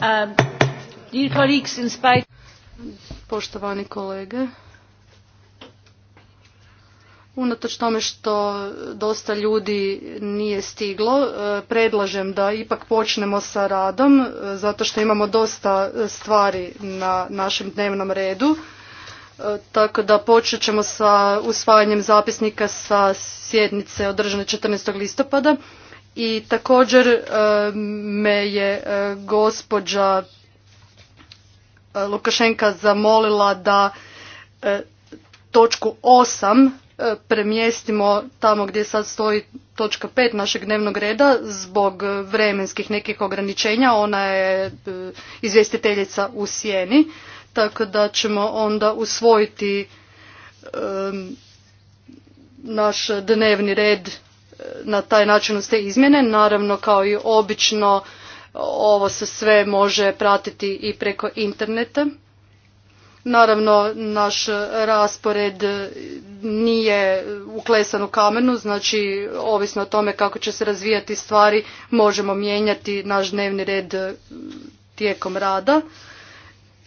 Um, Poštovani kolege, unatoč tome što dosta ljudi nije stiglo, e, predlažem da ipak počnemo sa radom, e, zato što imamo dosta stvari na našem dnevnom redu. E, tako da počet ćemo sa usvajanjem zapisnika sa sjednice održane 14. listopada i također e, me je e, gospođa e, Lukašenka zamolila da točku 8 premjestimo tamo gdje sad stoji točka 5 našeg dnevnog reda zbog vremenskih nekih ograničenja. Ona je izvjestiteljica u sjeni, tako da ćemo onda usvojiti naš dnevni red na taj način uz te izmjene. Naravno, kao i obično, ovo se sve može pratiti i preko interneta. Naravno, naš raspored nije uklesan u kamenu, znači ovisno o tome kako će se razvijati stvari, možemo mijenjati naš dnevni red tijekom rada.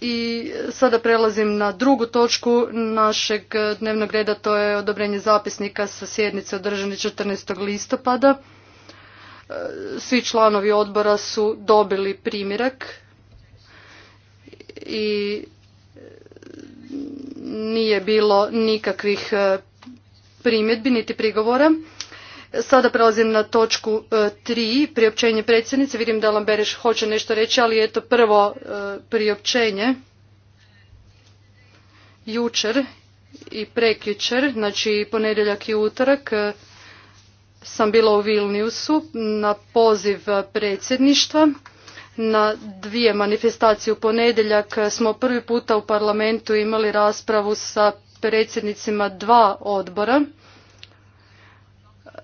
I sada prelazim na drugu točku našeg dnevnog reda, to je odobrenje zapisnika sa sjednice održane 14. listopada. E, svi članovi odbora su dobili primjerak i nije bilo nikakvih e, primjedbi niti prigovora. Sada prelazim na točku e, tri, priopćenje predsjednice. Vidim da Lambereš hoće nešto reći, ali to prvo e, priopćenje. Jučer i prekjučer, znači ponedjeljak i utorak, e, sam bila u Vilniusu na poziv predsjedništva. Na dvije manifestacije u ponedjeljak smo prvi puta u parlamentu imali raspravu sa predsjednicima dva odbora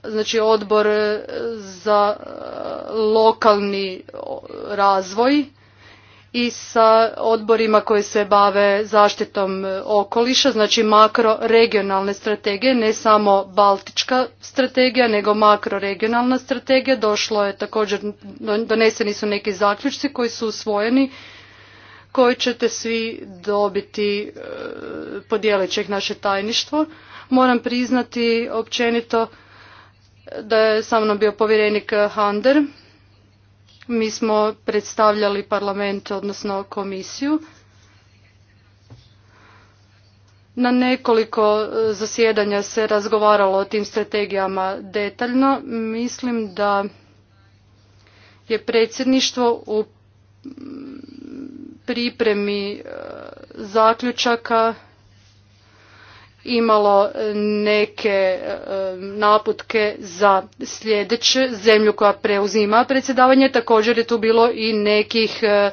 znači odbor e, za e, lokalni razvoj i sa odborima koji se bave zaštitom e, okoliša, znači makroregionalne strategije, ne samo baltička strategija, nego makroregionalna strategija. Došlo je također, doneseni su neki zaključci koji su usvojeni, koji ćete svi dobiti, podijelit će ih naše tajništvo. Moram priznati općenito da je sa mnom bio povjerenik Hander. Mi smo predstavljali parlament, odnosno komisiju. Na nekoliko e, zasjedanja se razgovaralo o tim strategijama detaljno. Mislim da je predsjedništvo u pripremi e, zaključaka imalo e, neke e, naputke za sljedeću zemlju koja preuzima predsjedavanje. Također je tu bilo i nekih e,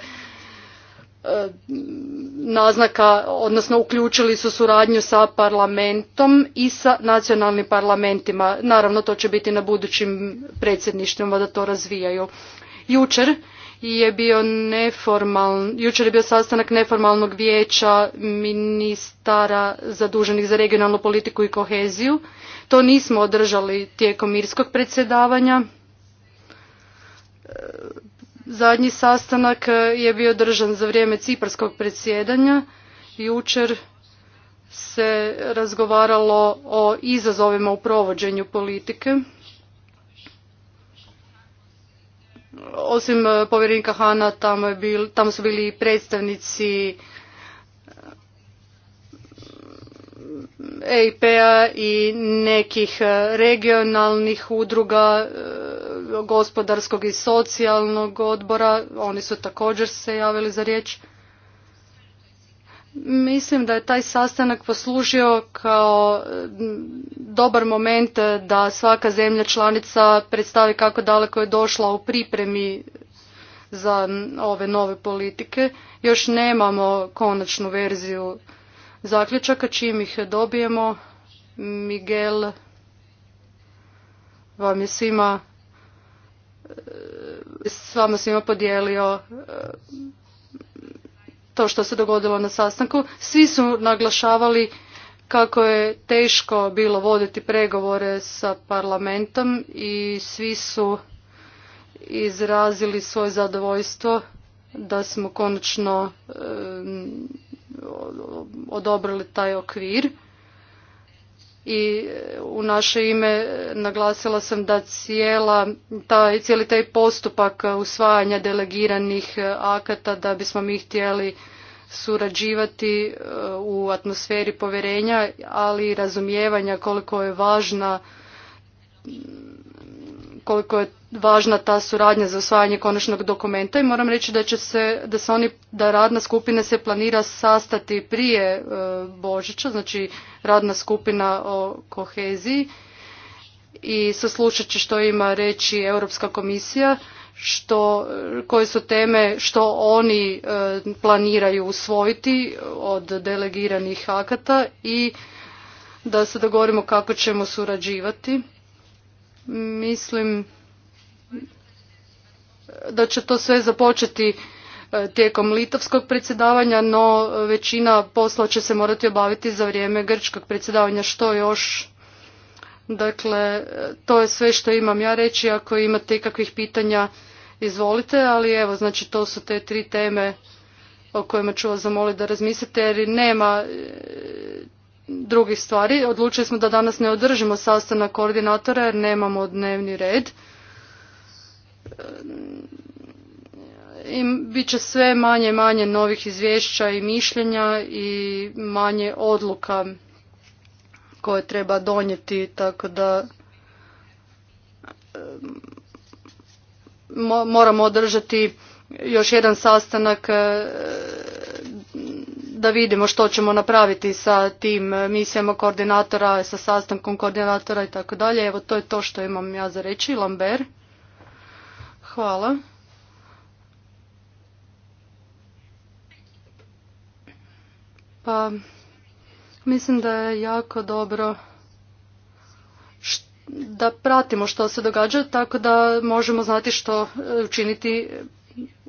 naznaka, odnosno uključili su suradnju sa parlamentom i sa nacionalnim parlamentima. Naravno, to će biti na budućim predsjedništvima da to razvijaju. Jučer je bio jučer je bio sastanak neformalnog vijeća ministara zaduženih za regionalnu politiku i koheziju. To nismo održali tijekom irskog predsjedavanja. E, zadnji sastanak je bio održan za vrijeme ciparskog predsjedanja. Jučer se razgovaralo o izazovima u provođenju politike. osim e, povjerenika Hana tamo, su bili predstavnici EIP-a e i nekih e, regionalnih udruga gospodarskog i socijalnog odbora. Oni su također se javili za riječ. Mislim da je taj sastanak poslužio kao dobar moment da svaka zemlja članica predstavi kako daleko je došla u pripremi za ove nove politike. Još nemamo konačnu verziju zaključaka, čim ih dobijemo. Miguel vam je svima e, s vama svima podijelio e, to što se dogodilo na sastanku. Svi su naglašavali kako je teško bilo voditi pregovore sa parlamentom i svi su izrazili svoje zadovoljstvo da smo konačno odobrili taj okvir i u naše ime naglasila sam da cijela, cijeli taj postupak usvajanja delegiranih akata da bismo mi htjeli surađivati e, u atmosferi povjerenja, ali i razumijevanja koliko je važna koliko je važna ta suradnja za usvajanje konačnog dokumenta i moram reći da će se, da se oni, da radna skupina se planira sastati prije e, Božića, znači radna skupina o koheziji i saslušat će što ima reći Europska komisija, što, koje su teme što oni e, planiraju usvojiti od delegiranih akata i da se dogovorimo kako ćemo surađivati Mislim da će to sve započeti e, tijekom litovskog predsjedavanja, no većina posla će se morati obaviti za vrijeme grčkog predsjedavanja. Što još? Dakle, to je sve što imam ja reći. Ako imate ikakvih pitanja, izvolite, ali evo, znači to su te tri teme o kojima ću vas zamoliti da razmislite, jer nema e, drugih stvari. Odlučili smo da danas ne održimo sastanak koordinatora jer nemamo dnevni red. E, I bit će sve manje i manje novih izvješća i mišljenja i manje odluka koje treba donijeti, tako da e, moramo održati još jedan sastanak e, da vidimo što ćemo napraviti sa tim misijama koordinatora, sa sastankom koordinatora i tako dalje. Evo to je to što imam ja za reći. Lambert. Hvala. Pa mislim da je jako dobro da pratimo što se događa tako da možemo znati što učiniti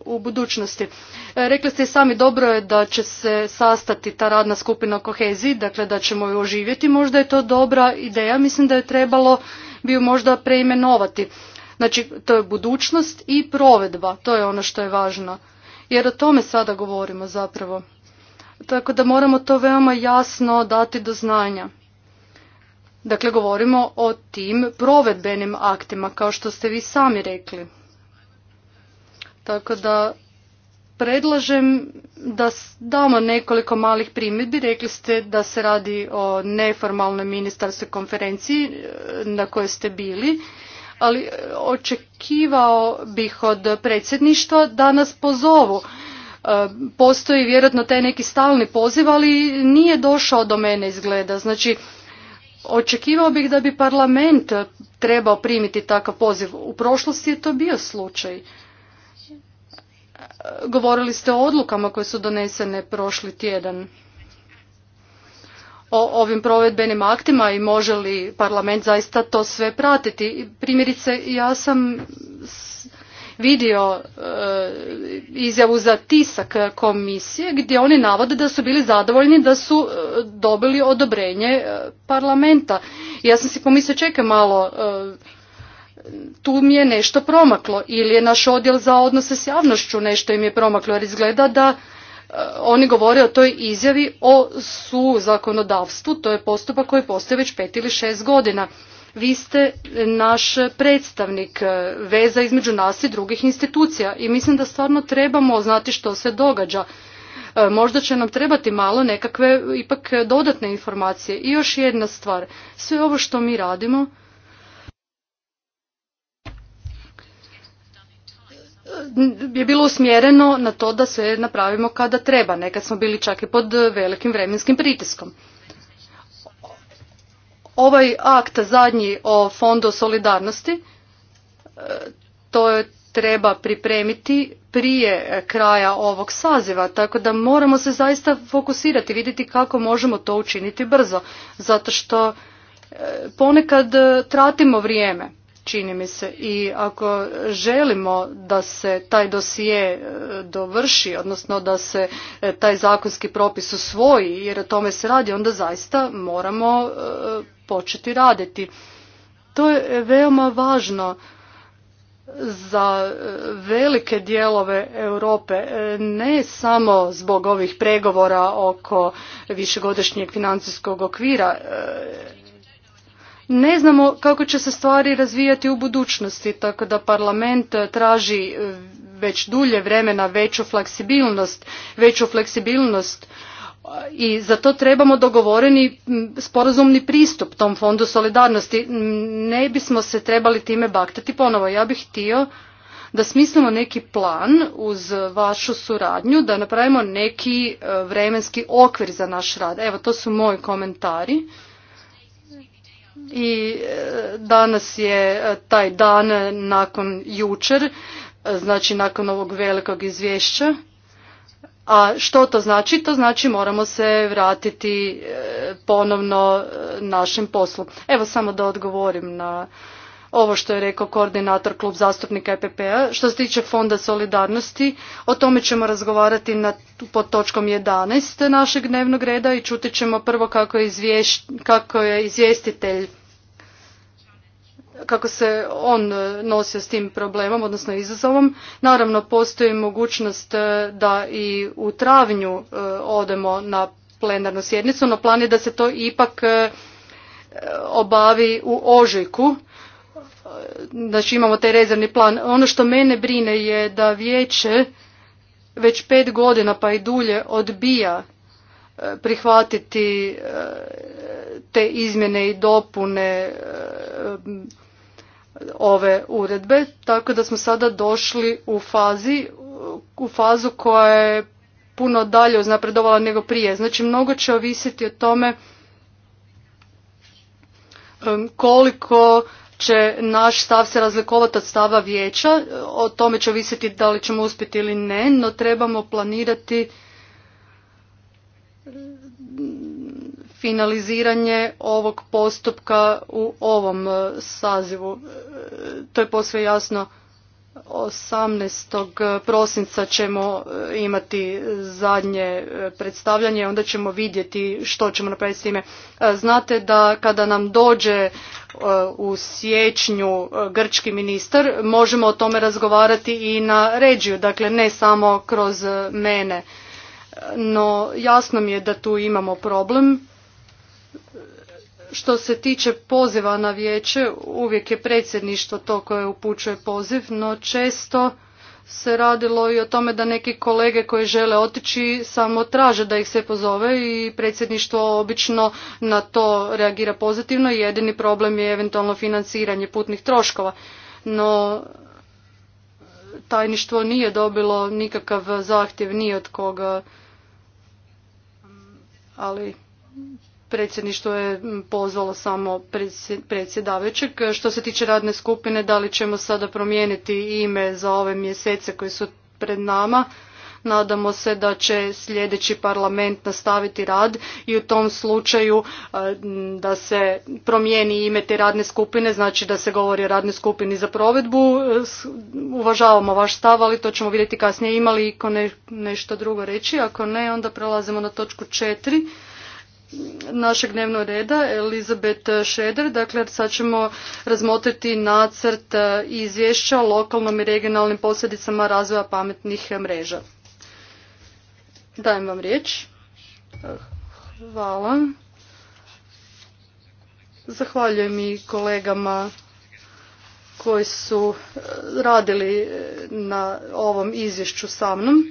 u budućnosti. E, rekli ste i sami dobro je da će se sastati ta radna skupina o koheziji, dakle da ćemo ju oživjeti, možda je to dobra ideja, mislim da je trebalo bi ju možda preimenovati. Znači, to je budućnost i provedba, to je ono što je važno. Jer o tome sada govorimo zapravo. Tako da moramo to veoma jasno dati do znanja. Dakle, govorimo o tim provedbenim aktima, kao što ste vi sami rekli. Tako da predlažem da damo nekoliko malih primjedbi. Rekli ste da se radi o neformalnoj ministarskoj konferenciji e, na kojoj ste bili, ali e, očekivao bih od predsjedništva da nas pozovu. E, postoji vjerojatno taj neki stalni poziv, ali nije došao do mene izgleda. Znači, očekivao bih da bi parlament trebao primiti takav poziv. U prošlosti je to bio slučaj govorili ste o odlukama koje su donesene prošli tjedan o ovim provedbenim aktima i može li parlament zaista to sve pratiti. Primjerice, ja sam vidio e, izjavu za tisak komisije gdje oni navode da su bili zadovoljni da su e, dobili odobrenje e, parlamenta. Ja sam si pomislio, čekaj malo, tu mi je nešto promaklo ili je naš odjel za odnose s javnošću nešto im je promaklo jer izgleda da e, oni govore o toj izjavi o su zakonodavstvu, to je postupak koji postoji već pet ili šest godina. Vi ste naš predstavnik e, veza između nas i drugih institucija i mislim da stvarno trebamo znati što se događa. E, možda će nam trebati malo nekakve ipak dodatne informacije. I još jedna stvar, sve ovo što mi radimo je bilo usmjereno na to da sve napravimo kada treba. Nekad smo bili čak i pod velikim vremenskim pritiskom. Ovaj akt zadnji o fondu solidarnosti, e, to je treba pripremiti prije kraja ovog saziva, tako da moramo se zaista fokusirati, vidjeti kako možemo to učiniti brzo, zato što e, ponekad tratimo vrijeme čini mi se. I ako želimo da se taj dosije e, dovrši, odnosno da se e, taj zakonski propis usvoji, jer o tome se radi, onda zaista moramo e, početi raditi. To je veoma važno za velike dijelove Europe, ne samo zbog ovih pregovora oko višegodišnjeg financijskog okvira, ne znamo kako će se stvari razvijati u budućnosti, tako da parlament eh, traži eh, već dulje vremena veću fleksibilnost, veću fleksibilnost eh, i za to trebamo dogovoreni mm, sporazumni pristup tom fondu solidarnosti. Ne bismo se trebali time baktati ponovo. Ja bih htio da smislimo neki plan uz vašu suradnju, da napravimo neki vremenski okvir za naš rad. Evo, to su moji komentari i e, danas je e, taj dan nakon jučer, e, znači nakon ovog velikog izvješća. A što to znači? To znači moramo se vratiti ponovno našem poslu. Evo samo da odgovorim na ovo što je rekao koordinator klub zastupnika EPP-a. Što se tiče fonda solidarnosti, o tome ćemo razgovarati na, pod točkom 11 našeg dnevnog reda i čuti ćemo prvo kako je, kako je izvjestitelj kako se on e, nosio s tim problemom, odnosno izazovom. Naravno, postoji mogućnost e, da i u travnju e, odemo na plenarnu sjednicu, no plan je da se to ipak obavi u ožujku znači imamo taj rezervni plan. Ono što mene brine je da vijeće već pet godina pa i dulje odbija e, prihvatiti e, te izmjene i dopune e, ove uredbe, tako da smo sada došli u fazi, u fazu koja je puno dalje uznapredovala nego prije. Znači mnogo će ovisiti o tome koliko će naš stav se razlikovati od stava vijeća, o tome će ovisiti da li ćemo uspjeti ili ne, no trebamo planirati finaliziranje ovog postupka u ovom sazivu. E, to je posve jasno 18. prosinca ćemo e, imati zadnje e, predstavljanje, onda ćemo vidjeti što ćemo napraviti s time. E, znate da kada nam dođe u siječnju grčki ministar, možemo o tome razgovarati i na ređiju, dakle ne samo kroz mene. No jasno mi je da tu imamo problem što se tiče poziva na vijeće, uvijek je predsjedništvo to koje upućuje poziv, no često se radilo i o tome da neki kolege koji žele otići samo traže da ih se pozove i predsjedništvo obično na to reagira pozitivno i jedini problem je eventualno financiranje putnih troškova. No tajništvo nije dobilo nikakav zahtjev ni od koga, ali predsjedništvo je pozvalo samo predsjedavajućeg. Što se tiče radne skupine, da li ćemo sada promijeniti ime za ove mjesece koji su pred nama? Nadamo se da će sljedeći parlament nastaviti rad i u tom slučaju e, da se promijeni ime te radne skupine, znači da se govori o radnoj skupini za provedbu. E, uvažavamo vaš stav, ali to ćemo vidjeti kasnije. Ima li ne, nešto drugo reći? Ako ne, onda prelazimo na točku četiri našeg dnevnog reda Elizabeth Šeder. Dakle, sad ćemo razmotriti nacrt e, izvješća o lokalnom i regionalnim posljedicama razvoja pametnih mreža. Dajem vam riječ. E, hvala. Zahvaljujem i kolegama koji su e, radili na ovom izvješću sa mnom.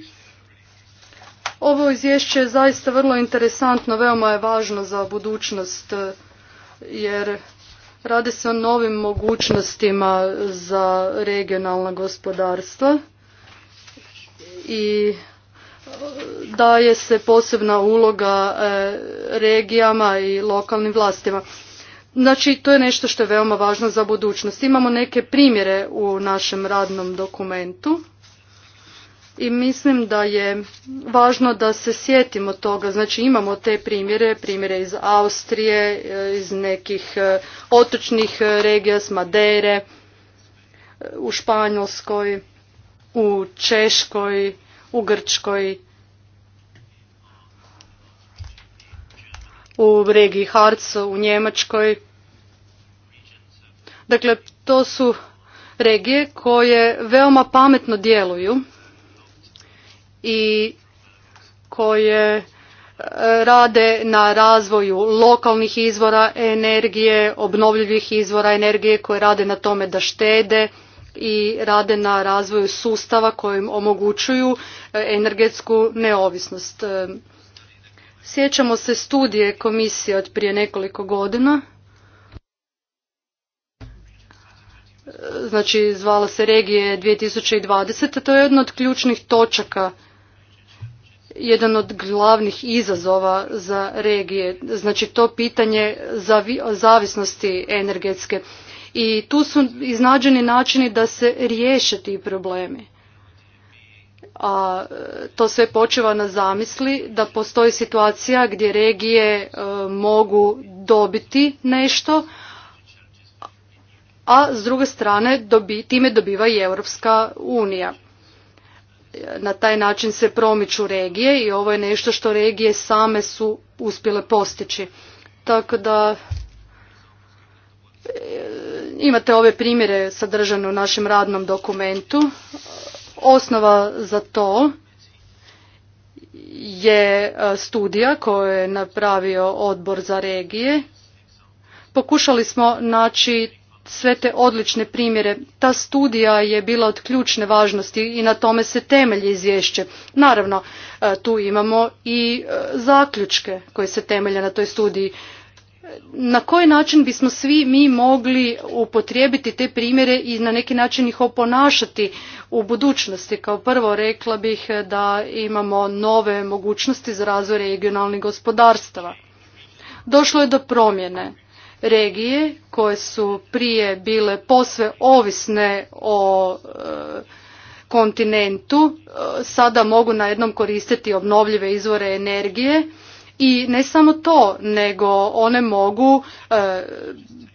Ovo izvješće je zaista vrlo interesantno, veoma je važno za budućnost e, jer radi se o novim mogućnostima za regionalna gospodarstva i e, daje se posebna uloga e, regijama i lokalnim vlastima. Znači, to je nešto što je veoma važno za budućnost. Imamo neke primjere u našem radnom dokumentu i mislim da je važno da se sjetimo toga. Znači imamo te primjere, primjere iz Austrije, eh, iz nekih eh, otočnih eh, regija, s Madere, u Španjolskoj, u Češkoj, u Grčkoj, u regiji Harco, u Njemačkoj. Dakle, to su regije koje veoma pametno djeluju i koje e, rade na razvoju lokalnih izvora energije, obnovljivih izvora energije koje rade na tome da štede i rade na razvoju sustava kojim omogućuju e, energetsku neovisnost. E, sjećamo se studije komisije od prije nekoliko godina. Znači, zvala se regije 2020. To je jedna od ključnih točaka jedan od glavnih izazova za regije. Znači to pitanje zavisnosti energetske. I tu su iznađeni načini da se riješe ti problemi. A to sve počeva na zamisli da postoji situacija gdje regije e, mogu dobiti nešto, a s druge strane time dobiva i Europska unija na taj način se promiču regije i ovo je nešto što regije same su uspjele postići. Tako da e, imate ove primjere sadržane u našem radnom dokumentu. Osnova za to je e, studija koju je napravio odbor za regije. Pokušali smo naći sve te odlične primjere. Ta studija je bila od ključne važnosti i na tome se temelji izvješće. Naravno, e, tu imamo i e, zaključke koje se temelje na toj studiji. Na koji način bismo svi mi mogli upotrijebiti te primjere i na neki način ih oponašati u budućnosti? Kao prvo rekla bih da imamo nove mogućnosti za razvoj regionalnih gospodarstava. Došlo je do promjene regije koje su prije bile posve ovisne o e, kontinentu e, sada mogu na jednom koristiti obnovljive izvore energije i ne samo to nego one mogu e,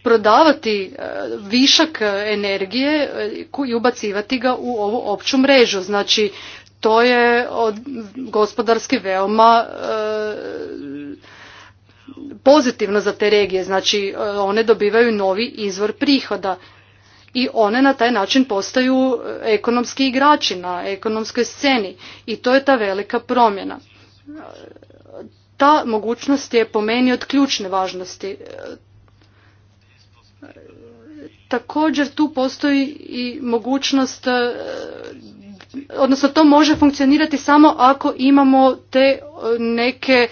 prodavati višak energije i ubacivati ga u ovu opću mrežu znači to je gospodarski veoma pozitivno za te regije, znači e, one dobivaju novi izvor prihoda i one na taj način postaju e, ekonomski igrači na ekonomskoj sceni i to je ta velika promjena. E, ta mogućnost je po meni od ključne važnosti. Također tu postoji i mogućnost, odnosno to može funkcionirati samo ako imamo te neke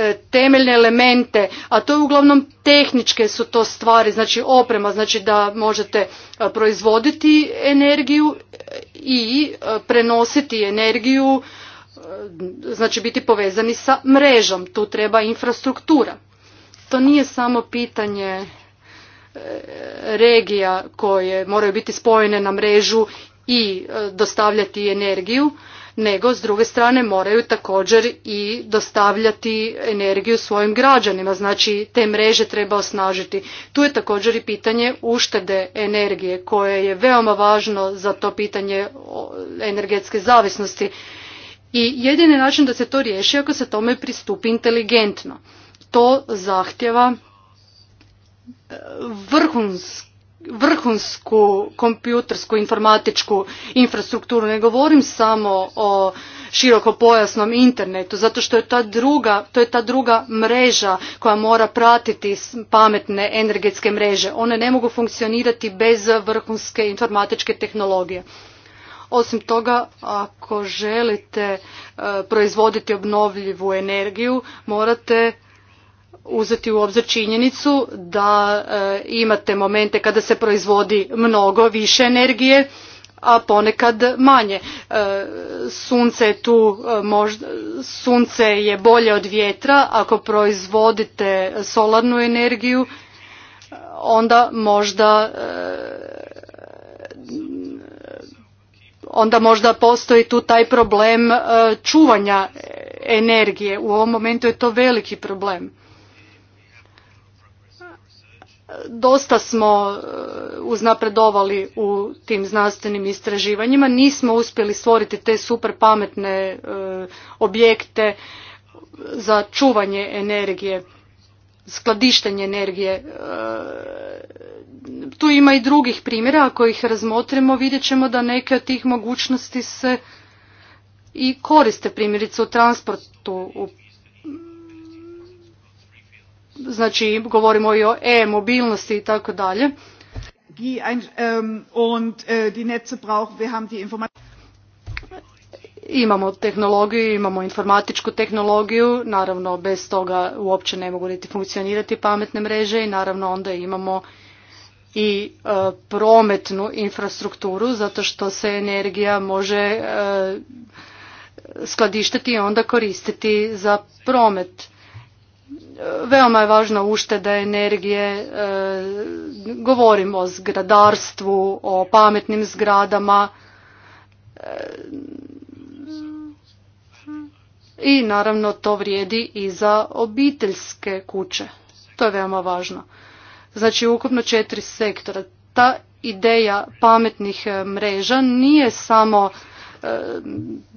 E, temeljne elemente, a to je uglavnom tehničke su to stvari, znači oprema, znači da možete e, proizvoditi energiju i e, prenositi energiju, znači biti povezani sa mrežom, tu treba infrastruktura. To nije samo pitanje regija koje moraju biti spojene na mrežu i e, dostavljati energiju, nego s druge strane moraju također i dostavljati energiju svojim građanima. Znači te mreže treba osnažiti. Tu je također i pitanje uštede energije koje je veoma važno za to pitanje energetske zavisnosti. I jedini način da se to riješi ako se tome pristupi inteligentno. To zahtjeva e, vrhunski vrhunsku kompjutersku informatičku infrastrukturu. Ne govorim samo o širokopojasnom internetu, zato što je ta druga, to je ta druga mreža koja mora pratiti pametne energetske mreže. One ne mogu funkcionirati bez vrhunske informatičke tehnologije. Osim toga, ako želite e, proizvoditi obnovljivu energiju, morate uzeti u obzir činjenicu da e, imate momente kada se proizvodi mnogo više energije a ponekad manje. E, sunce je tu e, sunce je bolje od vjetra ako proizvodite solarnu energiju onda možda onda možda postoji tu taj problem čuvanja energije. U ovom momentu je to veliki problem dosta smo e, uznapredovali u tim znanstvenim istraživanjima, nismo uspjeli stvoriti te super pametne e, objekte za čuvanje energije, skladištenje energije. E, tu ima i drugih primjera, ako ih razmotrimo vidjet ćemo da neke od tih mogućnosti se i koriste primjerice u transportu, u znači govorimo i o e-mobilnosti i tako dalje. Imamo tehnologiju, imamo informatičku tehnologiju, naravno bez toga uopće ne mogu niti funkcionirati pametne mreže i naravno onda imamo i e, prometnu infrastrukturu zato što se energija može e, skladištiti i onda koristiti za promet veoma je važna ušteda energije, e, govorimo o zgradarstvu, o pametnim zgradama e, i naravno to vrijedi i za obiteljske kuće. To je veoma važno. Znači ukupno četiri sektora. Ta ideja pametnih e, mreža nije samo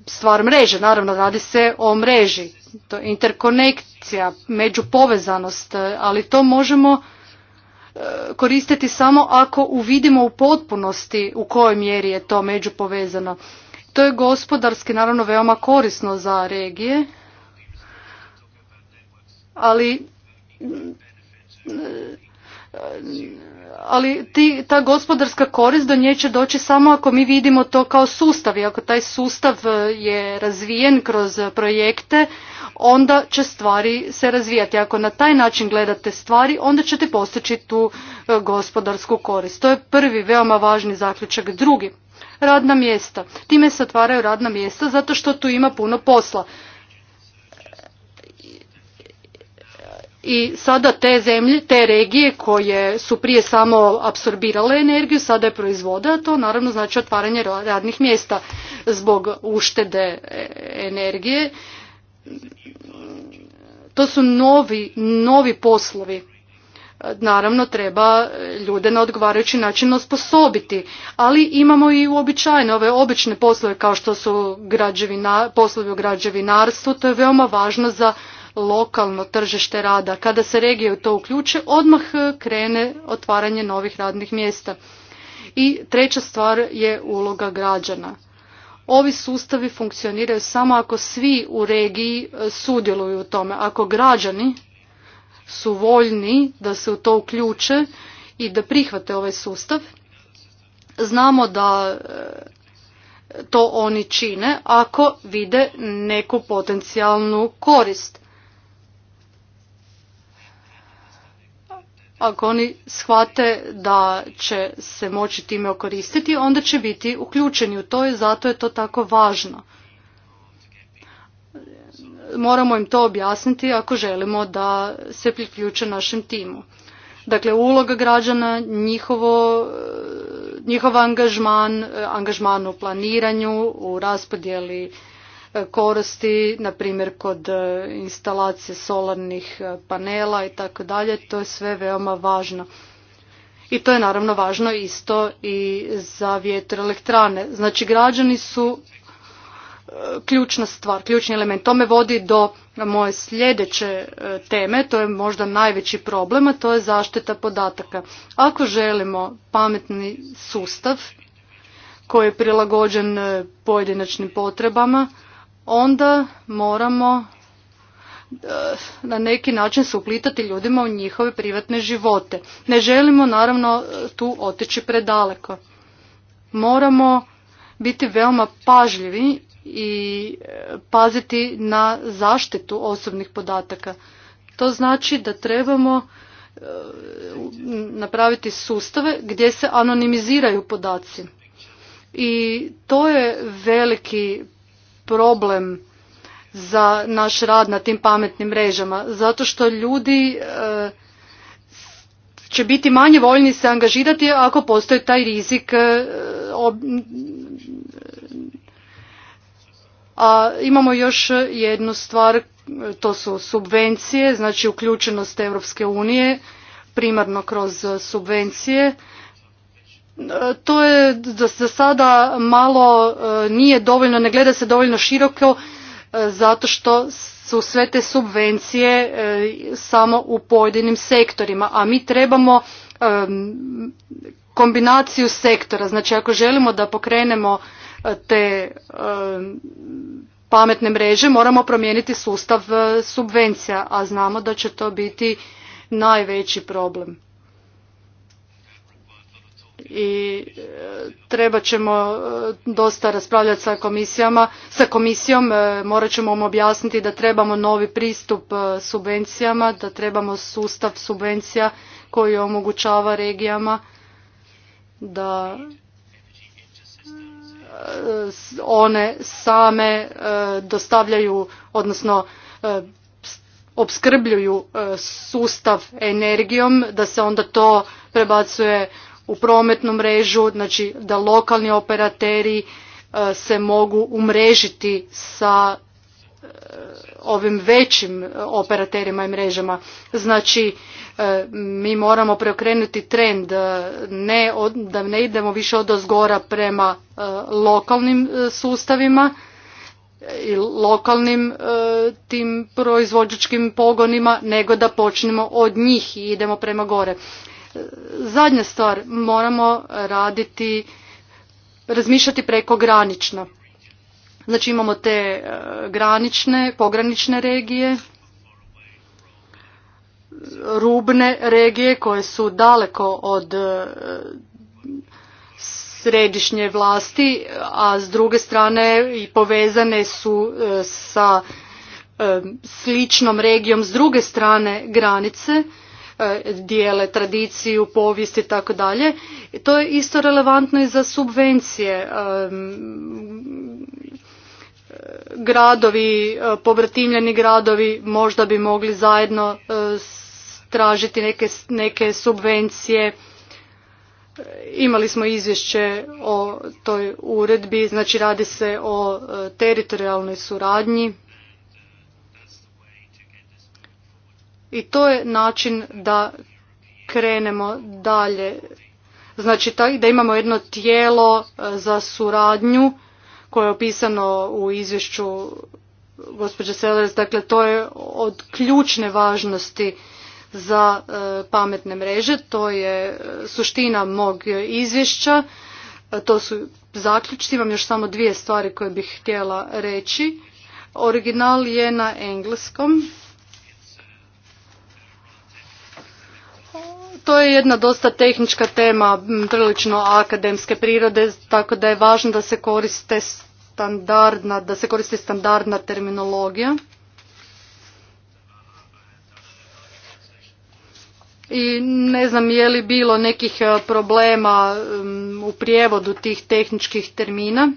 stvar mreže, naravno radi se o mreži to interkonekcija, međupovezanost, e, ali to možemo e, koristiti samo ako uvidimo u potpunosti u kojoj mjeri je to međupovezano. To je gospodarski naravno veoma korisno za regije, ali ali ti, ta gospodarska korist do nje će doći samo ako mi vidimo to kao sustav i ako taj sustav e, je razvijen kroz projekte, onda će stvari se razvijati. Ako na taj način gledate stvari, onda ćete postići tu e, gospodarsku korist. To je prvi veoma važni zaključak. Drugi, radna mjesta. Time se otvaraju radna mjesta zato što tu ima puno posla. i sada te zemlje, te regije koje su prije samo apsorbirale energiju, sada je proizvode, a to naravno znači otvaranje radnih mjesta zbog uštede energije. To su novi, novi poslovi. Naravno treba ljude na odgovarajući način osposobiti, ali imamo i uobičajene ove obične poslove kao što su poslovi u građevinarstvu, to je veoma važno za lokalno tržište rada. Kada se regije u to uključe, odmah eh, krene otvaranje novih radnih mjesta. I treća stvar je uloga građana. Ovi sustavi funkcioniraju samo ako svi u regiji eh, sudjeluju u tome. Ako građani su voljni da se u to uključe i da prihvate ovaj sustav, znamo da eh, to oni čine ako vide neku potencijalnu korist. Ako oni shvate da će se moći time okoristiti, onda će biti uključeni u to i zato je to tako važno. Moramo im to objasniti ako želimo da se priključe našem timu. Dakle, uloga građana, njihovo, njihov angažman, angažman u planiranju, u raspodjeli koristi, na primjer kod e, instalacije solarnih e, panela i tako dalje. To je sve veoma važno. I to je naravno važno isto i za vjetroelektrane. Znači građani su e, ključna stvar, ključni element. To me vodi do moje sljedeće teme, to je možda najveći problem, a to je zaštita podataka. Ako želimo pametni sustav koji je prilagođen pojedinačnim potrebama, onda moramo eh, na neki način se uplitati ljudima u njihove privatne živote. Ne želimo naravno eh, tu otići predaleko. Moramo biti veoma pažljivi i eh, paziti na zaštitu osobnih podataka. To znači da trebamo napraviti sustave gdje se anonimiziraju podaci. I to je veliki problem za naš rad na tim pametnim mrežama zato što ljudi e, će biti manje voljni se angažirati ako postoji taj rizik e, a imamo još jednu stvar to su subvencije znači uključenost Europske unije primarno kroz subvencije to je za sada malo e, nije dovoljno, ne gleda se dovoljno široko e, zato što su sve te subvencije e, samo u pojedinim sektorima, a mi trebamo kombinaciju sektora. Znači ako želimo da pokrenemo te pametne mreže moramo promijeniti sustav subvencija, a znamo da će to biti najveći problem i e, treba ćemo e, dosta raspravljati sa komisijama, sa komisijom, e, morat ćemo im objasniti da trebamo novi pristup subvencijama, da trebamo sustav subvencija koji omogućava regijama da one same dostavljaju, odnosno opskrbljuju sustav energijom, da se onda to prebacuje u prometnu mrežu, znači da lokalni operateri e, se mogu umrežiti sa e, ovim većim e, operaterima i mrežama. Znači, mi moramo preokrenuti trend, ne da ne idemo više od prema lokalnim sustavima i lokalnim tim proizvođačkim pogonima, nego da počnemo od njih i idemo prema gore. Zadnja stvar, moramo raditi, razmišljati preko granično. Znači imamo te e, granične, pogranične regije, rubne regije koje su daleko od e, središnje vlasti, a s druge strane i povezane su e, sa sličnom regijom s druge strane granice E, dijele tradiciju, povijest i tako dalje. To je isto relevantno i za subvencije. E, e, gradovi, pobratimljeni gradovi možda bi mogli zajedno tražiti neke, neke subvencije. Imali smo izvješće o toj uredbi, znači radi se o teritorijalnoj suradnji i to je način da krenemo dalje. Znači da imamo jedno tijelo e, za suradnju koje je opisano u izvješću gospođe Sellers, dakle to je od ključne važnosti za e, pametne mreže, to je e, suština mog izvješća, to su zaključci, imam još samo dvije stvari koje bih htjela reći. Original je na engleskom. To je jedna dosta tehnička tema, prilično akademske prirode, tako da je važno da se koriste standardna, da se koristi standardna terminologija. I ne znam je li bilo nekih e, problema u prijevodu tih tehničkih termina.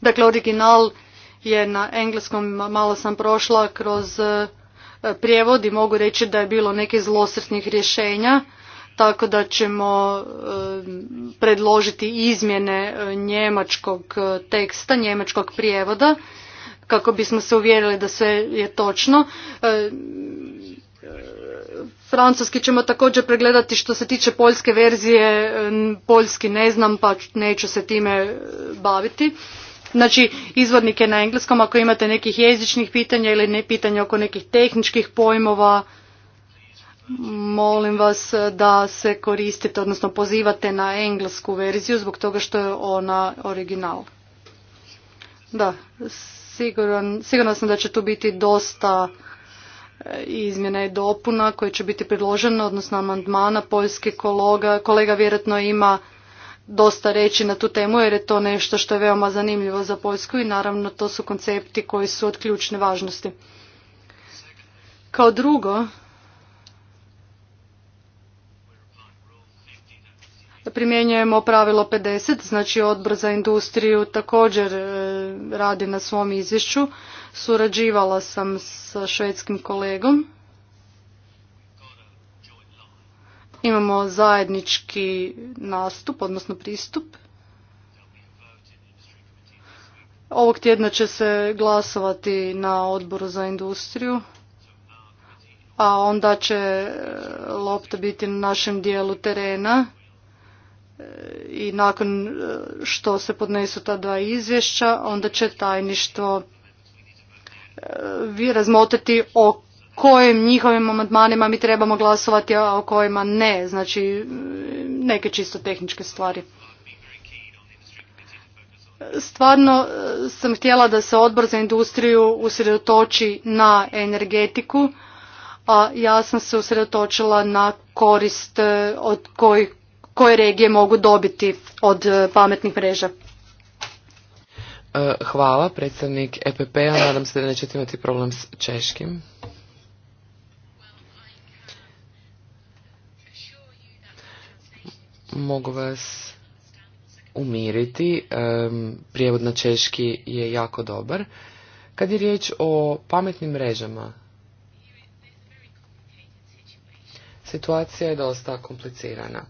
Dakle, original je na engleskom, malo sam prošla kroz e, prijevodi, mogu reći da je bilo nekih zlosretnih rješenja tako da ćemo predložiti izmjene e, njemačkog teksta, njemačkog prijevoda kako bismo se uvjerili da sve je točno. E, francuski ćemo također pregledati što se tiče poljske verzije, poljski ne znam pa neću se time e, baviti znači izvornike na engleskom ako imate nekih jezičnih pitanja ili ne pitanja oko nekih tehničkih pojmova molim vas da se koristite odnosno pozivate na englesku verziju zbog toga što je ona original da siguran, sam da će tu biti dosta e, izmjena i dopuna koje će biti predložene odnosno amandmana poljski kolega, kolega vjerojatno ima dosta reći na tu temu jer je to nešto što je veoma zanimljivo za Poljsku i naravno to su koncepti koji su od ključne važnosti. Kao drugo, primjenjujemo pravilo 50, znači odbor za industriju također e, radi na svom izvješću. Surađivala sam sa švedskim kolegom Imamo zajednički nastup, odnosno pristup. Ovog tjedna će se glasovati na odboru za industriju, a onda će e, lopta biti na našem dijelu terena e, i nakon e, što se podnesu ta dva izvješća, onda će tajništvo vi razmotriti o kojim njihovim amandmanima mi trebamo glasovati, a o kojima ne. Znači, neke čisto tehničke stvari. Stvarno e, sam htjela da se odbor za industriju usredotoči na energetiku, a ja sam se usredotočila na korist e, od koje regije mogu dobiti od e, pametnih mreža. Hvala, predstavnik EPP-a. Nadam se da nećete imati problem s češkim. mogu vas umiriti. Prijevod na češki je jako dobar. Kad je riječ o pametnim mrežama, situacija je dosta komplicirana.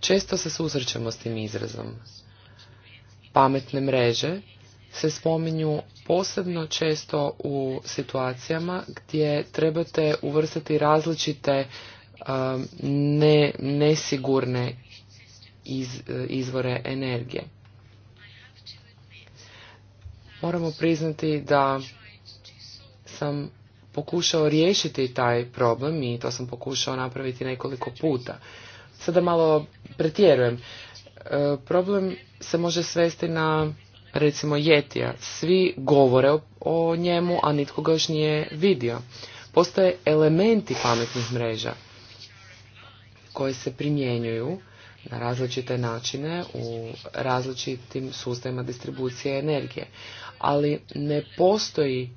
Često se susrećemo s tim izrazom. Pametne mreže se spominju posebno često u situacijama gdje trebate uvrstiti različite ne, nesigurne iz, e, izvore energije. Moramo priznati da sam pokušao riješiti taj problem i to sam pokušao napraviti nekoliko puta. Sada malo pretjerujem. E, problem se može svesti na recimo jetija. Svi govore o njemu, a nitko ga još nije vidio. Postoje elementi pametnih mreža koje se primjenjuju na različite načine u različitim sustavima distribucije energije. Ali ne postoji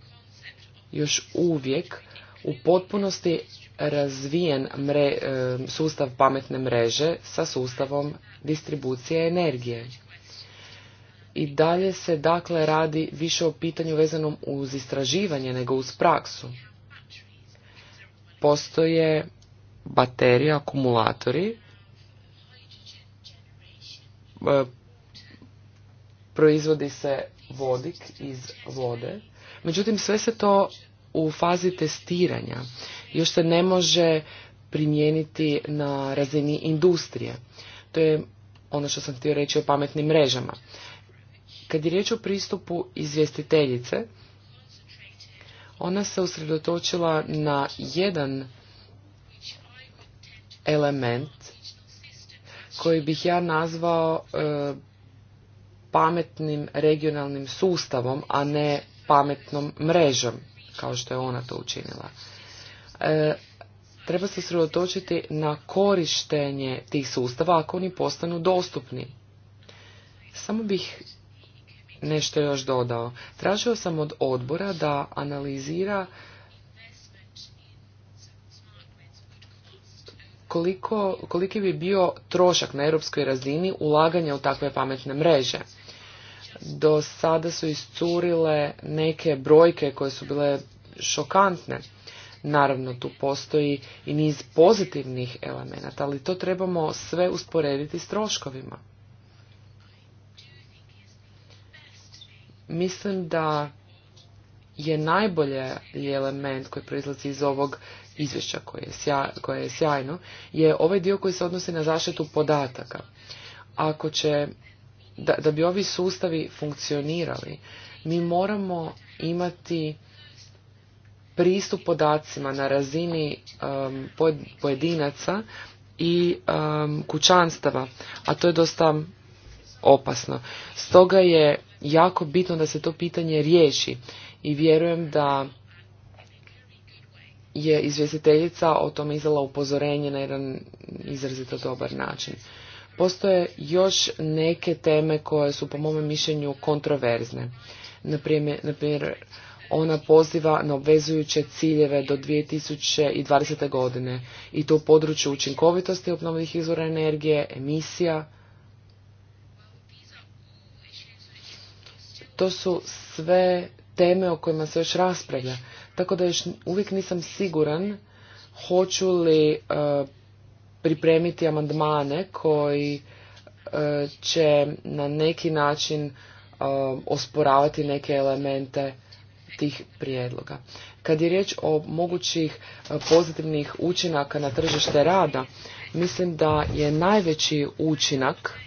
još uvijek u potpunosti razvijen e, sustav pametne mreže sa sustavom distribucije energije. I dalje se dakle radi više o pitanju vezanom uz istraživanje nego uz praksu. Postoje baterije, akumulatori e, proizvodi se vodik iz vode. Međutim, sve se to u fazi testiranja. Još se ne može primijeniti na razini industrije. To je ono što sam htio reći o pametnim mrežama. Kad je riječ o pristupu izvjestiteljice, ona se usredotočila na jedan element koji bih ja nazvao e, pametnim regionalnim sustavom, a ne pametnom mrežom, kao što je ona to učinila. E, treba se sredotočiti na korištenje tih sustava ako oni postanu dostupni. Samo bih nešto još dodao. Tražio sam od odbora da analizira koliko, koliki bi bio trošak na europskoj razini ulaganja u takve pametne mreže. Do sada su iscurile neke brojke koje su bile šokantne. Naravno, tu postoji i niz pozitivnih elemenata, ali to trebamo sve usporediti s troškovima. Mislim da je najbolji element koji proizlazi iz ovog izvješća koje je, sjaj, koje je sjajno, je ovaj dio koji se odnosi na zaštitu podataka. Ako će, da, da bi ovi sustavi funkcionirali, mi moramo imati pristup podacima na razini um, pojedinaca i um, kućanstava, a to je dosta opasno. Stoga je jako bitno da se to pitanje riješi i vjerujem da je izvjestiteljica o tome izdala upozorenje na jedan izrazito dobar način. Postoje još neke teme koje su po mome mišljenju kontroverzne. Naprimjer, ona poziva na obvezujuće ciljeve do 2020. godine i to u području učinkovitosti obnovljivih izvora energije, emisija. To su sve teme o kojima se još raspravlja tako da još uvijek nisam siguran hoću li e, pripremiti amandmane koji e, će na neki način e, osporavati neke elemente tih prijedloga. Kad je riječ o mogućih pozitivnih učinaka na tržište rada, mislim da je najveći učinak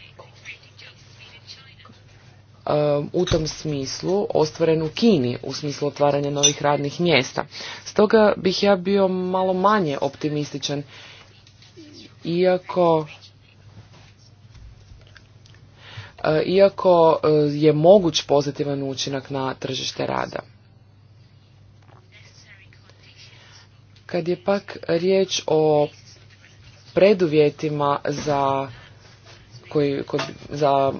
Um, u tom smislu ostvaren u Kini u smislu otvaranja novih radnih mjesta. Stoga bih ja bio malo manje optimističan iako uh, iako uh, je moguć pozitivan učinak na tržište rada. Kad je pak riječ o preduvjetima za koji, za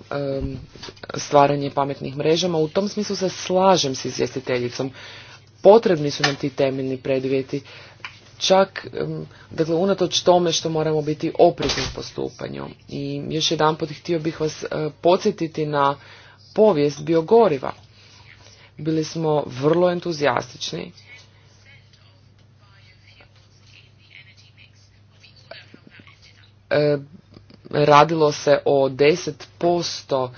stvaranje pametnih mrežama. U tom smislu se slažem s izvjestiteljicom. Potrebni su nam ti temeljni predvjeti, Čak, dakle, unatoč tome što moramo biti oprezni u postupanju. I još jedan pot htio bih vas e, podsjetiti na povijest biogoriva. Bili smo vrlo entuzijastični. E, radilo se o 10%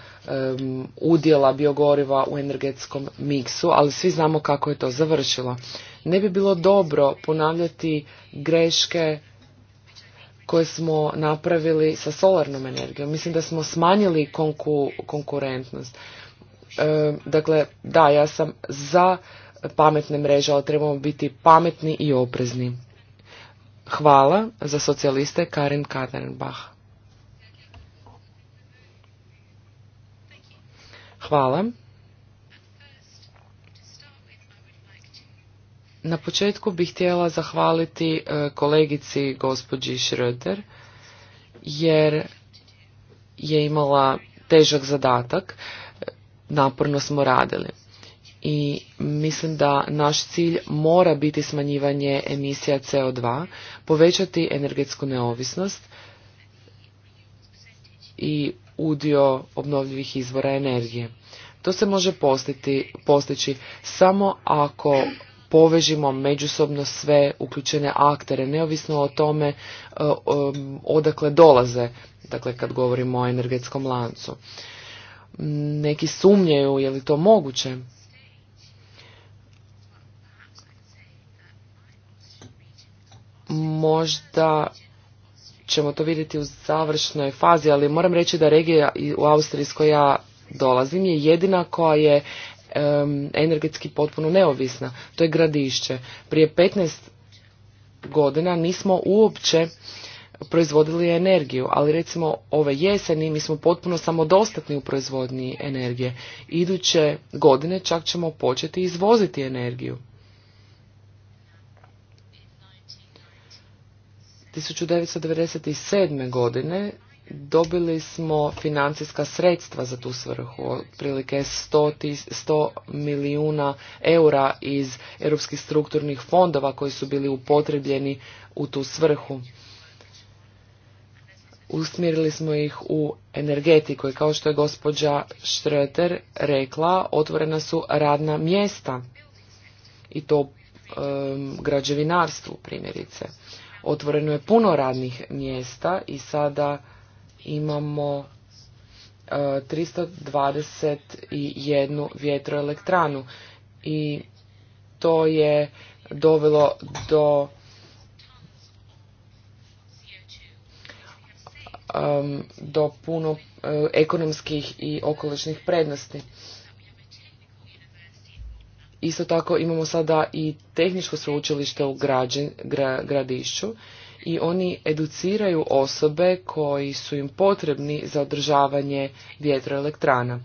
udjela biogoriva u energetskom miksu, ali svi znamo kako je to završilo. Ne bi bilo dobro ponavljati greške koje smo napravili sa solarnom energijom. Mislim da smo smanjili konku, konkurentnost. dakle, da, ja sam za pametne mreže, ali trebamo biti pametni i oprezni. Hvala za socijaliste Karin Kadenbach. Hvala. Na početku bih htjela zahvaliti e, kolegici gospođi Schröder, jer je imala težak zadatak, e, naporno smo radili. I mislim da naš cilj mora biti smanjivanje emisija CO2, povećati energetsku neovisnost i udio obnovljivih izvora energije. To se može postiti, postići samo ako povežimo međusobno sve uključene aktere, neovisno o tome e, e, odakle dolaze, dakle kad govorimo o energetskom lancu. Neki sumnjaju je li to moguće. Možda ćemo to vidjeti u završnoj fazi, ali moram reći da regija u Austriji s ja dolazim je jedina koja je energetski potpuno neovisna. To je gradišće. Prije 15 godina nismo uopće proizvodili energiju, ali recimo ove jeseni mi smo potpuno samodostatni u proizvodnji energije. Iduće godine čak ćemo početi izvoziti energiju. 1997. godine dobili smo financijska sredstva za tu svrhu, otprilike 100, milijuna eura iz europskih strukturnih fondova koji su bili upotrebljeni u tu svrhu. Usmjerili smo ih u energetiku i kao što je gospođa Štreter rekla, otvorena su radna mjesta i to um, građevinarstvu primjerice otvoreno je puno radnih mjesta i sada imamo 321 e, vjetroelektranu i to je dovelo do do puno e, ekonomskih i okolišnih prednosti. Isto tako imamo sada i tehničko sveučilište u građen, gradišću i oni educiraju osobe koji su im potrebni za održavanje vjetroelektrana.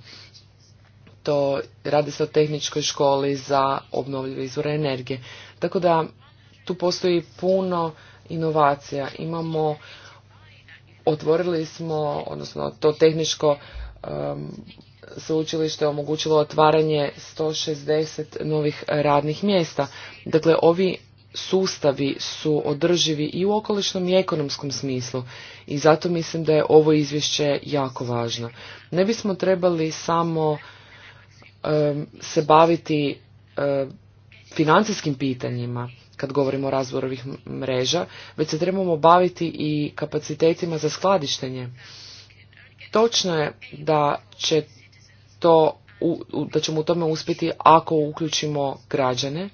To radi se o tehničkoj školi za obnovljive izvore energije. Tako da tu postoji puno inovacija. Imamo, otvorili smo, odnosno to tehničko um, sveučilište omogućilo otvaranje 160 novih radnih mjesta. Dakle, ovi sustavi su održivi i u okolišnom i ekonomskom smislu i zato mislim da je ovo izvješće jako važno. Ne bismo trebali samo se baviti financijskim pitanjima kad govorimo o razvoru mreža, već se trebamo baviti i kapacitetima za skladištenje. Točno je da će to, da ćemo u tome uspjeti ako uključimo građane,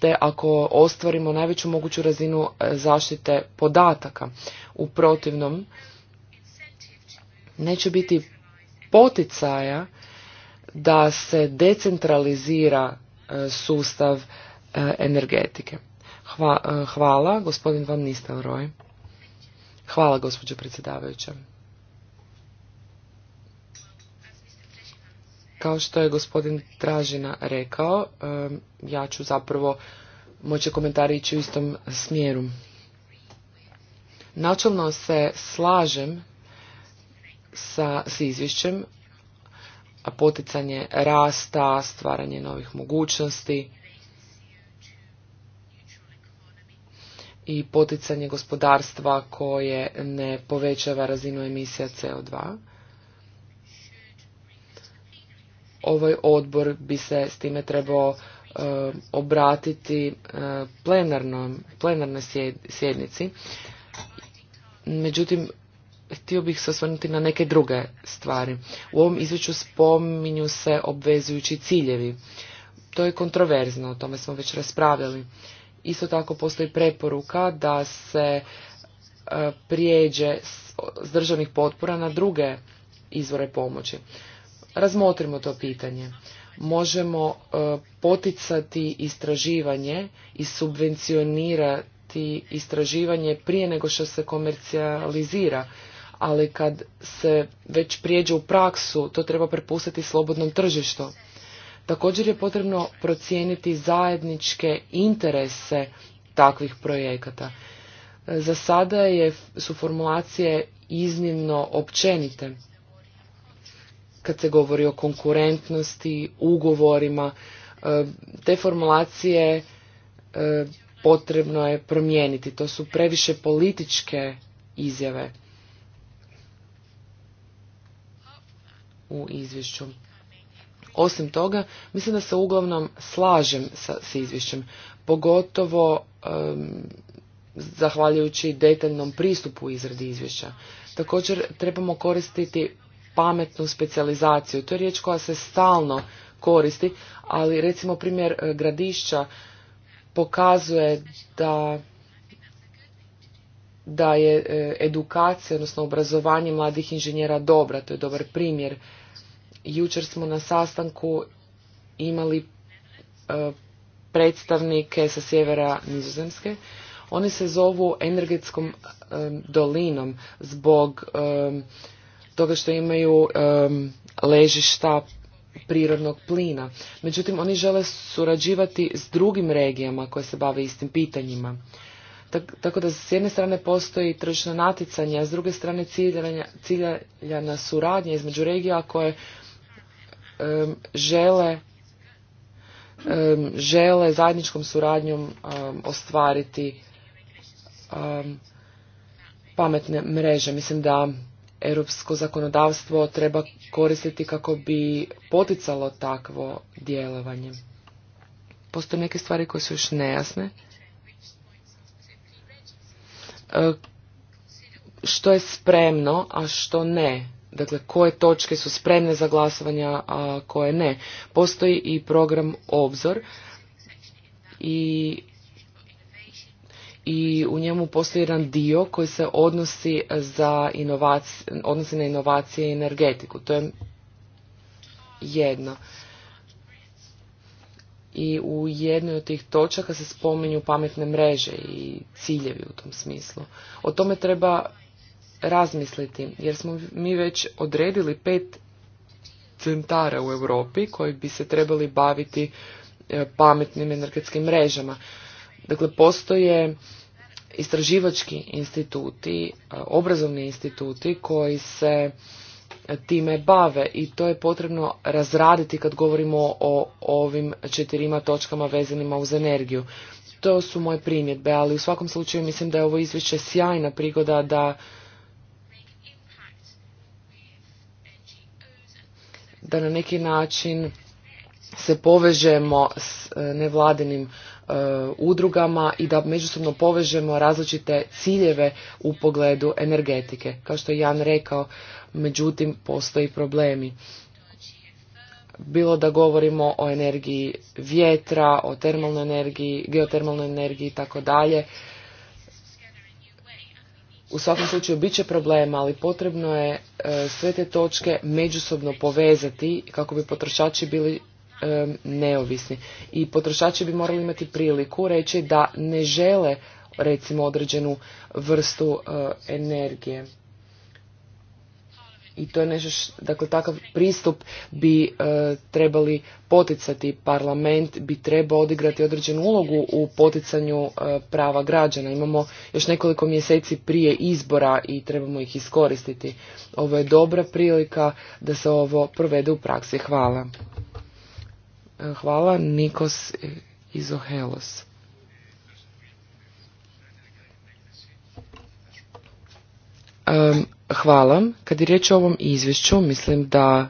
te ako ostvarimo najveću moguću razinu e, zaštite podataka. U protivnom, neće biti poticaja da se decentralizira e, sustav e, energetike. hvala, gospodin Van Nistelrooy. Hvala, gospođo predsjedavajuća. Kao što je gospodin Tražina rekao, ja ću zapravo moći komentari ići u istom smjeru. Načelno se slažem sa, s izvješćem, poticanje rasta, stvaranje novih mogućnosti i poticanje gospodarstva koje ne povećava razinu emisija CO2. ovaj odbor bi se s time trebao e, obratiti e, plenarnoj sjednici. Međutim, htio bih se osvrnuti na neke druge stvari. U ovom izvješću spominju se obvezujući ciljevi. To je kontroverzno, o tome smo već raspravljali. Isto tako postoji preporuka da se e, prijeđe s državnih potpora na druge izvore pomoći razmotrimo to pitanje. Možemo e, poticati istraživanje i subvencionirati istraživanje prije nego što se komercijalizira, ali kad se već prijeđe u praksu, to treba prepustiti slobodnom tržištu. Također je potrebno procijeniti zajedničke interese takvih projekata. E, za sada je, su formulacije iznimno općenite kad se govori o konkurentnosti, ugovorima, e, te formulacije e, potrebno je promijeniti. To su previše političke izjave u izvješću. Osim toga, mislim da se uglavnom slažem sa, sa izvješćem, pogotovo zahvaljujući detaljnom pristupu izradi izvješća. Također trebamo koristiti pametnu specijalizaciju. To je riječ koja se stalno koristi, ali recimo primjer e, gradišća pokazuje da da je e, edukacija, odnosno obrazovanje mladih inženjera dobra. To je dobar primjer. Jučer smo na sastanku imali e, predstavnike sa sjevera Nizozemske. Oni se zovu energetskom dolinom zbog toga što imaju ležišta prirodnog plina. Međutim, oni žele surađivati s drugim regijama koje se bave istim pitanjima. Tako da s jedne strane postoji tržišno naticanje, a s druge strane ciljanja, ciljana suradnja između regija koje žele žele zajedničkom suradnjom ostvariti pametne mreže. Mislim da europsko zakonodavstvo treba koristiti kako bi poticalo takvo djelovanje. Postoje neke stvari koje su još nejasne. E, što je spremno, a što ne. Dakle, koje točke su spremne za glasovanja, a koje ne. Postoji i program Obzor i i u njemu postoji jedan dio koji se odnosi, za odnosi na inovacije i energetiku. To je jedno. I u jednoj od tih točaka se spominju pametne mreže i ciljevi u tom smislu. O tome treba razmisliti, jer smo mi već odredili pet centara u Europi koji bi se trebali baviti e, pametnim energetskim mrežama. Dakle, postoje istraživački instituti, e, obrazovni instituti koji se time bave i to je potrebno razraditi kad govorimo o ovim četirima točkama vezanima uz energiju. To su moje primjedbe, ali u svakom slučaju mislim da je ovo izvješće sjajna prigoda da da na neki način se povežemo s e, nevladinim E, udrugama i da međusobno povežemo različite ciljeve u pogledu energetike. Kao što je Jan rekao, međutim, postoji problemi. Bilo da govorimo o energiji vjetra, o termalnoj energiji, geotermalnoj energiji i tako dalje. U svakom slučaju bit će problema, ali potrebno je e, sve te točke međusobno povezati kako bi potrošači bili neovisni. I potrošači bi morali imati priliku reći da ne žele recimo određenu vrstu eh, energije. I to je nešto, dakle takav pristup bi eh, trebali poticati, parlament bi trebao odigrati određenu ulogu u poticanju eh, prava građana. Imamo još nekoliko mjeseci prije izbora i trebamo ih iskoristiti. Ovo je dobra prilika da se ovo provede u praksi. Hvala. Hvala Nikos Izohelos. Hvala. Kad je riječ o ovom izvješću, mislim da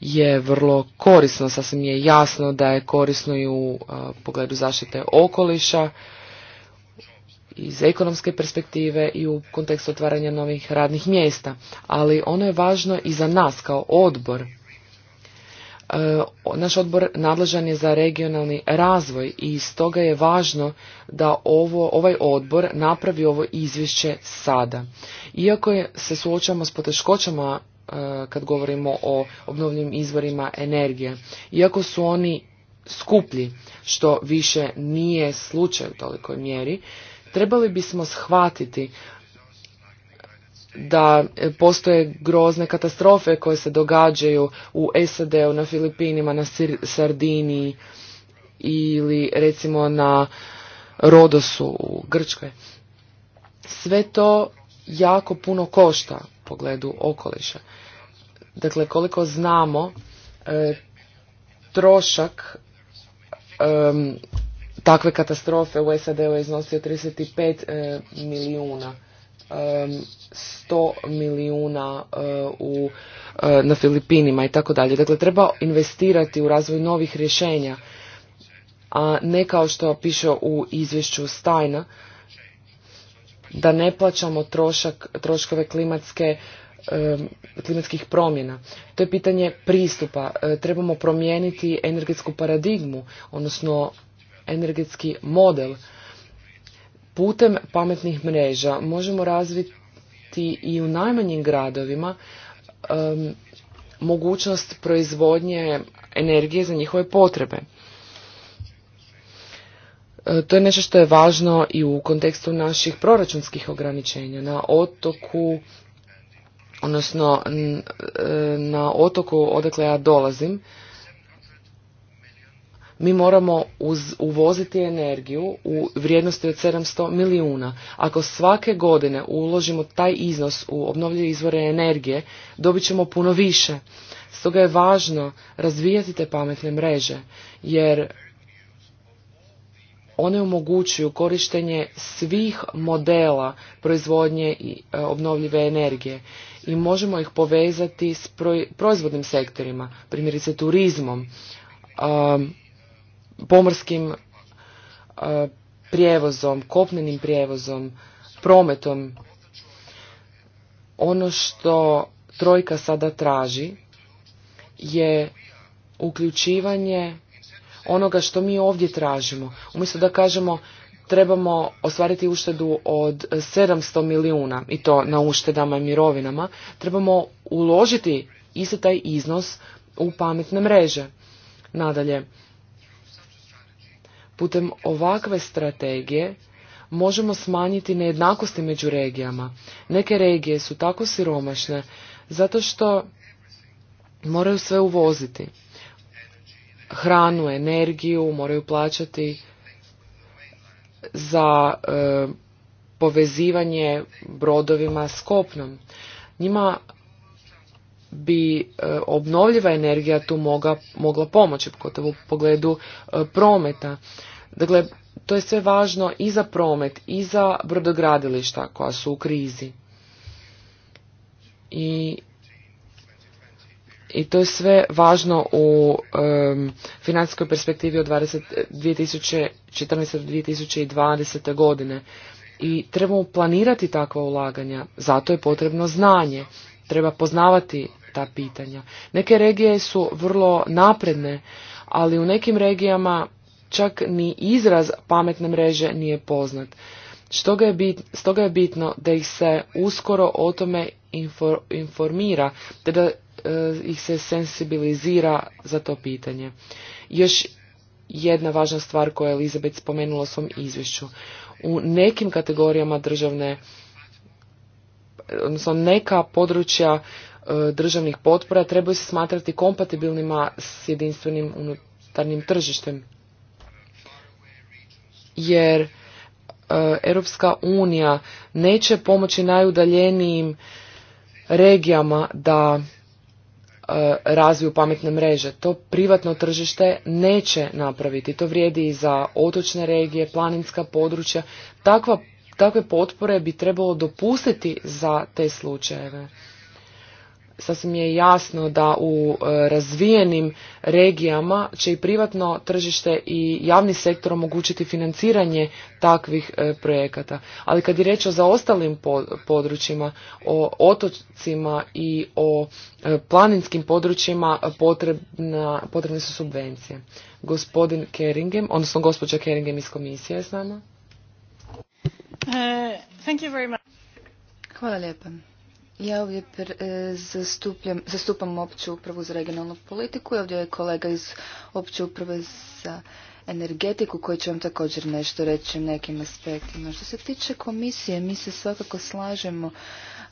je vrlo korisno, sasvim je jasno da je korisno i u e, pogledu zaštite okoliša, iz ekonomske perspektive i u kontekstu otvaranja novih radnih mjesta. Ali ono je važno i za nas kao odbor E, naš odbor nadležan je za regionalni razvoj i stoga je važno da ovo, ovaj odbor napravi ovo izvješće sada. Iako je, se suočamo s poteškoćama e, kad govorimo o obnovljivim izvorima energije, iako su oni skuplji, što više nije slučaj u tolikoj mjeri, trebali bismo shvatiti da postoje grozne katastrofe koje se događaju u SAD-u, na Filipinima, na Sardiniji ili recimo na Rodosu u Grčkoj. Sve to jako puno košta u pogledu okoliša. Dakle, koliko znamo, e, trošak takve katastrofe u SAD-u je iznosio 35 e, milijuna 100 um, milijuna uh, u, uh, na Filipinima i tako dalje. Dakle, treba investirati u razvoj novih rješenja, a ne kao što piše u izvješću Stajna, da ne plaćamo trošak, troškove klimatske um, klimatskih promjena. To je pitanje pristupa. Uh, trebamo promijeniti energetsku paradigmu, odnosno energetski model putem pametnih mreža možemo razviti i u najmanjim gradovima mogućnost proizvodnje energije za njihove potrebe. E, to je nešto što je važno i u kontekstu naših proračunskih ograničenja. Na otoku, odnosno e, na otoku odakle ja dolazim, mi moramo uvoziti energiju u vrijednosti od 700 milijuna. Ako svake godine uložimo taj iznos u obnovljive izvore energije, dobit ćemo puno više. Stoga je važno razvijati te pametne mreže, jer one omogućuju korištenje svih modela proizvodnje i e, obnovljive energije i možemo ih povezati s proizvodnim sektorima, primjerice turizmom, pomorskim e, prijevozom, kopnenim prijevozom, prometom. Ono što trojka sada traži je uključivanje onoga što mi ovdje tražimo. Umjesto da kažemo trebamo ostvariti uštedu od 700 milijuna i to na uštedama i mirovinama, trebamo uložiti isti taj iznos u pametne mreže. Nadalje, Putem ovakve strategije možemo smanjiti nejednakosti među regijama. Neke regije su tako siromašne zato što moraju sve uvoziti. Hranu, energiju, moraju plaćati za e, povezivanje brodovima s kopnom. Njima bi e, obnovljiva energija tu moga, mogla pomoći, u pogledu e, prometa. Dakle, to je sve važno i za promet, i za brodogradilišta koja su u krizi. I, i to je sve važno u e, financijskoj perspektivi od 2014. do 2020. godine. I trebamo planirati takva ulaganja, zato je potrebno znanje. Treba poznavati ta pitanja. Neke regije su vrlo napredne, ali u nekim regijama čak ni izraz pametne mreže nije poznat. stoga je bitno da ih se uskoro o tome informira, te da e, ih se sensibilizira za to pitanje. Još jedna važna stvar koja je Elizabeth spomenula u svom izvješću. U nekim kategorijama državne, odnosno neka područja E, državnih potpora trebaju se smatrati kompatibilnima s jedinstvenim unutarnjim tržištem. Jer e, Europska unija neće pomoći najudaljenijim regijama da e, razviju pametne mreže. To privatno tržište neće napraviti. To vrijedi i za otočne regije, planinska područja. Takva, takve potpore bi trebalo dopustiti za te slučajeve sasvim je jasno da u e, razvijenim regijama će i privatno tržište i javni sektor omogućiti financiranje takvih e, projekata. Ali kad je riječ o zaostalim područjima, o otocima i o e, planinskim područjima potrebna, potrebne su subvencije. Gospodin Keringem, odnosno gospođa Keringem iz komisije je s nama. Uh, Hvala lijepa. Ja ovdje e, zastupam opću upravu za regionalnu politiku i ovdje je kolega iz opće uprave za energetiku koji će vam također nešto reći o nekim aspektima. Što se tiče komisije, mi se svakako slažemo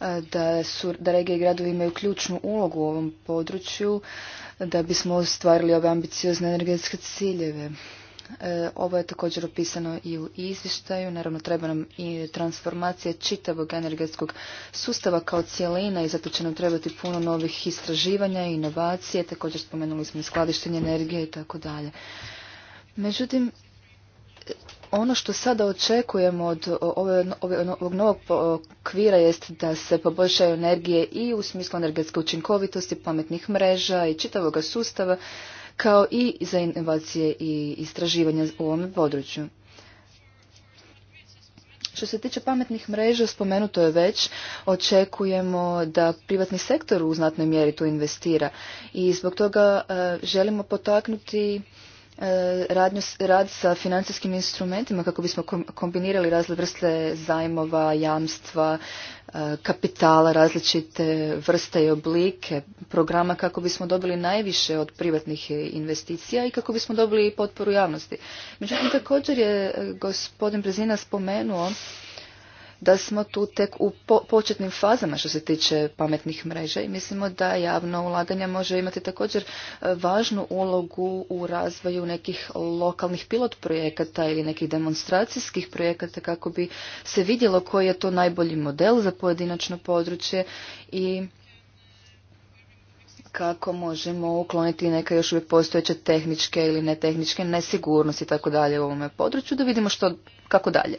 e, da, su, da regije i gradovi imaju ključnu ulogu u ovom području da bismo ostvarili ove ambiciozne energetske ciljeve. E, ovo je također opisano i u izvještaju. Naravno, treba nam i transformacija čitavog energetskog sustava kao cijelina i zato će nam trebati puno novih istraživanja i inovacije. Također spomenuli smo i skladištenje energije i tako dalje. Međutim, ono što sada očekujemo od ovog novog kvira jest da se poboljšaju energije i u smislu energetske učinkovitosti, pametnih mreža i čitavog sustava kao i za inovacije i istraživanja u ovom području. Što se tiče pametnih mreža, spomenuto je već, očekujemo da privatni sektor u znatnoj mjeri tu investira i zbog toga e, želimo potaknuti E, rad sa financijskim instrumentima kako bismo kombinirali različite vrste zajmova, jamstva, e, kapitala, različite vrste i oblike programa kako bismo dobili najviše od privatnih investicija i kako bismo dobili potporu javnosti. Međutim, također je e, gospodin Brezina spomenuo da smo tu tek u početnim fazama što se tiče pametnih mreža i mislimo da javno ulaganje može imati također e, važnu ulogu u razvoju nekih lokalnih pilot projekata ili nekih demonstracijskih projekata kako bi se vidjelo koji je to najbolji model za pojedinačno područje i kako možemo ukloniti neke još uvijek postojeće tehničke ili netehničke nesigurnosti i tako dalje u ovome području da vidimo što kako dalje.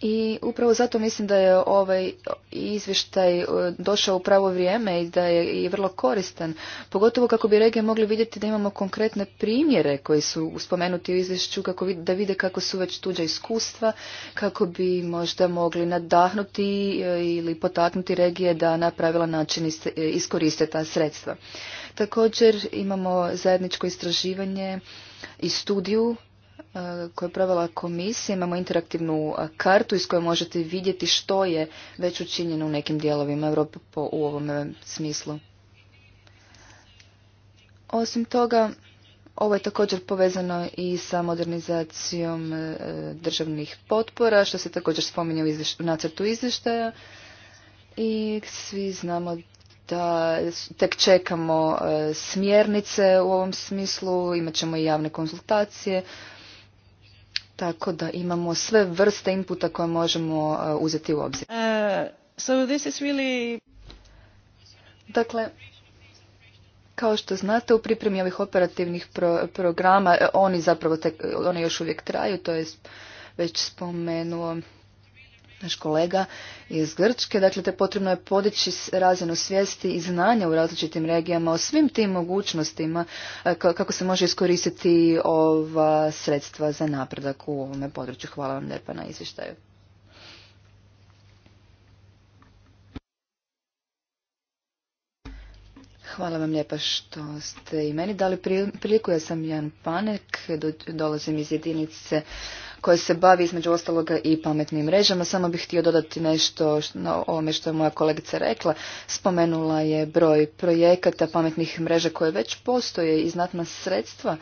I upravo zato mislim da je ovaj izvještaj e, došao u pravo vrijeme i da je i vrlo koristan. Pogotovo kako bi regije mogli vidjeti da imamo konkretne primjere koji su spomenuti u izvješću, kako da vide kako su već tuđa iskustva, kako bi možda mogli nadahnuti e, ili potaknuti regije da na pravilan način e, iskoriste ta sredstva. Također imamo zajedničko istraživanje i studiju E, koje je pravila komisija, imamo interaktivnu e, kartu iz koje možete vidjeti što je već učinjeno u nekim dijelovima Europe u ovom smislu. Osim toga, ovo je također povezano i sa modernizacijom e, državnih potpora, što se također spominje u, u nacrtu izvještaja. I svi znamo da tek čekamo smjernice u ovom smislu, imat ćemo i javne konzultacije tako da imamo sve vrste inputa koje možemo e, uzeti u obzir. E, dakle, kao što znate, u pripremi ovih operativnih programa, e, oni zapravo još uvijek traju, to je već spomenuo naš kolega iz Grčke. Dakle, te potrebno je podići razinu svijesti i znanja u različitim regijama o svim tim mogućnostima e, kako se može iskoristiti ova sredstva za napredak u ovome području. Hvala vam lijepa na izvještaju. Hvala vam lijepa što ste i meni dali priliku. Ja sam Jan Panek, dolazim iz jedinice koja se bavi između ostaloga i pametnim mrežama. Samo bih htio dodati nešto o ovome što je moja kolegica rekla. Spomenula je broj projekata pametnih mreža koje već postoje i znatna sredstva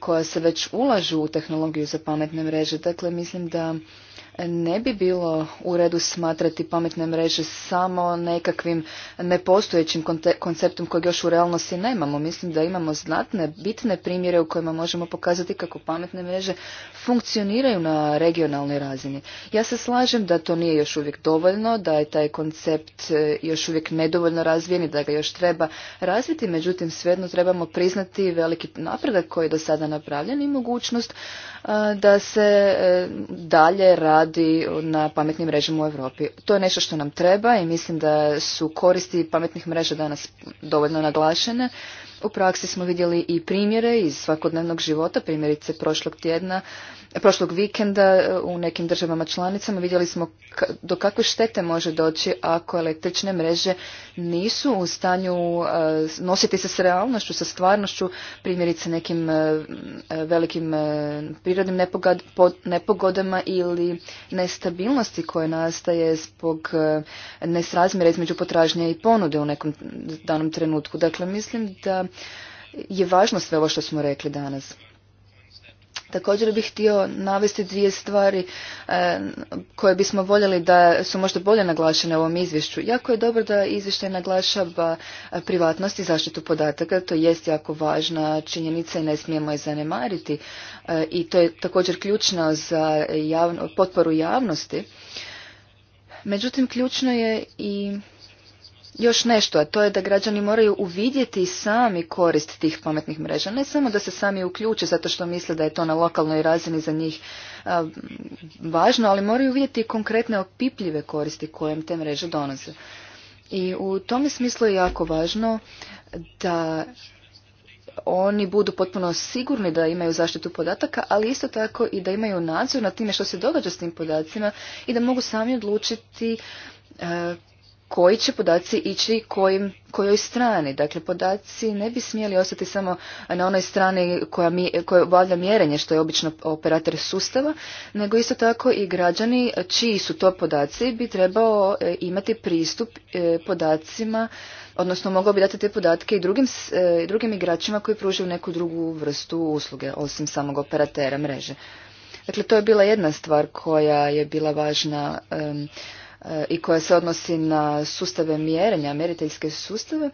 koja se već ulažu u tehnologiju za pametne mreže. Dakle, mislim da ne bi bilo u redu smatrati pametne mreže samo nekakvim nepostojećim konceptom kojeg još u realnosti nemamo. Mislim da imamo znatne, bitne primjere u kojima možemo pokazati kako pametne mreže funkcioniraju na regionalnoj razini. Ja se slažem da to nije još uvijek dovoljno, da je taj koncept e, još uvijek nedovoljno razvijen i da ga još treba razviti, međutim svejedno trebamo priznati veliki napredak koji je do sada napravljen i mogućnost e, da se e, dalje radi radi na pametnim mrežama u Europi. To je nešto što nam treba i mislim da su koristi pametnih mreža danas dovoljno naglašene u praksi smo vidjeli i primjere iz svakodnevnog života, primjerice prošlog tjedna, prošlog vikenda u nekim državama članicama. Vidjeli smo do kakve štete može doći ako električne mreže nisu u stanju e, nositi se s realnošću, sa stvarnošću, primjerice nekim e, velikim e, prirodnim nepogodama ili nestabilnosti koje nastaje zbog nesrazmjera između potražnje i ponude u nekom danom trenutku. Dakle, mislim da je važno sve ovo što smo rekli danas. Također bih htio navesti dvije stvari e, koje bismo voljeli da su možda bolje naglašene u ovom izvješću. Jako je dobro da izvještaj naglašava privatnost i zaštitu podataka, to jest jako važna činjenica i ne smijemo je zanemariti e, i to je također ključno za potporu javnosti. Međutim, ključno je i još nešto, a to je da građani moraju uvidjeti sami korist tih pametnih mreža. Ne samo da se sami uključe zato što misle da je to na lokalnoj razini za njih važno, ali moraju vidjeti konkretne opipljive koristi kojem te mreže donose. I u tome smislu je jako važno da oni budu potpuno sigurni da imaju zaštitu podataka, ali isto tako i da imaju nadzor nad time što se događa s tim podacima i da mogu sami odlučiti koji će podaci ići kojim, kojoj strani. Dakle, podaci ne bi smjeli ostati samo na onoj strani koja, mi, koja obavlja mjerenje, što je obično operator sustava, nego isto tako i građani čiji su to podaci bi trebao e, imati pristup e, podacima, odnosno mogao bi dati te podatke i drugim, e, drugim igračima koji pružaju neku drugu vrstu usluge, osim samog operatera mreže. Dakle, to je bila jedna stvar koja je bila važna i koja se odnosi na sustave mjerenja, mjeriteljske sustave.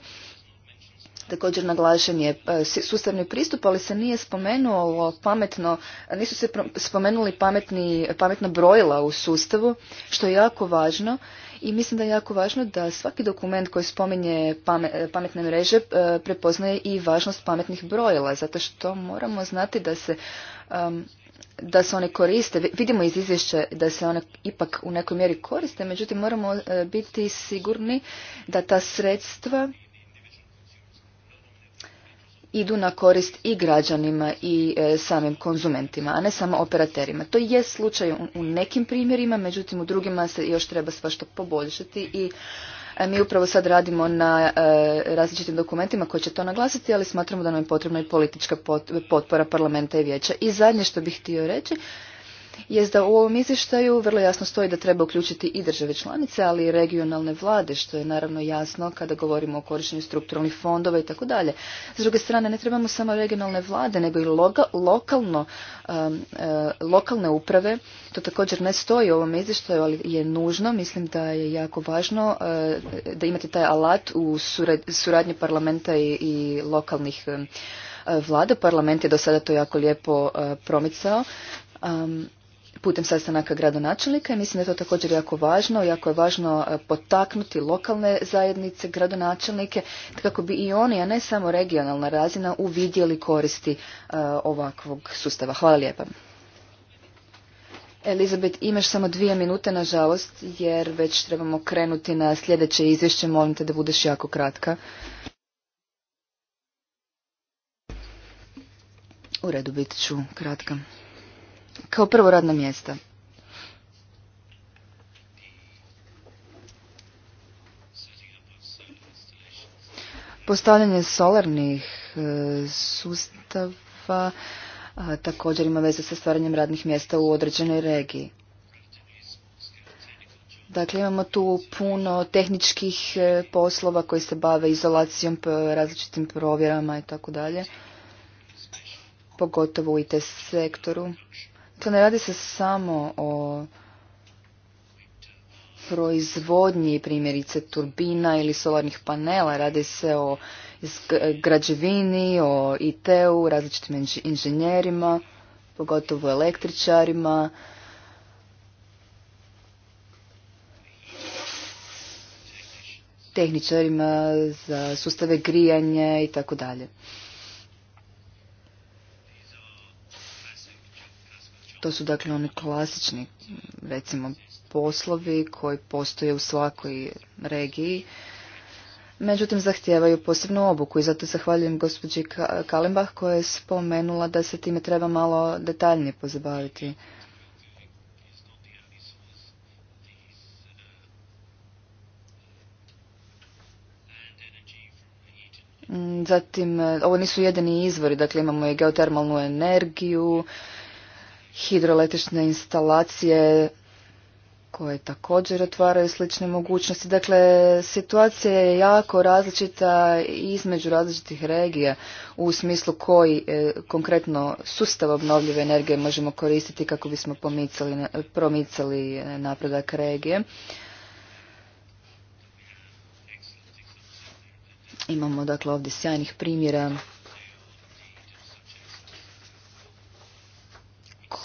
Također naglašen je e, sustavni pristup, ali se nije spomenulo pametno, nisu se spomenuli pametni, pametna brojila u sustavu, što je jako važno. I mislim da je jako važno da svaki dokument koji spominje e, pametne mreže e, prepoznaje i važnost pametnih brojila, zato što moramo znati da se da se one koriste, vidimo iz izvješća da se one ipak u nekoj mjeri koriste, međutim moramo e, biti sigurni da ta sredstva idu na korist i građanima i e, samim konzumentima, a ne samo operaterima. To je slučaj u, u nekim primjerima, međutim u drugima se još treba svašta poboljšati i E, mi upravo sad radimo na e, različitim dokumentima koji će to naglasiti, ali smatramo da nam je potrebna i politička potpora parlamenta i vijeća. I zadnje što bih htio reći je da u ovom izvještaju vrlo jasno stoji da treba uključiti i države članice, ali i regionalne vlade, što je naravno jasno kada govorimo o korištenju strukturalnih fondova i tako dalje. S druge strane, ne trebamo samo regionalne vlade, nego i lokalno, um, uh, lokalne uprave. To također ne stoji u ovom izvještaju, ali je nužno. Mislim da je jako važno uh, da imate taj alat u suradnji parlamenta i, lokalnih um, uh, vlada. Parlament je do sada to jako lijepo promicao. Um, putem sastanaka gradonačelnika i mislim da je to također jako važno, jako je važno e, potaknuti lokalne zajednice, gradonačelnike, kako bi i oni, a ne samo regionalna razina, uvidjeli koristi e, ovakvog sustava. Hvala lijepa. Elizabet, imaš samo dvije minute, nažalost, jer već trebamo krenuti na sljedeće izvješće. Molim te da budeš jako kratka. U redu, bit ću kratka kao prvo radna mjesta. Postavljanje solarnih e, sustava također ima veze sa stvaranjem radnih mjesta u određenoj regiji. Dakle, imamo tu puno tehničkih e, poslova koji se bave izolacijom, različitim provjerama i tako dalje, pogotovo u IT sektoru. To ne radi se samo o proizvodnji primjerice turbina ili solarnih panela, radi se o građevini, o IT-u, različitim inženjerima, pogotovo električarima. tehničarima za sustave grijanja i tako dalje. To su dakle oni klasični recimo poslovi koji postoje u svakoj regiji. Međutim, zahtijevaju posebnu obuku i zato zahvaljujem gospođi Kalimbah koja je spomenula da se time treba malo detaljnije pozabaviti. Mm, zatim, e, ovo nisu jedini izvori, dakle imamo i geotermalnu energiju, hidroelektrične instalacije koje također otvaraju slične mogućnosti. Dakle, situacija je jako različita između različitih regija u smislu koji e, konkretno sustav obnovljive energije možemo koristiti kako bismo promicali e, napredak regije. Imamo dakle ovdje sjajnih primjera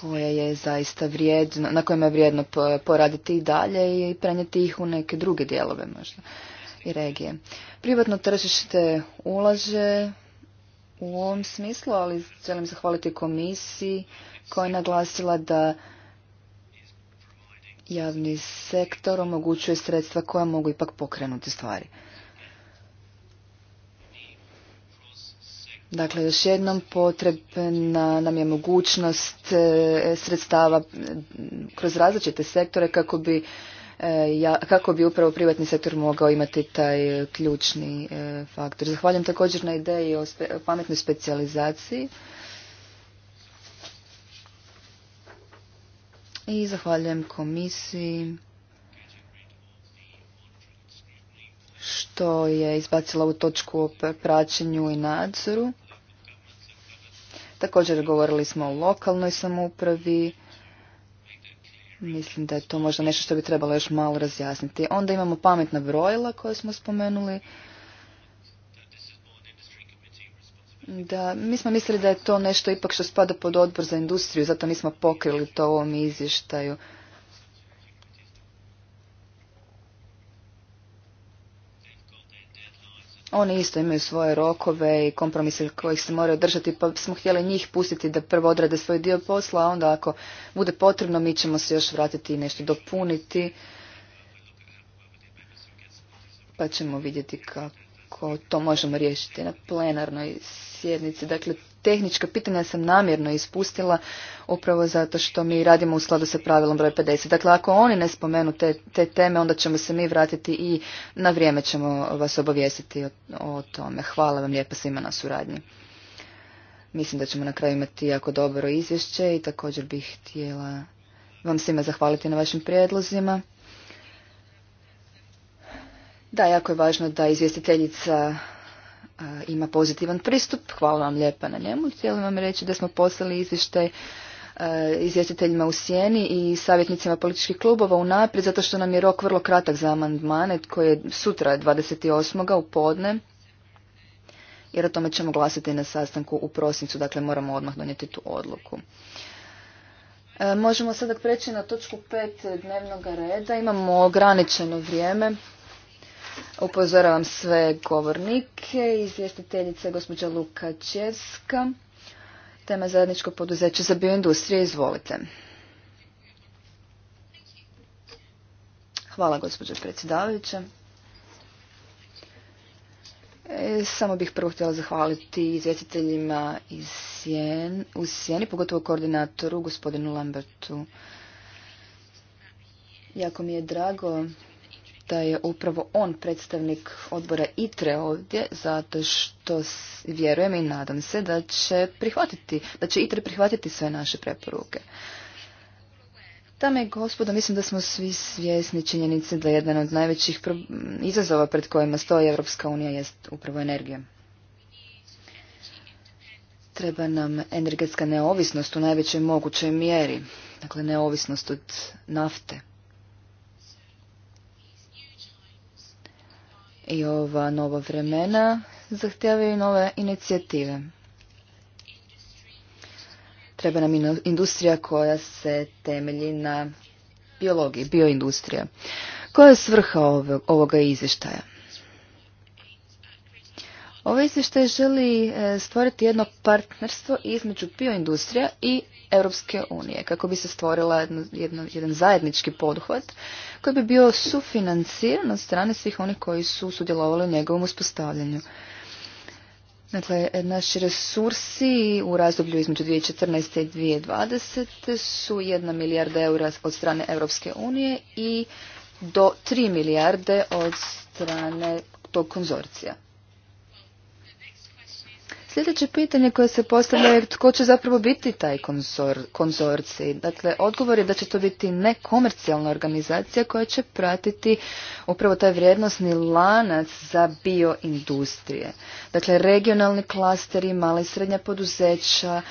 koja je zaista vrijedna, na kojima je vrijedno poraditi i dalje i prenijeti ih u neke druge dijelove možda i regije. Privatno tržište ulaže u ovom smislu, ali želim zahvaliti komisiji koja je naglasila da javni sektor omogućuje sredstva koja mogu ipak pokrenuti stvari. Dakle, još jednom potrebna nam je mogućnost e, sredstava e, kroz različite sektore kako bi, e, kako bi upravo privatni sektor mogao imati taj ključni faktor. Zahvaljujem također na ideji o pametnoj specijalizaciji. I zahvaljujem komisiji što je izbacila ovu točku o praćenju i nadzoru. Također govorili smo o lokalnoj samoupravi. Mislim da je to možda nešto što bi trebalo još malo razjasniti. Onda imamo pametna brojila koje smo spomenuli. Da, mi smo mislili da je to nešto ipak što spada pod odbor za industriju, zato nismo pokrili to u ovom izvještaju. Oni isto imaju svoje rokove i kompromise kojih se moraju držati, pa smo htjeli njih pustiti da prvo odrade svoj dio posla, a onda ako bude potrebno mi ćemo se još vratiti i nešto dopuniti. Pa ćemo vidjeti kako to možemo riješiti na plenarnoj sjednici. Dakle, tehnička pitanja sam namjerno ispustila upravo zato što mi radimo u skladu sa pravilom broj 50. Dakle, ako oni ne spomenu te, te teme, onda ćemo se mi vratiti i na vrijeme ćemo vas obavijestiti o, o tome. Hvala vam lijepa svima na suradnji. Mislim da ćemo na kraju imati jako dobro izvješće i također bih htjela vam svima zahvaliti na vašim prijedlozima. Da, jako je važno da izvjestiteljica ima pozitivan pristup. Hvala vam lijepa na njemu. Htjeli vam reći da smo poslali izvještaj izvjestiteljima u sjeni i savjetnicima političkih klubova unaprijed zato što nam je rok vrlo kratak za amandmane koji je sutra 28. u podne jer o tome ćemo glasati na sastanku u prosincu, dakle moramo odmah donijeti tu odluku. E, možemo sada preći na točku pet dnevnog reda. Imamo ograničeno vrijeme. Upozoravam sve govornike, izvjestiteljice gospođa Luka Čevska, tema zajedničko poduzeće za bioindustrije, izvolite. Hvala gospođo predsjedavajuća. E, samo bih prvo htjela zahvaliti izvjestiteljima u Sjeni, pogotovo koordinatoru gospodinu Lambertu. Jako mi je drago da je upravo on predstavnik odbora ITRE ovdje zato što vjerujem i nadam se da će prihvatiti, da će ITRE prihvatiti sve naše preporuke. Dame i gospodo, mislim da smo svi svjesni činjenice da jedan od najvećih izazova pred kojima stoji Europska unija jest upravo energija. Treba nam energetska neovisnost u najvećoj mogućoj mjeri, dakle neovisnost od nafte. i ova nova vremena zahtijevaju nove inicijative. Treba nam industrija koja se temelji na biologiji, bioindustrija. Koja je svrha ovoga izvještaja? Ovaj izvještaj želi e, stvoriti jedno partnerstvo između bioindustrija i Europske unije kako bi se stvorila jedan zajednički poduhvat koji bi bio sufinanciran od strane svih onih koji su sudjelovali u njegovom uspostavljanju. Dakle, naši resursi u razdoblju između 2014. i 2020. su 1 milijarda eura od strane Europske unije i do 3 milijarde od strane tog konzorcija. Sljedeće pitanje koje se postavlja je tko će zapravo biti taj konzorcij. Dakle, odgovor je da će to biti nekomercijalna organizacija koja će pratiti upravo taj vrijednosni lanac za bioindustrije. Dakle, regionalni klasteri, mala i srednja poduzeća,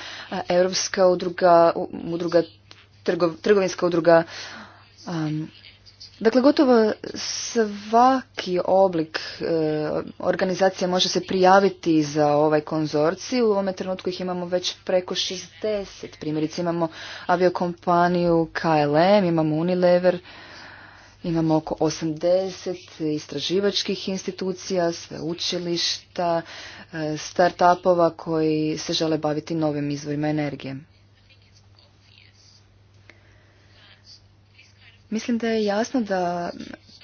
Europska udruga, udruga trgovinska udruga Dakle, gotovo svaki oblik organizacija e, organizacije može se prijaviti za ovaj konzorcij. U ovome trenutku ih imamo već preko 60. Primjerice imamo aviokompaniju KLM, imamo Unilever, imamo oko 80 istraživačkih institucija, sveučilišta, e, start-upova koji se žele baviti novim izvorima energije. Mislim da je jasno da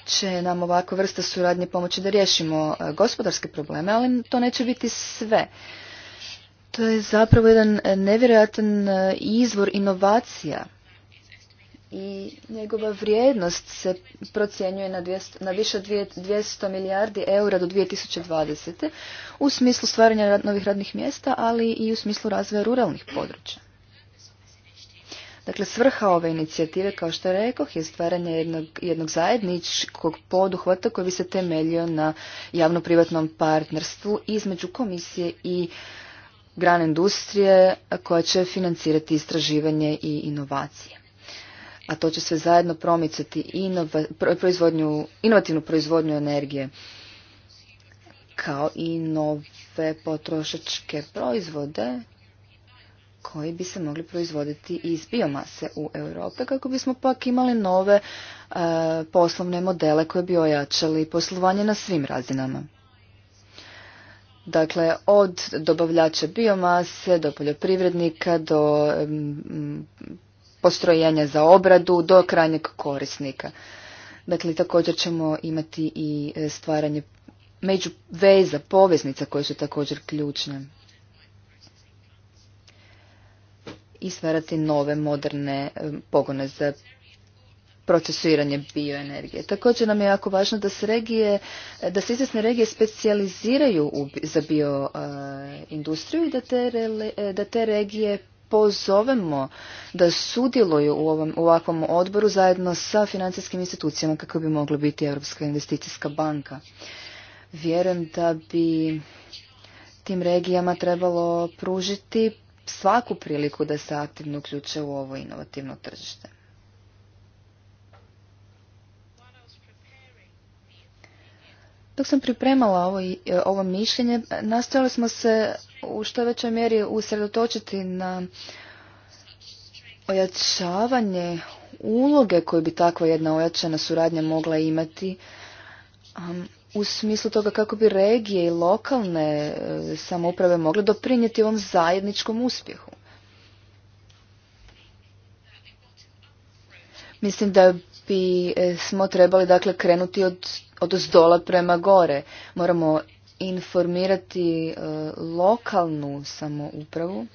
će nam ovakva vrsta suradnje pomoći da riješimo e, gospodarske probleme, ali to neće biti sve. To je zapravo jedan e, nevjerojatan e, izvor inovacija i njegova vrijednost se procjenjuje na, na više od 200 milijardi eura do 2020. u smislu stvaranja novih radnih mjesta, ali i u smislu razvoja ruralnih područja. Dakle, svrha ove inicijative, kao što rekoh, je stvaranje jednog, jednog zajedničkog poduhvata koji bi se temeljio na javno-privatnom partnerstvu između komisije i grane industrije koja će financirati istraživanje i inovacije. A to će sve zajedno promicati proizvodnju, inovativnu proizvodnju energije kao i nove potrošačke proizvode koji bi se mogli proizvoditi iz biomase u Europe kako bismo pak imali nove e, poslovne modele koje bi ojačali poslovanje na svim razinama. Dakle, od dobavljača biomase do poljoprivrednika, do postrojenja za obradu, do krajnjeg korisnika. Dakle, također ćemo imati i e, stvaranje među veza, poveznica koje su također ključne. i stvarati nove moderne pogone za procesuiranje bioenergije. Također nam je jako važno da se regije, da se izvjesne regije specijaliziraju za bioindustriju i da te, e, da te regije pozovemo da sudjeluju u, ovom, u ovakvom odboru zajedno sa financijskim institucijama kako bi mogla biti Europska investicijska banka. Vjerujem da bi tim regijama trebalo pružiti svaku priliku da se aktivno uključe u ovo inovativno tržište. Dok sam pripremala ovo, e, ovo mišljenje, nastojali smo se u što većoj mjeri usredotočiti na ojačavanje uloge koje bi takva jedna ojačana suradnja mogla imati u smislu toga kako bi regije i lokalne e, samouprave mogle doprinijeti ovom zajedničkom uspjehu. Mislim da bi e, smo trebali dakle krenuti od, od zdola prema gore. Moramo informirati e, lokalnu samoupravu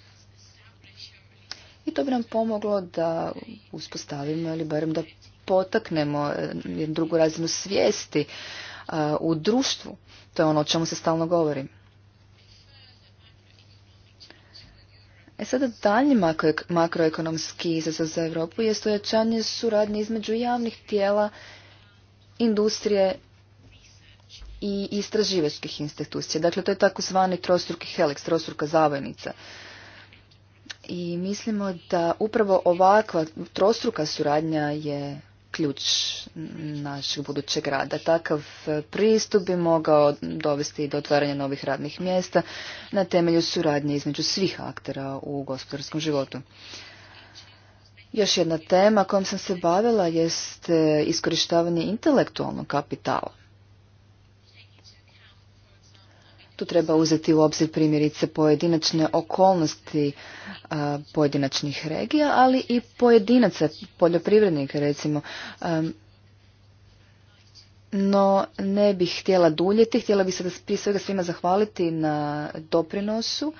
i to bi nam pomoglo da uspostavimo ili barem da potaknemo jednu drugu razinu svijesti E, u društvu. To je ono o čemu se stalno govori. E sada dalji makroekonomski izazov za Europu je stojačanje suradnje između javnih tijela, industrije i istraživačkih institucija. Dakle, to je takozvani trostruki helix, trostruka zavojnica. I mislimo da upravo ovakva trostruka suradnja je ključ našeg budućeg rada. Takav e, pristup bi mogao dovesti do otvaranja novih radnih mjesta na temelju suradnje između svih aktera u gospodarskom životu. Još jedna tema kojom sam se bavila jest e, iskorištavanje intelektualnog kapitala. Tu treba uzeti u obzir primjerice pojedinačne okolnosti pojedinačnih regija, ali i pojedinaca, poljoprivrednika recimo. no ne bih htjela duljeti, htjela bih se da prije svega svima zahvaliti na doprinosu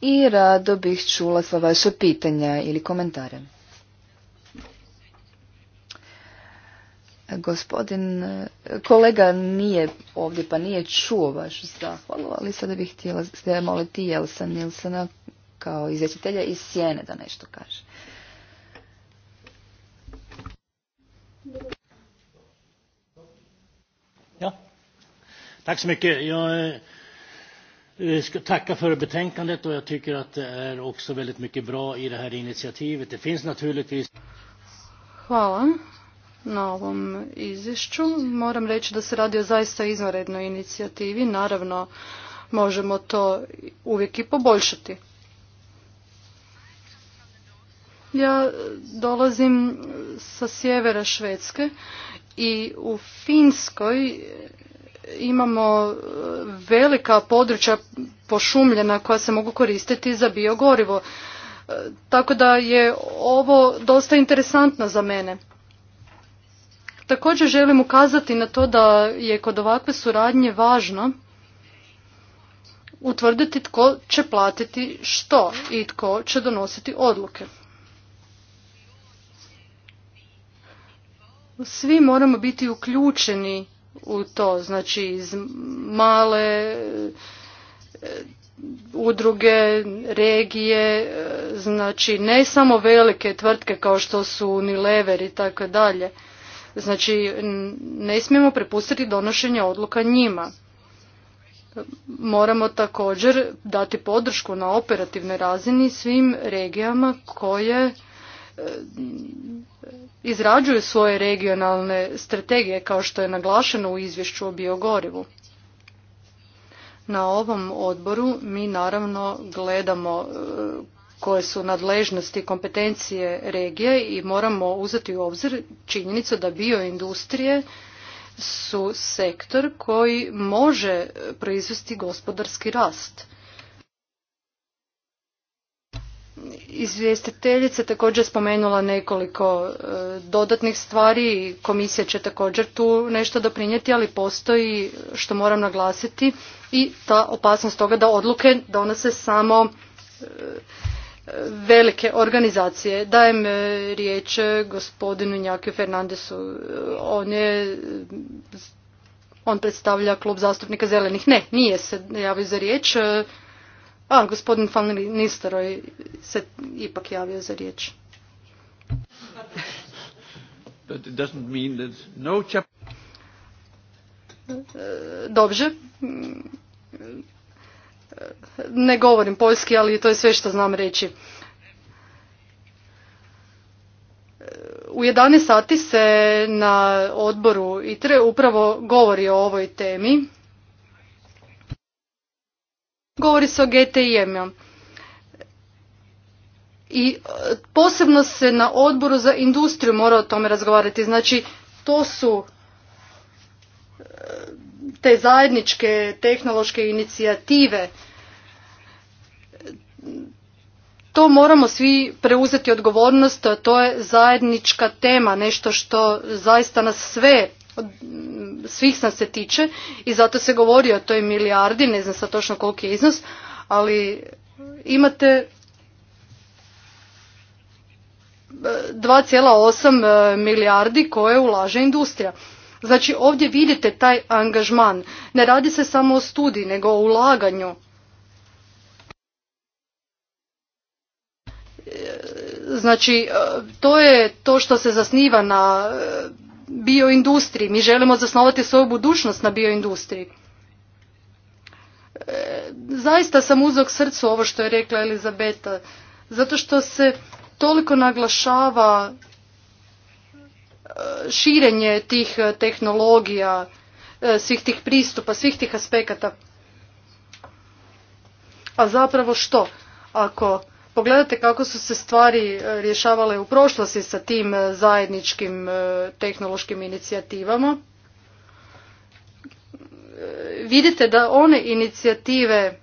i rado bih čula sva vaša pitanja ili komentare. Gospodin kolega nije ovdje pa nije čuo vašu zahvalu, ali sada bih htjela se moliti Jelsa Nilsena kao izvjetitelja iz Sjene da nešto kaže. Ja, tack så mycket. Jag eh, eh, ska tacka för betänkandet och jag tycker att det är också väldigt mycket bra i det här initiativet. Det finns naturligtvis... Hvala na ovom izvješću. Moram reći da se radi o zaista izvanrednoj inicijativi. Naravno, možemo to uvijek i poboljšati. Ja dolazim sa sjevera Švedske i u Finskoj imamo velika područja pošumljena koja se mogu koristiti za biogorivo. E, tako da je ovo dosta interesantno za mene. Također želim ukazati na to da je kod ovakve suradnje važno utvrditi tko će platiti što i tko će donositi odluke. Svi moramo biti uključeni u to, znači iz male eh, udruge, regije, eh, znači ne samo velike tvrtke kao što su Unilever i tako dalje. Znači, ne smijemo prepustiti donošenje odluka njima. Moramo također dati podršku na operativnoj razini svim regijama koje e, izrađuju svoje regionalne strategije kao što je naglašeno u izvješću o biogorivu. Na ovom odboru mi naravno gledamo e, koje su nadležnosti i kompetencije regije i moramo uzeti u obzir činjenicu da bioindustrije su sektor koji može proizvesti gospodarski rast. Izvjestiteljica također spomenula nekoliko e, dodatnih stvari i komisija će također tu nešto doprinijeti, ali postoji, što moram naglasiti, i ta opasnost toga da odluke donose samo e, velike organizacije. Dajem e, riječ e, gospodinu Njakiju Fernandesu. On e, on predstavlja klub zastupnika zelenih. Ne, nije se javio za riječ. A, gospodin Fan Nistaroj se ipak javio za riječ. But Dobže, ne govorim poljski, ali to je sve što znam reći. U 11 sati se na odboru ITRE upravo govori o ovoj temi. Govori se o gtim I e, posebno se na odboru za industriju mora o tome razgovarati. Znači, to su te zajedničke tehnološke inicijative to moramo svi preuzeti odgovornost, to je zajednička tema, nešto što zaista nas sve, svih nas se tiče i zato se govori o toj milijardi, ne znam sad točno koliki je iznos, ali imate 2,8 eh, milijardi koje ulaže industrija. Znači ovdje vidite taj angažman. Ne radi se samo o studiji, nego o ulaganju. Znači, e, to je to što se zasniva na e, bioindustriji. Mi želimo zasnovati svoju budućnost na bioindustriji. E, zaista sam uzog srcu ovo što je rekla Elizabeta, zato što se toliko naglašava širenje tih eh, tehnologija, eh, svih tih pristupa, svih tih aspekata. A zapravo što? Ako pogledate kako su se stvari eh, rješavale u prošlosti sa tim zajedničkim tehnološkim inicijativama, vidite da one inicijative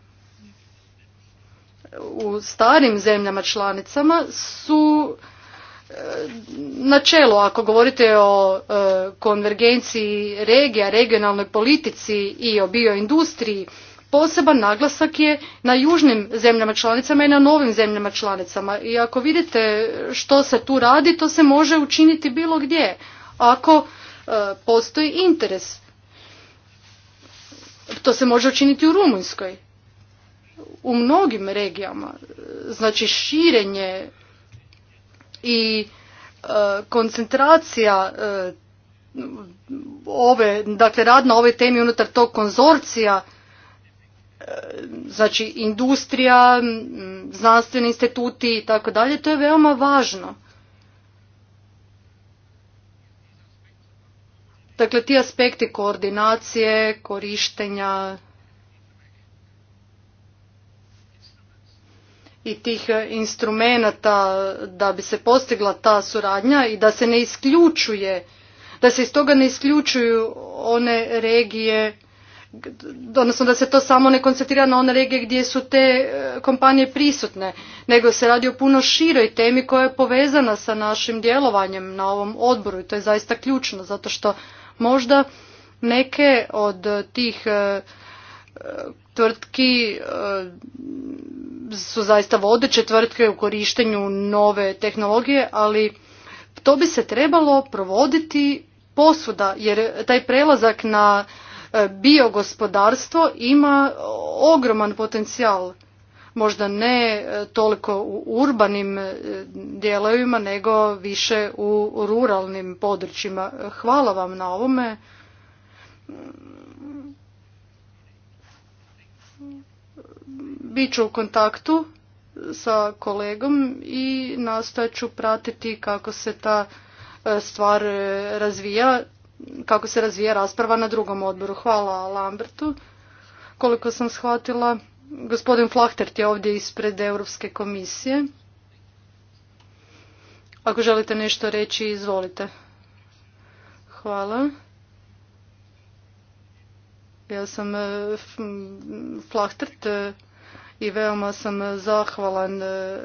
u starim zemljama članicama su načelo ako govorite o e, konvergenciji regija, regionalnoj politici i o bioindustriji, poseban naglasak je na južnim zemljama članicama i na novim zemljama članicama. I ako vidite što se tu radi, to se može učiniti bilo gdje, ako e, postoji interes. To se može učiniti u Rumunjskoj. U mnogim regijama, e, znači širenje i e, koncentracija e, ove, dakle rad na ovoj temi unutar tog konzorcija, e, znači industrija, znanstveni instituti i tako dalje, to je veoma važno. Dakle, ti aspekti koordinacije, korištenja i tih e, instrumenata da bi se postigla ta suradnja i da se ne isključuje, da se iz toga ne isključuju one regije, odnosno da se to samo ne koncentrira na one regije gdje su te e, kompanije prisutne, nego se radi o puno široj temi koja je povezana sa našim djelovanjem na ovom odboru i to je zaista ključno zato što možda neke od tih e, tvrtki su zaista vodeće tvrtke u korištenju nove tehnologije, ali to bi se trebalo provoditi posvuda, jer taj prelazak na e, biogospodarstvo ima ogroman potencijal. Možda ne e, toliko u urbanim e, dijelovima, nego više u ruralnim područjima. Hvala vam na ovome ću u kontaktu sa kolegom i nastojat ću pratiti kako se ta e, stvar razvija, kako se razvija rasprava na drugom odboru. Hvala Lambertu. Koliko sam shvatila, gospodin Flachtert je ovdje ispred Europske komisije. Ako želite nešto reći, izvolite. Hvala. Ja sam e, Flachtert, e, i veoma sam e, zahvalan e,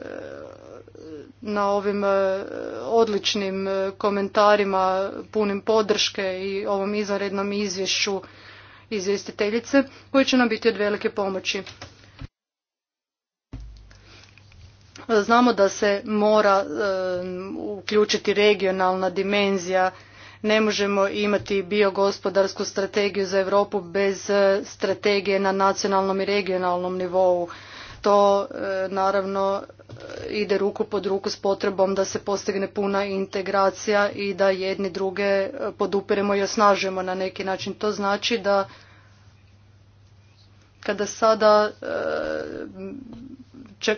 na ovim e, odličnim komentarima punim podrške i ovom izvanrednom izvješću izvjestiteljice koji će nam biti od velike pomoći. Znamo da se mora uključiti regionalna dimenzija ne možemo imati biogospodarsku strategiju za Europu bez e, strategije na nacionalnom i regionalnom nivou. To e, naravno e, ide ruku pod ruku s potrebom da se postigne puna integracija i da jedni druge podupiremo i osnažujemo na neki način. To znači da kada sada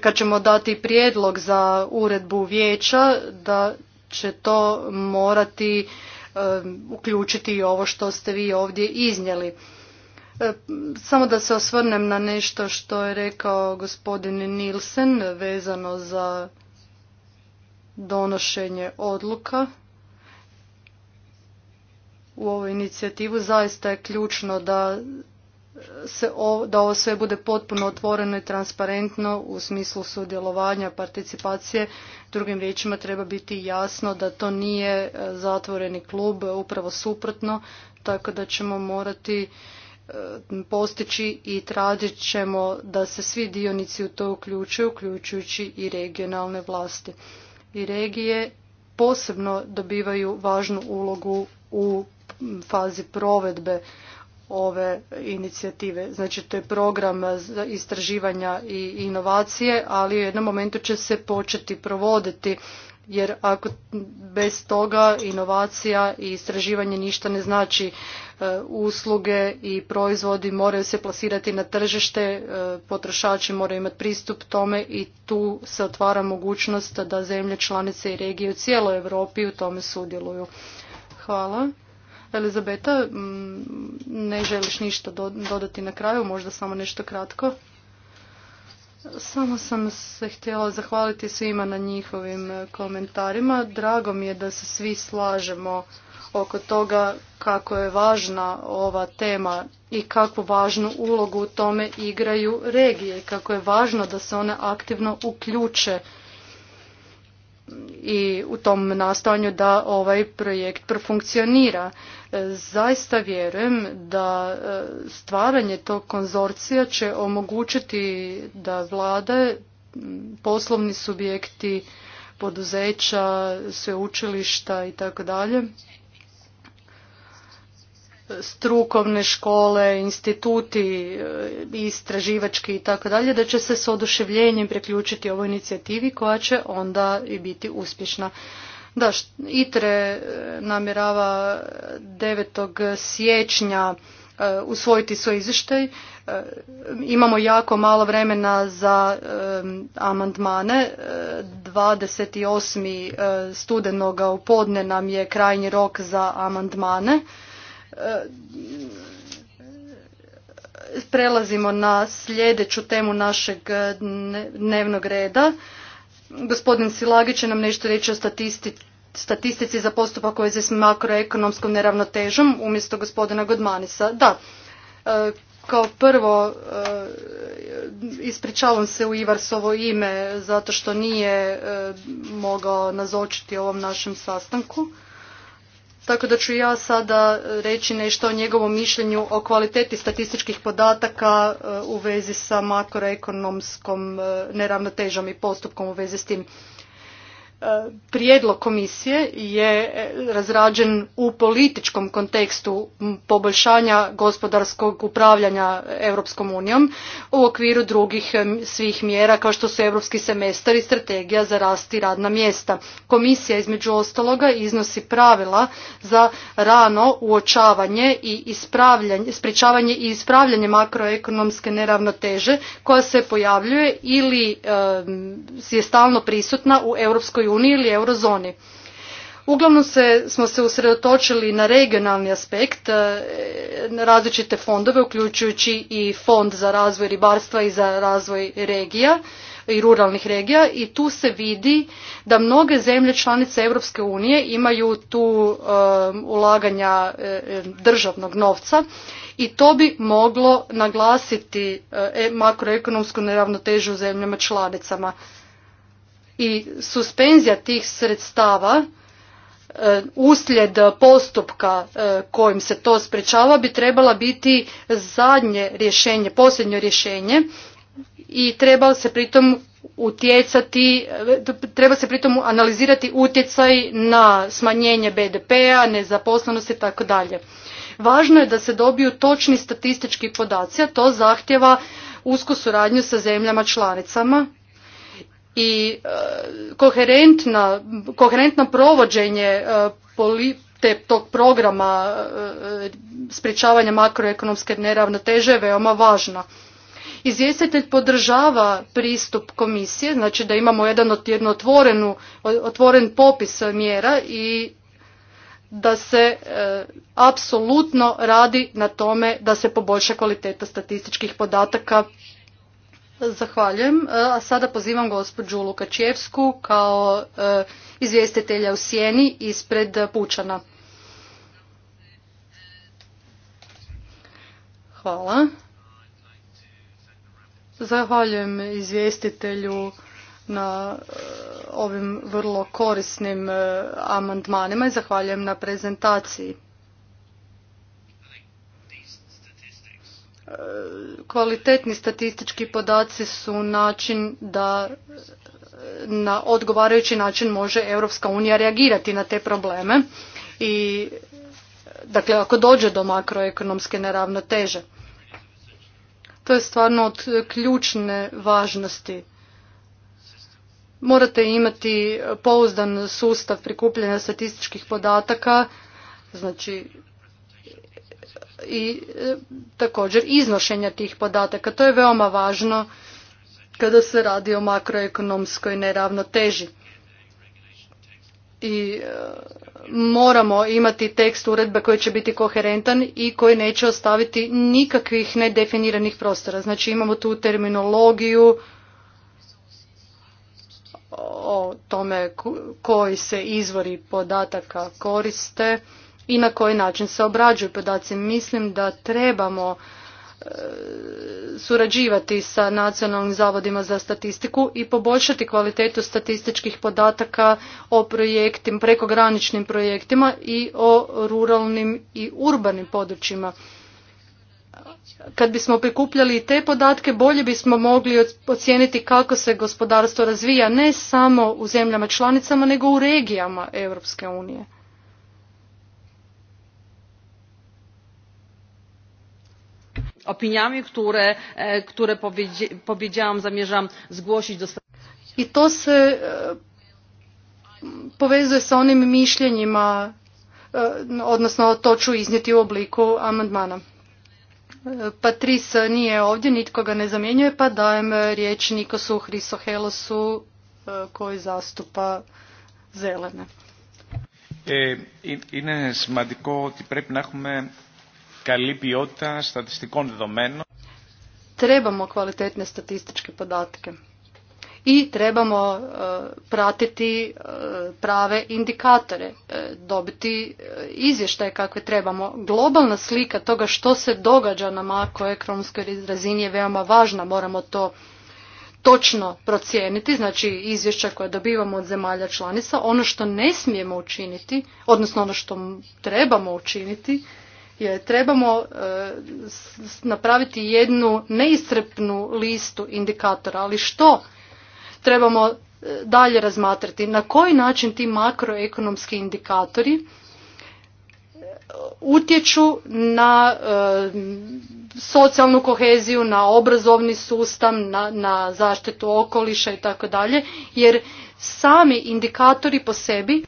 kad ćemo dati prijedlog za uredbu vijeća da će to morati Um, uključiti i ovo što ste vi ovdje iznijeli. E, samo da se osvrnem na nešto što je rekao gospodin Nilsen vezano za donošenje odluka u ovu inicijativu. Zaista je ključno da se da ovo sve bude potpuno otvoreno i transparentno u smislu sudjelovanja, participacije. Drugim riječima treba biti jasno da to nije e, zatvoreni klub, upravo suprotno, tako da ćemo morati e, postići i tražit ćemo da se svi dionici u to uključuju, uključujući i regionalne vlasti. I regije posebno dobivaju važnu ulogu u fazi provedbe ove inicijative. Znači to je program za istraživanja i inovacije, ali u jednom momentu će se početi provoditi jer ako bez toga inovacija i istraživanje ništa ne znači e, usluge i proizvodi moraju se plasirati na tržište, e, potrošači moraju imati pristup tome i tu se otvara mogućnost da zemlje članice i regije u cijeloj Europi u tome sudjeluju. Hvala. Elizabeta, mm, ne želiš ništa dodati na kraju, možda samo nešto kratko. Samo sam se htjela zahvaliti svima na njihovim e, komentarima. Drago mi je da se svi slažemo oko toga kako je važna ova tema i kakvu važnu ulogu u tome igraju regije kako je važno da se one aktivno uključe i u tom nastojanju da ovaj projekt profunkcionira. E, zaista vjerujem da e, stvaranje tog konzorcija će omogućiti da vlade, poslovni subjekti, poduzeća, sveučilišta i tako dalje strukovne škole, instituti e, istraživački i tako dalje, da će se s oduševljenjem priključiti ovoj inicijativi koja će onda i biti uspješna. Da, ITRE e, namjerava 9. siječnja e, usvojiti svoj izvještaj. Imamo jako malo vremena za amandmane. 28. studenoga u podne nam je krajnji rok za amandmane. E, prelazimo na sljedeću temu našeg dnevnog reda. Gospodin Silagić će nam nešto reći o statistici za postupak koje vezi s makroekonomskom neravnotežom umjesto gospodina Godmanisa. Da, e, kao prvo e, ispričavam se u Ivarsovo ime zato što nije mogao nazočiti ovom našem sastanku. Tako da ću ja sada reći nešto o njegovom mišljenju o kvaliteti statističkih podataka e, u vezi sa makroekonomskom e, neravnotežom i postupkom u vezi s tim. E, prijedlog komisije je e, razrađen u političkom kontekstu poboljšanja gospodarskog upravljanja Europskom unijom u okviru drugih svih mjera kao što su europski semestar i strategija za rast i radna mjesta. Komisija između ostaloga iznosi pravila za rano uočavanje i sprječavanje i ispravljanje makroekonomske neravnoteže koja se pojavljuje ili e, je stalno prisutna u Europskoj uniji ili eurozoni. Uglavnom se, smo se usredotočili na regionalni aspekt, e, na različite fondove, uključujući i fond za razvoj ribarstva i za razvoj regija i ruralnih regija i tu se vidi da mnoge zemlje članice Europske unije imaju tu e, ulaganja e, državnog novca i to bi moglo naglasiti makroekonomsku neravnotežu u zemljama članicama i suspenzija tih sredstava e, uslijed postupka e, kojim se to sprečava bi trebala biti zadnje rješenje, posljednje rješenje i treba se pritom utjecati, e, treba se pritom analizirati utjecaj na smanjenje BDP-a, nezaposlenost i tako dalje. Važno je da se dobiju točni statistički podaci, a to zahtjeva usku suradnju sa zemljama članicama i e, koherentno, koherentno provođenje e, tog programa e, sprječavanja makroekonomske neravnoteže je veoma važno. Izvjestitelj podržava pristup komisije, znači da imamo jedan jednu otvoren popis mjera i da se apsolutno radi na tome da se poboljša kvaliteta statističkih podataka Zahvaljujem. E, a sada pozivam gospođu Lukačevsku kao e, izvjestitelja u sjeni ispred Pučana. Hvala. Zahvaljujem izvjestitelju na e, ovim vrlo korisnim amandmanima i zahvaljujem na prezentaciji. Kvalitetni statistički podaci su način da na odgovarajući način može Europska unija reagirati na te probleme i dakle ako dođe do makroekonomske neravnoteže. To je stvarno od ključne važnosti. Morate imati pouzdan sustav prikupljanja statističkih podataka, znači i e, također iznošenja tih podataka. To je veoma važno kada se radi o makroekonomskoj neravnoteži. I e, moramo imati tekst uredbe koji će biti koherentan i koji neće ostaviti nikakvih nedefiniranih prostora. Znači imamo tu terminologiju o tome koji se izvori podataka koriste i na koji način se obrađuju podaci. Mislim da trebamo e, surađivati sa nacionalnim zavodima za statistiku i poboljšati kvalitetu statističkih podataka o projektim, prekograničnim projektima i o ruralnim i urbanim područjima. Kad bismo prikupljali te podatke, bolje bismo mogli ocijeniti kako se gospodarstvo razvija ne samo u zemljama članicama, nego u regijama Europske unije. opiniami które, e, które powiedziałam zamierzam zgłosić do i to se e, povezuje sa onim mišljenjima e, odnosno to ću iznijeti u obliku amandmana. Patris nije ovdje, nitko ga ne zamjenjuje, pa dajem riječ Nikosu Hrisohelosu koji zastupa zelene. E, Trebamo kvalitetne statističke podatke i trebamo e, pratiti e, prave indikatore, e, dobiti izvještaje kakve trebamo. Globalna slika toga što se događa na makroekonomskoj razini je veoma važna, moramo to točno procijeniti, znači izvješća koje dobivamo od zemalja članica, ono što ne smijemo učiniti, odnosno ono što trebamo učiniti je trebamo e, napraviti jednu neistrpnu listu indikatora, ali što trebamo e, dalje razmatrati? Na koji način ti makroekonomski indikatori e, utječu na socijalnu koheziju, na obrazovni sustav, na, na zaštitu okoliša i tako dalje, jer sami indikatori po sebi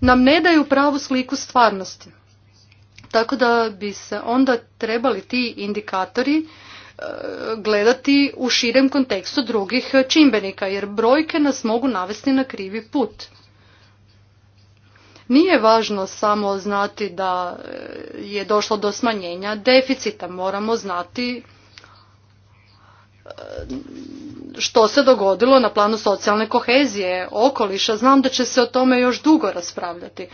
nam ne daju pravu sliku stvarnosti. Tako da bi se onda trebali ti indikatori e, gledati u širem kontekstu drugih čimbenika, jer brojke nas mogu navesti na krivi put. Nije važno samo znati da e, je došlo do smanjenja deficita, moramo znati e, što se dogodilo na planu socijalne kohezije, okoliša. Znam da će se o tome još dugo raspravljati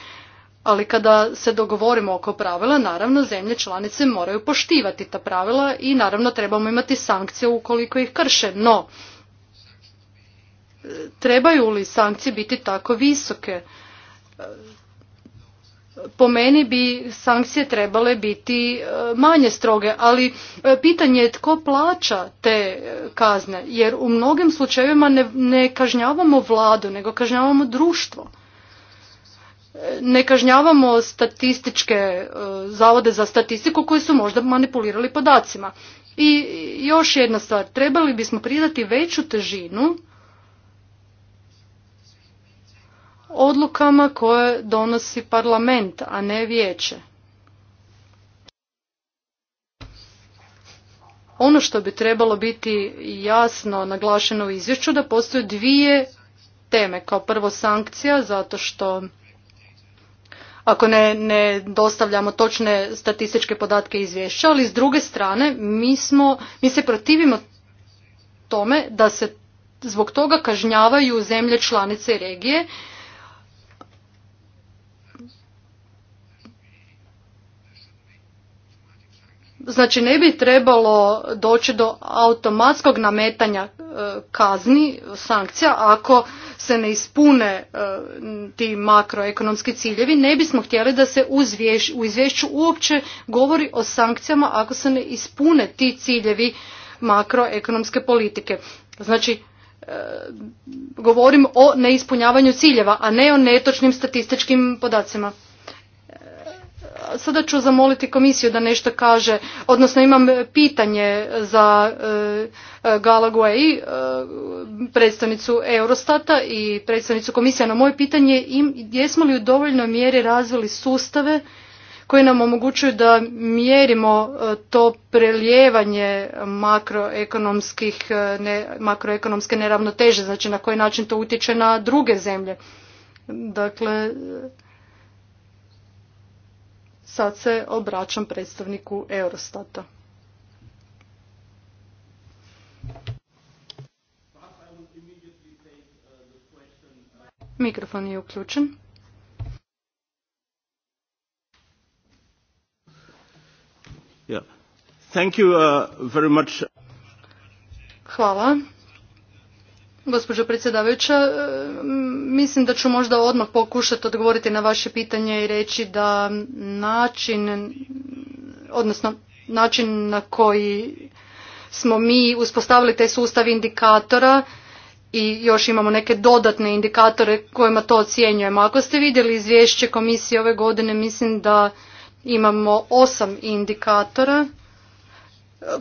ali kada se dogovorimo oko pravila, naravno zemlje članice moraju poštivati ta pravila i naravno trebamo imati sankcije ukoliko ih krše. No, e, trebaju li sankcije biti tako visoke? E, po meni bi sankcije trebale biti e, manje stroge, ali pitanje je tko plaća te kazne, jer u mnogim slučajevima ne, ne kažnjavamo vladu, nego kažnjavamo društvo ne kažnjavamo statističke e, zavode za statistiku koji su možda manipulirali podacima. I još jedna stvar, trebali bismo pridati veću težinu odlukama koje donosi parlament, a ne vijeće. Ono što bi trebalo biti jasno naglašeno u izvješću da postoje dvije teme. Kao prvo sankcija zato što ako ne, dostavljamo točne statističke podatke izvješća, ali s druge strane mi, smo, mi se protivimo tome da se zbog toga kažnjavaju zemlje članice i regije Znači ne bi trebalo doći do automatskog nametanja e, kazni, sankcija, ako se ne ispune e, ti makroekonomski ciljevi. Ne bismo htjeli da se u izvješću uopće govori o sankcijama ako se ne ispune ti ciljevi makroekonomske politike. Znači, e, govorim o neispunjavanju ciljeva, a ne o netočnim statističkim podacima. Sada ću zamoliti komisiju da nešto kaže, odnosno imam pitanje za i e, e, e, predstavnicu Eurostata i predstavnicu komisije. Na moje pitanje jesmo li u dovoljnoj mjeri razvili sustave koji nam omogućuju da mjerimo to prelijevanje makroekonomskih, ne, makroekonomske neravnoteže, znači na koji način to utječe na druge zemlje. Dakle, Sad se obraćam predstavniku Eurostata. Mikrofon je uključen. Uh, Hvala. Gospođo predsjedavajuća, e, mislim da ću možda odmah pokušati odgovoriti na vaše pitanje i reći da način, odnosno način na koji smo mi uspostavili taj sustav indikatora i još imamo neke dodatne indikatore kojima to ocjenjujemo. Ako ste vidjeli izvješće komisije ove godine, mislim da imamo osam indikatora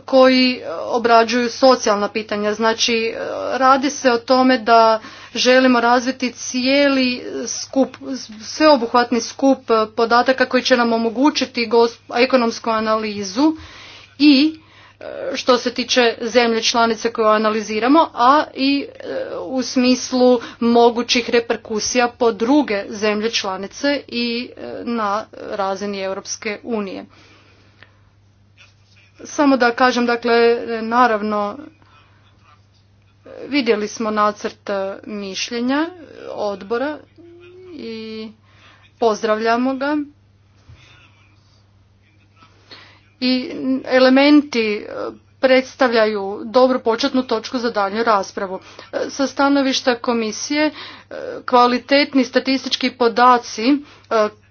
koji obrađuju socijalna pitanja. Znači, e, radi se o tome da želimo razviti cijeli skup, sveobuhvatni skup podataka koji će nam omogućiti ekonomsku analizu i e, što se tiče zemlje članice koju analiziramo, a i e, u smislu mogućih reperkusija po druge zemlje članice i na razini Europske unije. Samo da kažem, dakle, naravno, vidjeli smo nacrt e, mišljenja odbora i pozdravljamo ga. I elementi e, predstavljaju dobru početnu točku za dalju raspravu. E, sa stanovišta komisije kvalitetni statistički podaci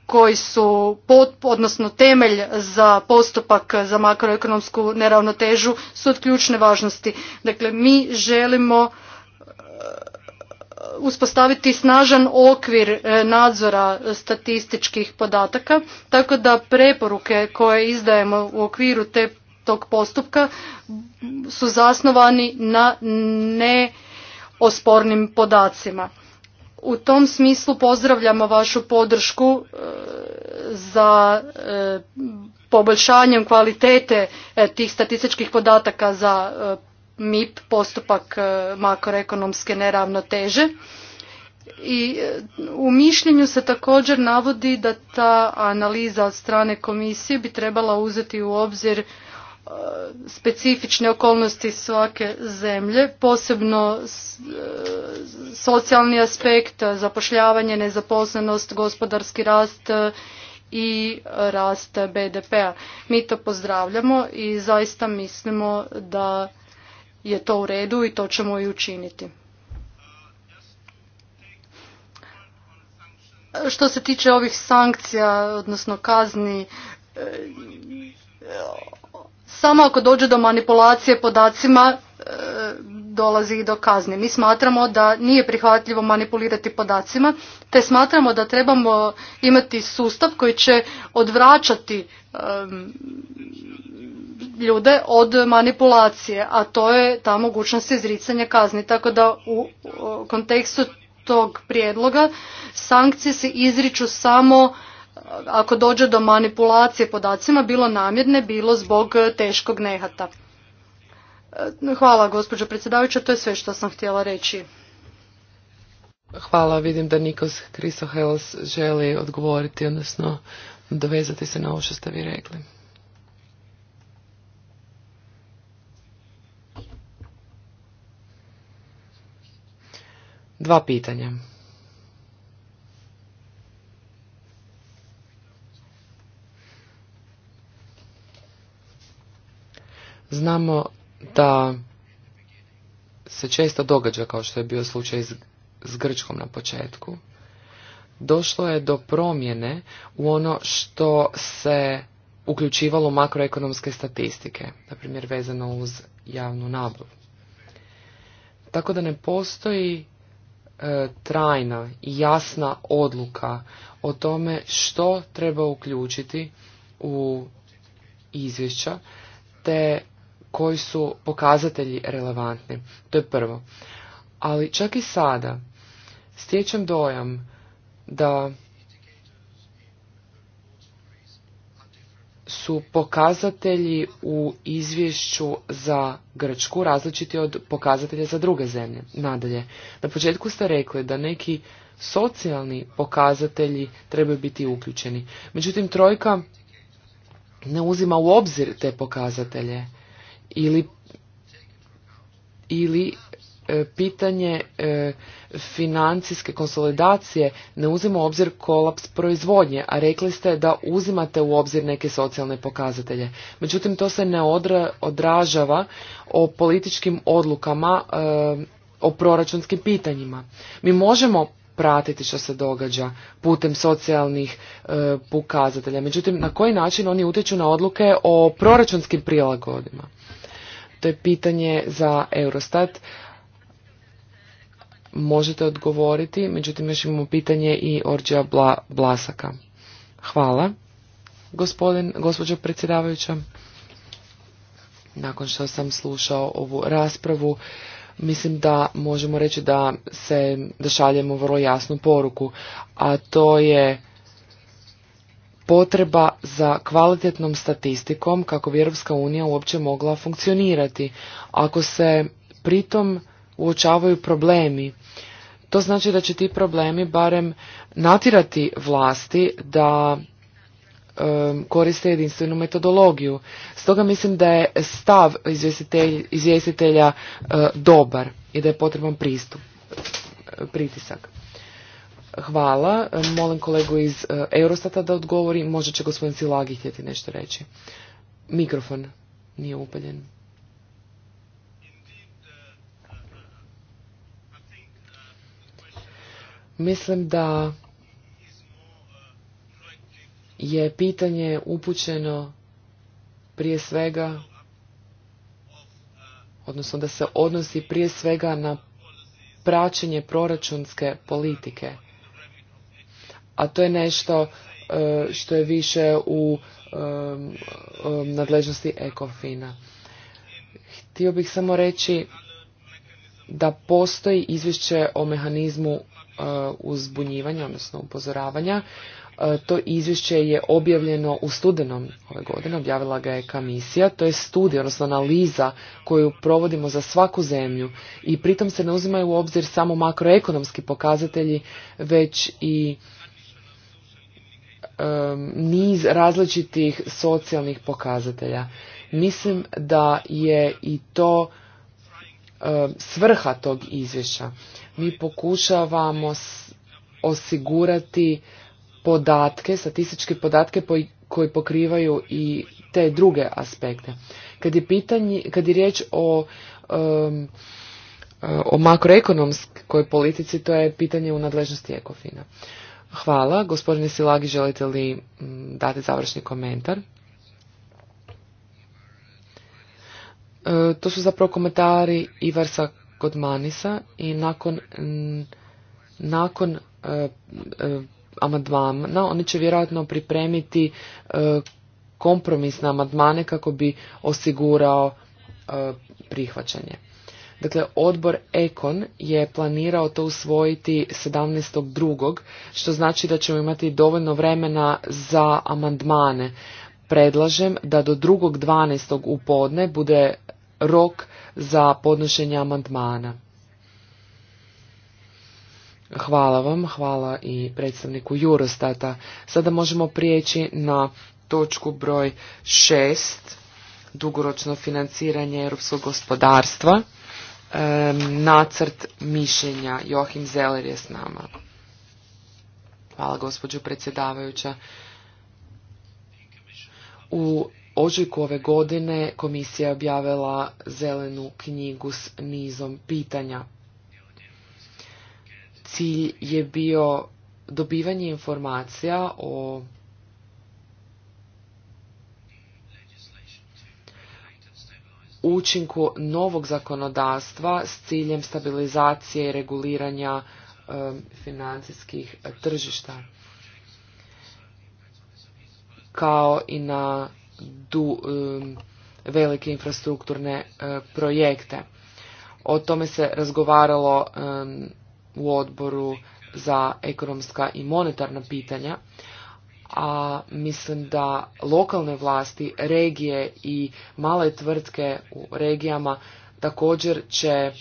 koji su pot, odnosno temelj za postupak za makroekonomsku neravnotežu su od ključne važnosti. Dakle, mi želimo e, uspostaviti snažan okvir e, nadzora statističkih podataka, tako da preporuke koje izdajemo u okviru te, tog postupka su zasnovani na neospornim podacima. U tom smislu pozdravljamo vašu podršku e, za e, poboljšanjem kvalitete e, tih statističkih podataka za MIP, postupak makroekonomske neravnoteže. I u mišljenju se također navodi da ta analiza od strane komisije bi trebala uzeti u obzir specifične okolnosti svake zemlje, posebno e, socijalni aspekt, zapošljavanje, nezaposlenost, gospodarski rast e, i rast BDP-a. Mi to pozdravljamo i zaista mislimo da je to u redu i to ćemo i učiniti. Što se tiče ovih sankcija, odnosno kazni, e, samo ako dođe do manipulacije podacima e, dolazi i do kazne. Mi smatramo da nije prihvatljivo manipulirati podacima, te smatramo da trebamo imati sustav koji će odvraćati ljude od manipulacije, a to je ta mogućnost izricanja kazni. Tako da u, u kontekstu tog prijedloga sankcije se izriču samo ako dođe do manipulacije podacima, bilo namjerne, bilo zbog teškog nehata. E, hvala, gospođo predsjedavića, to je sve što sam htjela reći. Hvala, vidim da Nikos Krisohelos želi odgovoriti, odnosno dovezati se na ovo što ste vi rekli. Dva pitanja. Znamo da se često događa, kao što je bio slučaj s Grčkom na početku, došlo je do promjene u ono što se uključivalo makroekonomske statistike, na primjer vezano uz javnu nabavu. Tako da ne postoji e, trajna i jasna odluka o tome što treba uključiti u izvješća, te koji su pokazatelji relevantni. To je prvo. Ali čak i sada stječem dojam da su pokazatelji u izvješću za Grčku različiti od pokazatelja za druge zemlje. Nadalje, na početku ste rekli da neki socijalni pokazatelji trebaju biti uključeni. Međutim, trojka ne uzima u obzir te pokazatelje ili, ili e, pitanje e, financijske konsolidacije ne uzima u obzir kolaps proizvodnje, a rekli ste da uzimate u obzir neke socijalne pokazatelje. Međutim, to se ne odra, odražava o političkim odlukama, e, o proračunskim pitanjima. Mi možemo pratiti što se događa putem socijalnih pokazatelja. Međutim, na koji način oni utječu na odluke o proračunskim prilagodima? To je pitanje za Eurostat. Možete odgovoriti, međutim još imamo pitanje i Orđa Bla, Blasaka. Hvala, gospodin, gospođo predsjedavajuća. Nakon što sam slušao ovu raspravu, mislim da možemo reći da se da šaljemo vrlo jasnu poruku, a to je potreba za kvalitetnom statistikom kako bi Europska unija uopće mogla funkcionirati. Ako se pritom uočavaju problemi, to znači da će ti problemi barem natirati vlasti da koriste jedinstvenu metodologiju. Stoga mislim da je stav izvjestitelja e, dobar i da je potreban pristup, e, pritisak. Hvala. Molim kolegu iz e, Eurostata da odgovori. Možda će gospodin Silagi htjeti nešto reći. Mikrofon nije upaljen. Mislim da je pitanje upućeno prije svega, odnosno da se odnosi prije svega na praćenje proračunske politike a to je nešto e, što je više u e, e, nadležnosti ekofina. Htio bih samo reći da postoji izvješće o mehanizmu uzbunjivanja, odnosno upozoravanja. To izvješće je objavljeno u studenom ove godine, objavila ga je komisija. To je studij, odnosno analiza koju provodimo za svaku zemlju i pritom se ne uzimaju u obzir samo makroekonomski pokazatelji, već i niz različitih socijalnih pokazatelja. Mislim da je i to svrha tog izvješća. Mi pokušavamo osigurati podatke, statističke podatke koji pokrivaju i te druge aspekte. Kad je, pitanje, kad je riječ o, o makroekonomskoj politici, to je pitanje u nadležnosti ekofina. Hvala. Gospodine Silagi, želite li mm, dati završni komentar? E, to su zapravo komentari Ivarsa Godmanisa i nakon, nakon e, e, oni će vjerojatno pripremiti na amandmane kako bi osigurao prihvaćanje. Dakle, odbor Ekon je planirao to usvojiti 17.2. što znači da ćemo imati dovoljno vremena za amandmane. Predlažem da do 2.12. u podne bude rok za podnošenje amandmana. Hvala vam, hvala i predstavniku Eurostata. Sada možemo prijeći na točku broj 6, dugoročno financiranje europskog gospodarstva nacrt mišljenja. Joachim Zeller je s nama. Hvala gospođo predsjedavajuća. U ožujku ove godine komisija je objavila zelenu knjigu s nizom pitanja. Cilj je bio dobivanje informacija o učinku novog zakonodavstva s ciljem stabilizacije i reguliranja financijskih tržišta kao i na du, velike infrastrukturne e, projekte. O tome se razgovaralo u odboru za ekonomska i monetarna pitanja, a mislim da lokalne vlasti, regije i male tvrtke u regijama također će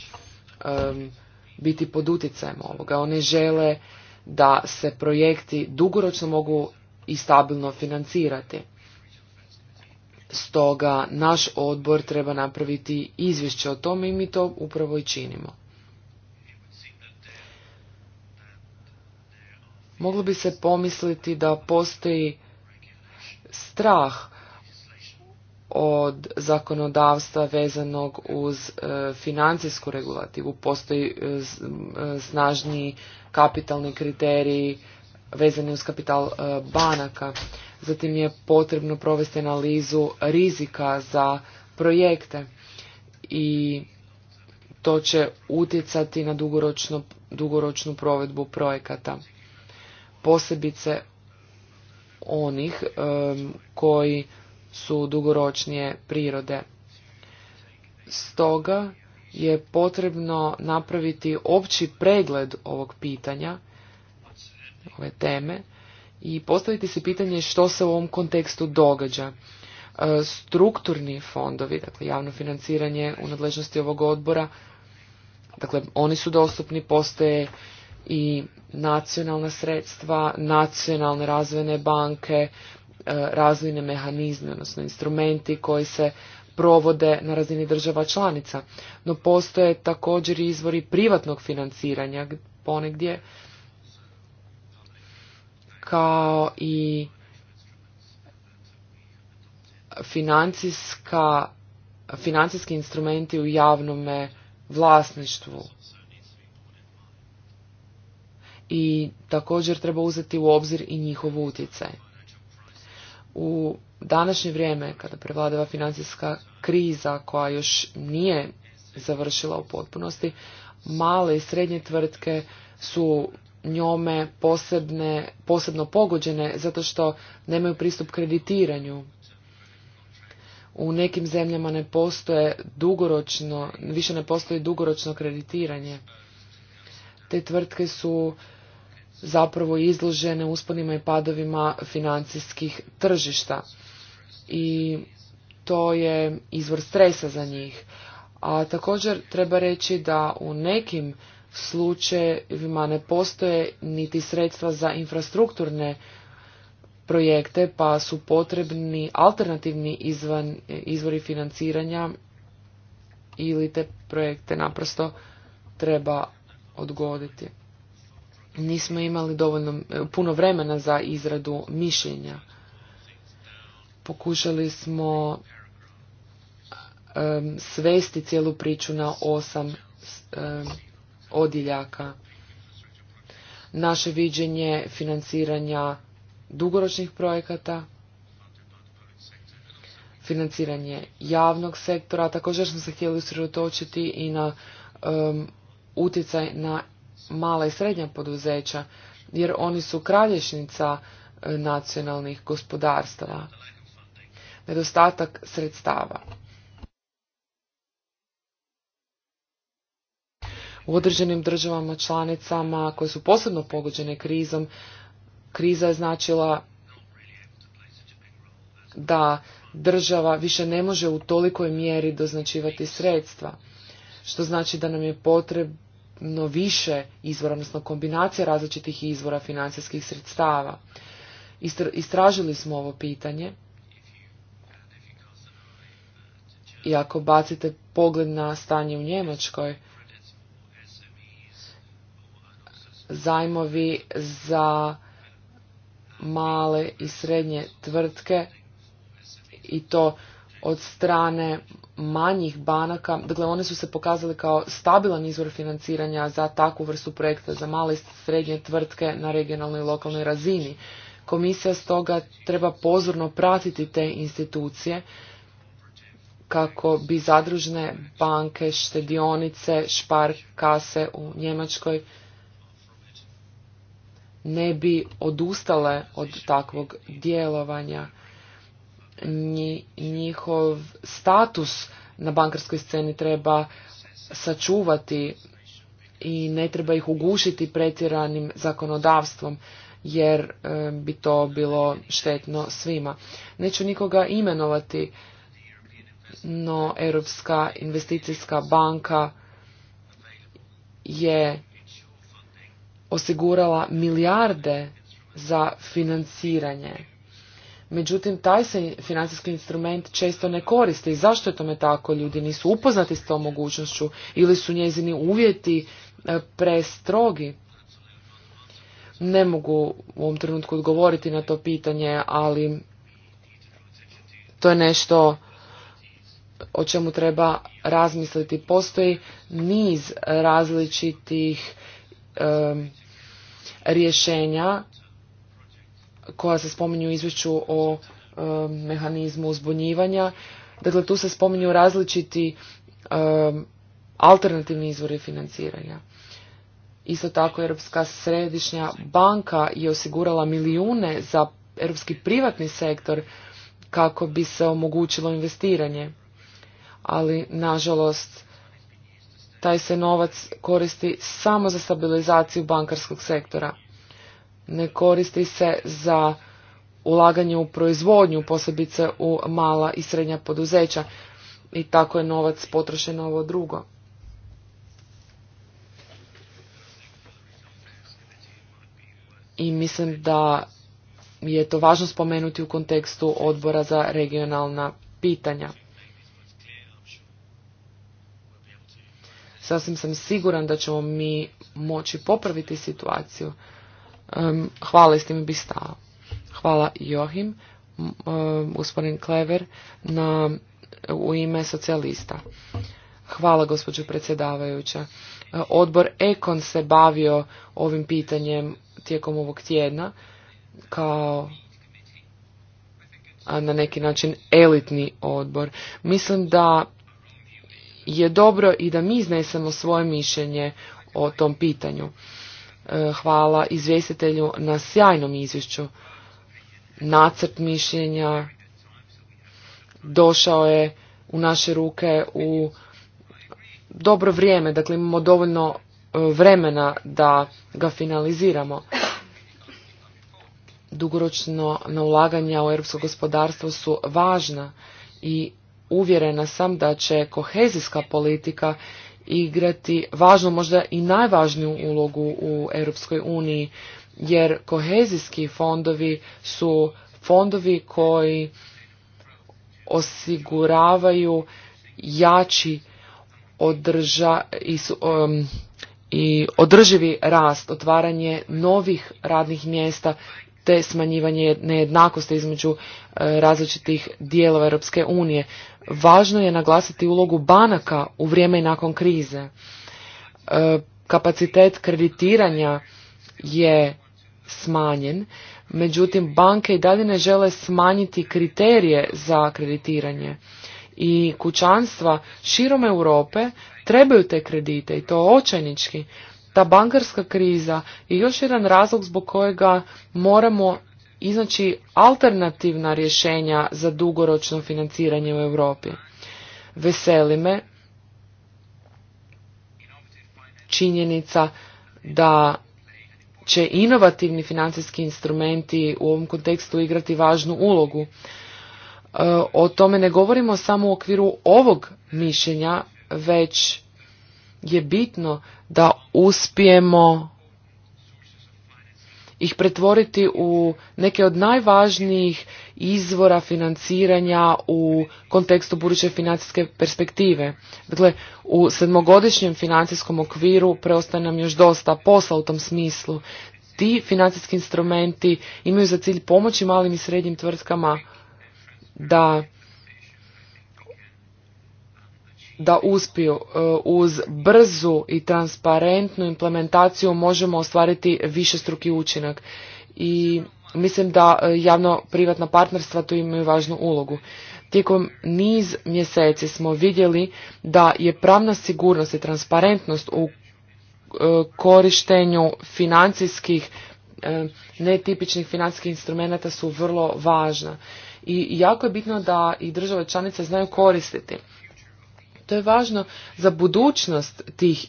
biti pod utjecajem ovoga. One žele da se projekti dugoročno mogu i stabilno financirati. Stoga naš odbor treba napraviti izvješće o tome i mi to upravo i činimo. Moglo bi se pomisliti da postoji strah od zakonodavstva vezanog uz e, financijsku regulativu. Postoji e, snažniji e, snažni kapitalni kriteriji vezani uz kapital banaka. Zatim je potrebno provesti analizu rizika za projekte i to će utjecati na dugoročnu provedbu projekata posebice onih koji su dugoročnije prirode. Stoga je potrebno napraviti opći pregled ovog pitanja, ove teme, i postaviti se pitanje što se u ovom kontekstu događa. E, strukturni fondovi, dakle javno financiranje u nadležnosti ovog odbora, dakle oni su dostupni, postoje i nacionalna sredstva, nacionalne razvojne banke, e, razvojne mehanizme, odnosno instrumenti koji se provode na razini država članica. No postoje također izvori privatnog financiranja ponegdje kao i financijski instrumenti u javnome vlasništvu i također treba uzeti u obzir i njihov utjecaj. U današnje vrijeme, kada prevladava financijska kriza koja još nije završila u potpunosti, male i srednje tvrtke su njome posebne, posebno pogođene zato što nemaju pristup kreditiranju. U nekim zemljama ne postoje dugoročno, više ne postoji dugoročno kreditiranje. Te tvrtke su zapravo izložene usponima i padovima financijskih tržišta i to je izvor stresa za njih. A također treba reći da u nekim slučajevima ne postoje niti sredstva za infrastrukturne projekte, pa su potrebni alternativni izvori financiranja ili te projekte naprosto treba odgoditi nismo imali dovoljno e, puno vremena za izradu mišljenja. Pokušali smo e, svesti cijelu priču na osam um, odjeljaka. Naše viđenje financiranja dugoročnih projekata, financiranje javnog sektora, također smo se htjeli usredotočiti i na um, utjecaj na mala i srednja poduzeća, jer oni su kralješnica e, nacionalnih gospodarstava. Nedostatak sredstava. U određenim državama članicama koje su posebno pogođene krizom, kriza je značila da država više ne može u tolikoj mjeri doznačivati sredstva, što znači da nam je potrebno no više izvora, odnosno kombinacija različitih izvora financijskih sredstava. Istražili smo ovo pitanje i ako bacite pogled na stanje u Njemačkoj, zajmovi za male i srednje tvrtke i to od strane manjih banaka, dakle one su se pokazale kao stabilan izvor financiranja za takvu vrstu projekta, za male i srednje tvrtke na regionalnoj i lokalnoj razini. Komisija stoga treba pozorno pratiti te institucije kako bi zadružne banke, štedionice, špar kase u Njemačkoj ne bi odustale od takvog djelovanja njihov status na bankarskoj sceni treba sačuvati i ne treba ih ugušiti pretjeranim zakonodavstvom jer e, bi to bilo štetno svima. Neću nikoga imenovati, no Europska investicijska banka je osigurala milijarde za financiranje Međutim, taj se financijski instrument često ne koristi. I zašto je tome tako? Ljudi nisu upoznati s tom mogućnošću ili su njezini uvjeti e, prestrogi. Ne mogu u ovom trenutku odgovoriti na to pitanje, ali to je nešto o čemu treba razmisliti. Postoji niz različitih e, rješenja koja se spominju u izvješću o e, mehanizmu uzbunjivanja. Dakle, tu se spominju različiti e, alternativni izvori financiranja. Isto tako, Europska središnja banka je osigurala milijune za europski privatni sektor kako bi se omogućilo investiranje. Ali, nažalost, taj se novac koristi samo za stabilizaciju bankarskog sektora ne koristi se za ulaganje u proizvodnju, posebice u mala i srednja poduzeća i tako je novac potrošen ovo drugo. I mislim da je to važno spomenuti u kontekstu odbora za regionalna pitanja. Sasvim sam siguran da ćemo mi moći popraviti situaciju um, hvala s tim bi stao. Hvala Johim, um, gospodin Klever, na, u ime socijalista. Hvala gospođo predsjedavajuća. E, odbor Ekon se bavio ovim pitanjem tijekom ovog tjedna kao na neki način elitni odbor. Mislim da je dobro i da mi iznesemo svoje mišljenje o tom pitanju. E, hvala izvjestitelju na sjajnom izvješću. Nacrt mišljenja došao je u naše ruke u dobro vrijeme, dakle imamo dovoljno e, vremena da ga finaliziramo. Dugoročno na ulaganja u europsko gospodarstvo su važna i uvjerena sam da će kohezijska politika igrati važnu, možda i najvažniju ulogu u Europskoj uniji, jer kohezijski fondovi su fondovi koji osiguravaju jači um, i, održivi rast, otvaranje novih radnih mjesta te smanjivanje nejednakosti između eh, različitih dijelova Europske unije. Važno je naglasiti ulogu banaka u vrijeme i nakon krize. E, kapacitet kreditiranja je smanjen, međutim banke i dalje ne žele smanjiti kriterije za kreditiranje i kućanstva širom Europe trebaju te kredite i to očajnički. Ta bankarska kriza je još jedan razlog zbog kojega moramo iznaći alternativna rješenja za dugoročno financiranje u Europi. Veseli me činjenica da će inovativni financijski instrumenti u ovom kontekstu igrati važnu ulogu. E, o tome ne govorimo samo u okviru ovog mišljenja, već je bitno da uspijemo ih pretvoriti u neke od najvažnijih izvora financiranja u kontekstu buduće financijske perspektive. Dakle, u sedmogodišnjem financijskom okviru preostaje nam još dosta posla u tom smislu. Ti financijski instrumenti imaju za cilj pomoći malim i srednjim tvrtkama da da uspiju e, uz brzu i transparentnu implementaciju možemo ostvariti višestruki učinak i mislim da e, javno-privatna partnerstva tu imaju važnu ulogu. Tijekom niz mjeseci smo vidjeli da je pravna sigurnost i transparentnost u e, korištenju financijskih, netipičnih financijskih instrumenata su vrlo važna. I jako je bitno da i države članice znaju koristiti to je važno za budućnost tih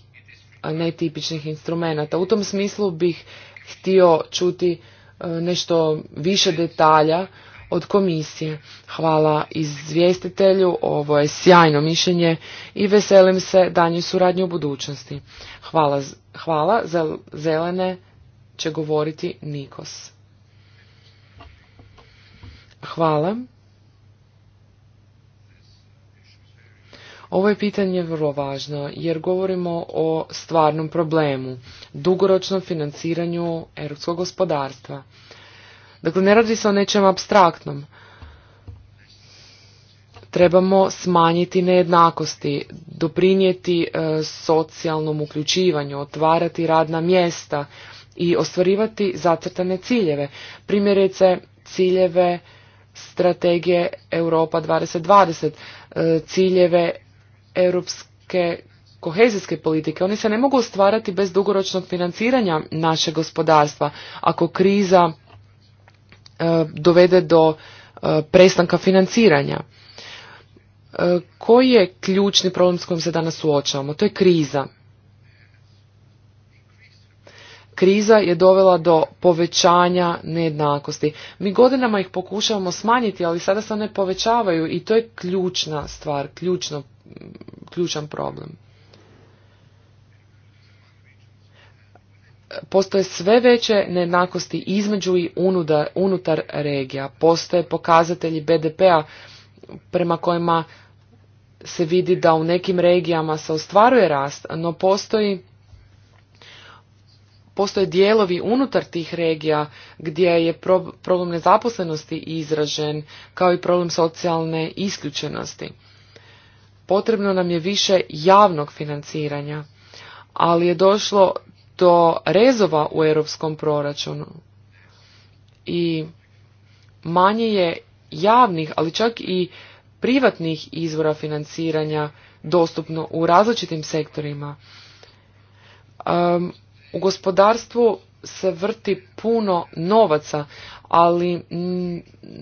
netipičnih instrumenata. U tom smislu bih htio čuti e, nešto više detalja od komisije. Hvala izvjestitelju, ovo je sjajno mišljenje i veselim se danju suradnju u budućnosti. Hvala, hvala za zelene će govoriti Nikos. Hvala. Ovo je pitanje vrlo važno jer govorimo o stvarnom problemu, dugoročnom financiranju europskog gospodarstva. Dakle, ne radi se o nečem abstraktnom. Trebamo smanjiti nejednakosti, doprinijeti e, socijalnom uključivanju, otvarati radna mjesta i ostvarivati zacrtane ciljeve. Primjerice, ciljeve strategije Europa 2020, e, ciljeve europske kohezijske politike. Oni se ne mogu ostvarati bez dugoročnog financiranja našeg gospodarstva. Ako kriza e, dovede do e, prestanka financiranja. E, koji je ključni problem s kojim se danas suočavamo? To je kriza. Kriza je dovela do povećanja nejednakosti. Mi godinama ih pokušavamo smanjiti, ali sada se one povećavaju i to je ključna stvar, ključno ključan problem. Postoje sve veće nejednakosti između i unutar, regija. Postoje pokazatelji BDP-a prema kojima se vidi da u nekim regijama se ostvaruje rast, no postoji postoje dijelovi unutar tih regija gdje je problem nezaposlenosti izražen kao i problem socijalne isključenosti potrebno nam je više javnog financiranja, ali je došlo do rezova u europskom proračunu i manje je javnih, ali čak i privatnih izvora financiranja dostupno u različitim sektorima. u gospodarstvu se vrti puno novaca, ali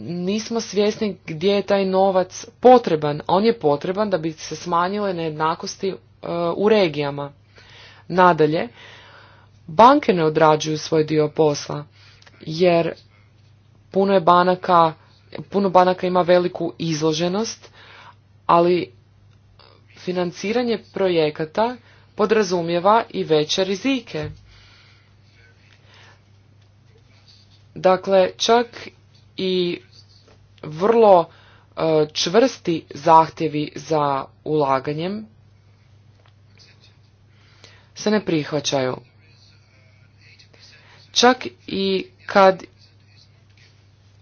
nismo svjesni gdje je taj novac potreban. On je potreban da bi se smanjile nejednakosti e, u regijama. Nadalje, banke ne odrađuju svoj dio posla, jer puno je banaka, puno banaka ima veliku izloženost, ali financiranje projekata podrazumijeva i veće rizike. Dakle, čak i vrlo e, čvrsti zahtjevi za ulaganjem se ne prihvaćaju. Čak i kad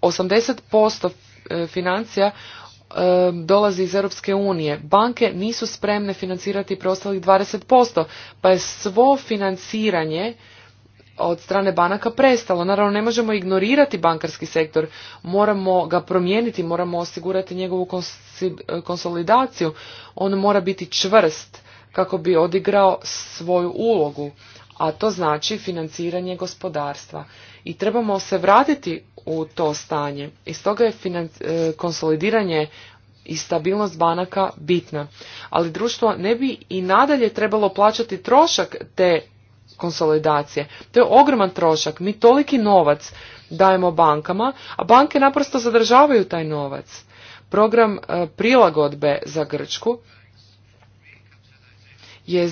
80% e, financija e, dolazi iz Europske unije. Banke nisu spremne financirati preostalih 20%, pa je svo financiranje od strane banaka prestalo. Naravno, ne možemo ignorirati bankarski sektor, moramo ga promijeniti, moramo osigurati njegovu konsolidaciju. On mora biti čvrst kako bi odigrao svoju ulogu, a to znači financiranje gospodarstva. I trebamo se vratiti u to stanje. I stoga je e, konsolidiranje i stabilnost banaka bitna. Ali društvo ne bi i nadalje trebalo plaćati trošak te konsolidacije. To je ogroman trošak. Mi toliki novac dajemo bankama, a banke naprosto zadržavaju taj novac. Program e, prilagodbe za Grčku je,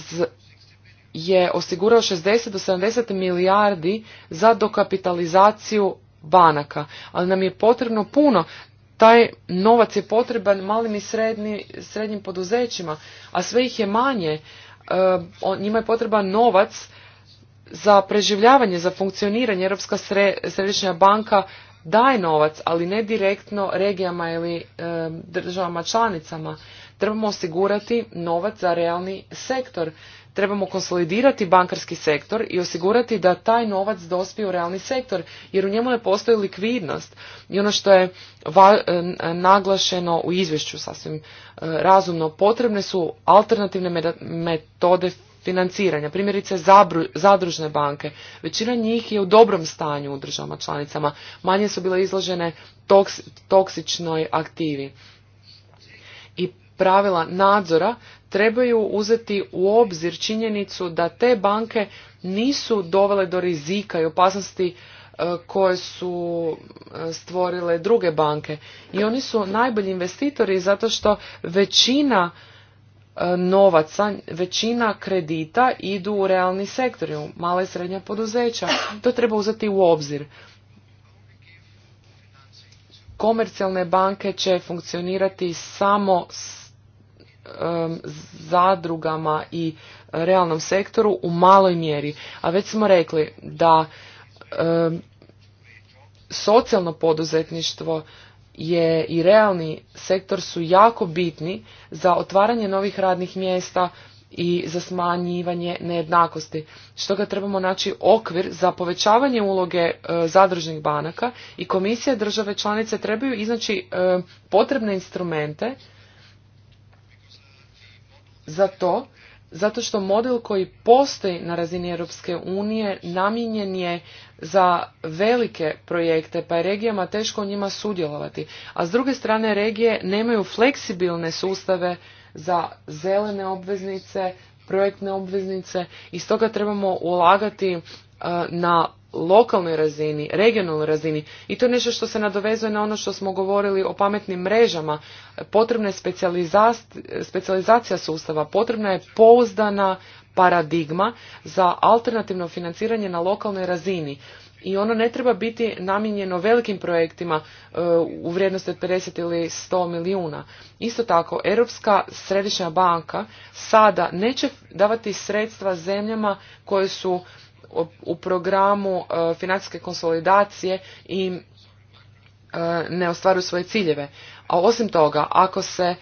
je osigurao 60 do 70 milijardi za dokapitalizaciju banaka, ali nam je potrebno puno taj novac je potreban malim i srednjim poduzećima, a sve ih je manje. E, njima je potreban novac za preživljavanje, za funkcioniranje Europska središnja banka daje novac, ali ne direktno regijama ili državama članicama. Trebamo osigurati novac za realni sektor. Trebamo konsolidirati bankarski sektor i osigurati da taj novac dospije u realni sektor, jer u njemu ne postoji likvidnost. I ono što je naglašeno u izvješću sasvim eh, razumno, potrebne su alternativne metode financiranja, primjerice zadružne banke, većina njih je u dobrom stanju u državama članicama, manje su bile izložene toksičnoj aktivi. I pravila nadzora trebaju uzeti u obzir činjenicu da te banke nisu dovele do rizika i opasnosti e, koje su e, stvorile druge banke. I oni su najbolji investitori zato što većina E, novaca, većina kredita idu u realni sektor, u male i srednja poduzeća. To treba uzeti u obzir. Komercijalne banke će funkcionirati samo s e, zadrugama i realnom sektoru u maloj mjeri. A već smo rekli da e, socijalno poduzetništvo je i realni sektor su jako bitni za otvaranje novih radnih mjesta i za smanjivanje nejednakosti. ga trebamo naći okvir za povećavanje uloge e, zadružnih banaka i komisije države članice trebaju iznaći e, potrebne instrumente za to zato što model koji postoji na razini Europske unije namijenjen je za velike projekte, pa je regijama teško u njima sudjelovati. A s druge strane regije nemaju fleksibilne sustave za zelene obveznice, projektne obveznice i stoga trebamo ulagati e, na lokalnoj razini, regionalnoj razini i to je nešto što se nadovezuje na ono što smo govorili o pametnim mrežama. Potrebna je specijalizacija sustava, potrebna je pouzdana paradigma za alternativno financiranje na lokalnoj razini i ono ne treba biti namijenjeno velikim projektima e, u vrijednosti od 50 ili 100 milijuna. Isto tako, Europska središnja banka sada neće davati sredstva zemljama koje su u programu e, financijske konsolidacije i e, ne ostvaruju svoje ciljeve. A osim toga, ako se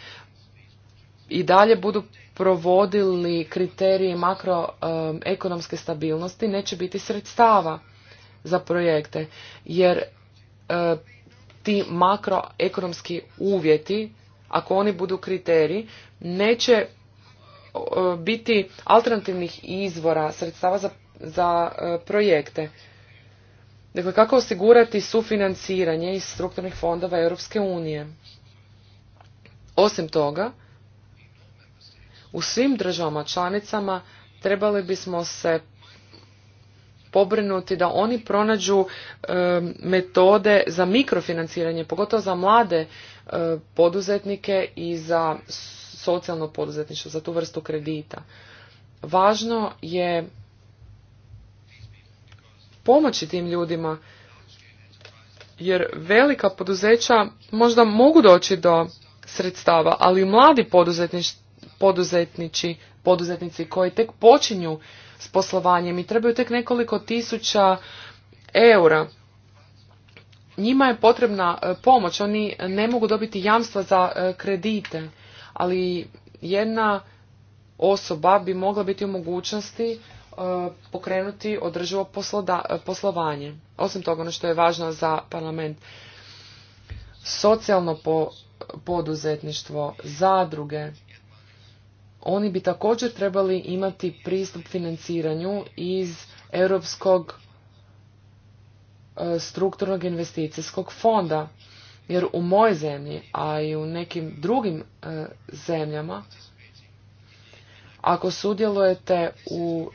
i dalje budu provodili kriteriji makroekonomske e, stabilnosti, neće biti sredstava za projekte, jer ti makroekonomski uvjeti, ako oni budu kriteriji, neće biti alternativnih izvora sredstava za za e, projekte. Dakle, kako osigurati sufinanciranje iz strukturnih fondova Europske unije? Osim toga, u svim državama članicama trebali bismo se pobrinuti da oni pronađu e, metode za mikrofinanciranje, pogotovo za mlade e, poduzetnike i za socijalno poduzetništvo, za tu vrstu kredita. Važno je pomoći tim ljudima jer velika poduzeća možda mogu doći do sredstava, ali mladi poduzetnici, poduzetnici koji tek počinju s poslovanjem i trebaju tek nekoliko tisuća eura, njima je potrebna e, pomoć, oni ne mogu dobiti jamstva za e, kredite, ali jedna osoba bi mogla biti u mogućnosti E, pokrenuti održivo e, poslovanje. Osim toga, ono što je važno za parlament, socijalno poduzetništvo, zadruge, oni bi također trebali imati pristup financiranju iz Europskog e, strukturnog investicijskog fonda. Jer u mojoj zemlji, a i u nekim drugim zemljama, ako sudjelujete u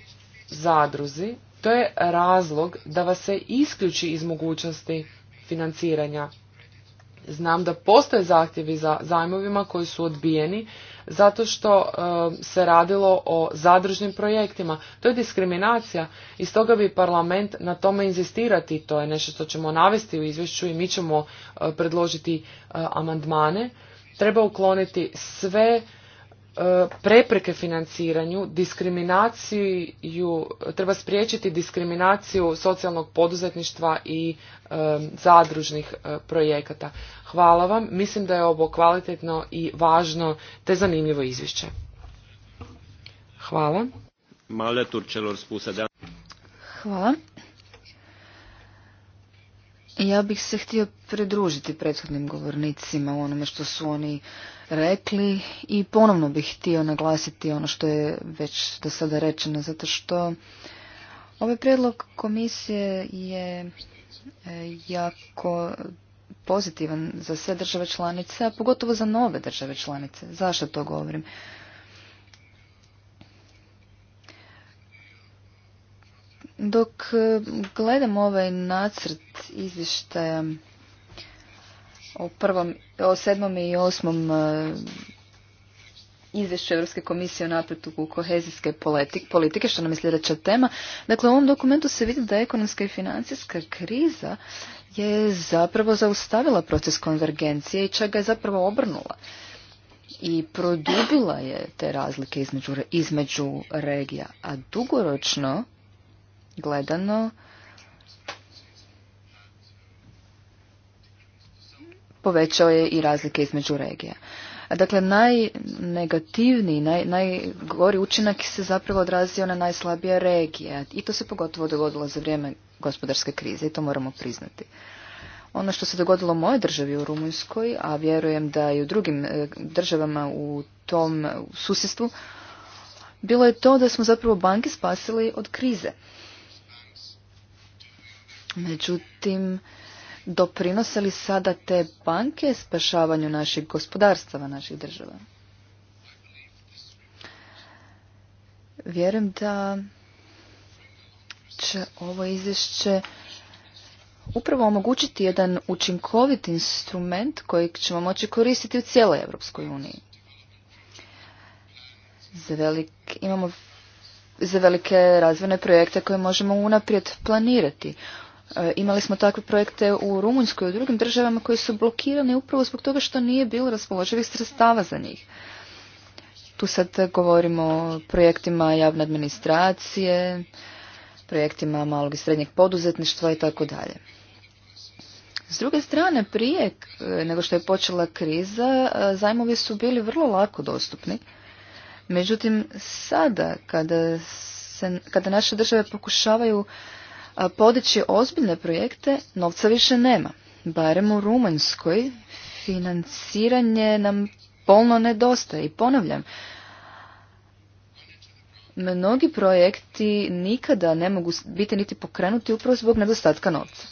zadruzi, to je razlog da vas se isključi iz mogućnosti financiranja. Znam da postoje zahtjevi za zajmovima koji su odbijeni zato što e, se radilo o zadružnim projektima. To je diskriminacija i stoga bi parlament na tome inzistirati. To je nešto što ćemo navesti u izvješću i mi ćemo e, predložiti e, amandmane. Treba ukloniti sve E, prepreke financiranju, diskriminaciju, treba spriječiti diskriminaciju socijalnog poduzetništva i e, zadružnih e, projekata. Hvala vam, mislim da je ovo kvalitetno i važno te zanimljivo izvješće. Hvala. Hvala. Ja bih se htio pridružiti prethodnim govornicima u onome što su oni rekli i ponovno bih htio naglasiti ono što je već do sada rečeno, zato što ovaj prijedlog komisije je e, jako pozitivan za sve države članice, a pogotovo za nove države članice. Zašto to govorim? Dok e, gledam ovaj nacrt izvještaja o, prvom, sedmom i osmom e, izvješću Europske komisije o napretku kohezijske politike, što nam je sljedeća tema. Dakle, u ovom dokumentu se vidi da ekonomska i financijska kriza je zapravo zaustavila proces konvergencije i čak ga je zapravo obrnula i produbila je te razlike između regija, a dugoročno gledano povećao je i razlike između regija. Dakle, najnegativniji, naj, najgori učinak se zapravo odrazio na najslabije regije i to se pogotovo dogodilo za vrijeme gospodarske krize i to moramo priznati. Ono što se dogodilo u mojoj državi u Rumunjskoj, a vjerujem da i u drugim e, državama u tom e, susjedstvu, bilo je to da smo zapravo banke spasili od krize. Međutim, Doprinose li sada te banke spašavanju naših gospodarstava, naših država? Vjerujem da će ovo izvješće upravo omogućiti jedan učinkovit instrument kojeg ćemo moći koristiti u cijeloj Europskoj uniji. Za velik, imamo za velike razvojne projekte koje možemo unaprijed planirati. E, imali smo takve projekte u Rumunjskoj i u drugim državama koji su blokirani upravo zbog toga što nije bilo raspoloživih sredstava za njih. Tu sad govorimo o projektima javne administracije, projektima malog i srednjeg poduzetništva i tako dalje. S druge strane, prije e, nego što je počela kriza, e, zajmovi su bili vrlo lako dostupni. Međutim, sada, kada, se, kada naše države pokušavaju podići ozbiljne projekte, novca više nema. Barem u Rumunjskoj financiranje nam polno nedostaje i ponavljam, mnogi projekti nikada ne mogu biti niti pokrenuti upravo zbog nedostatka novca.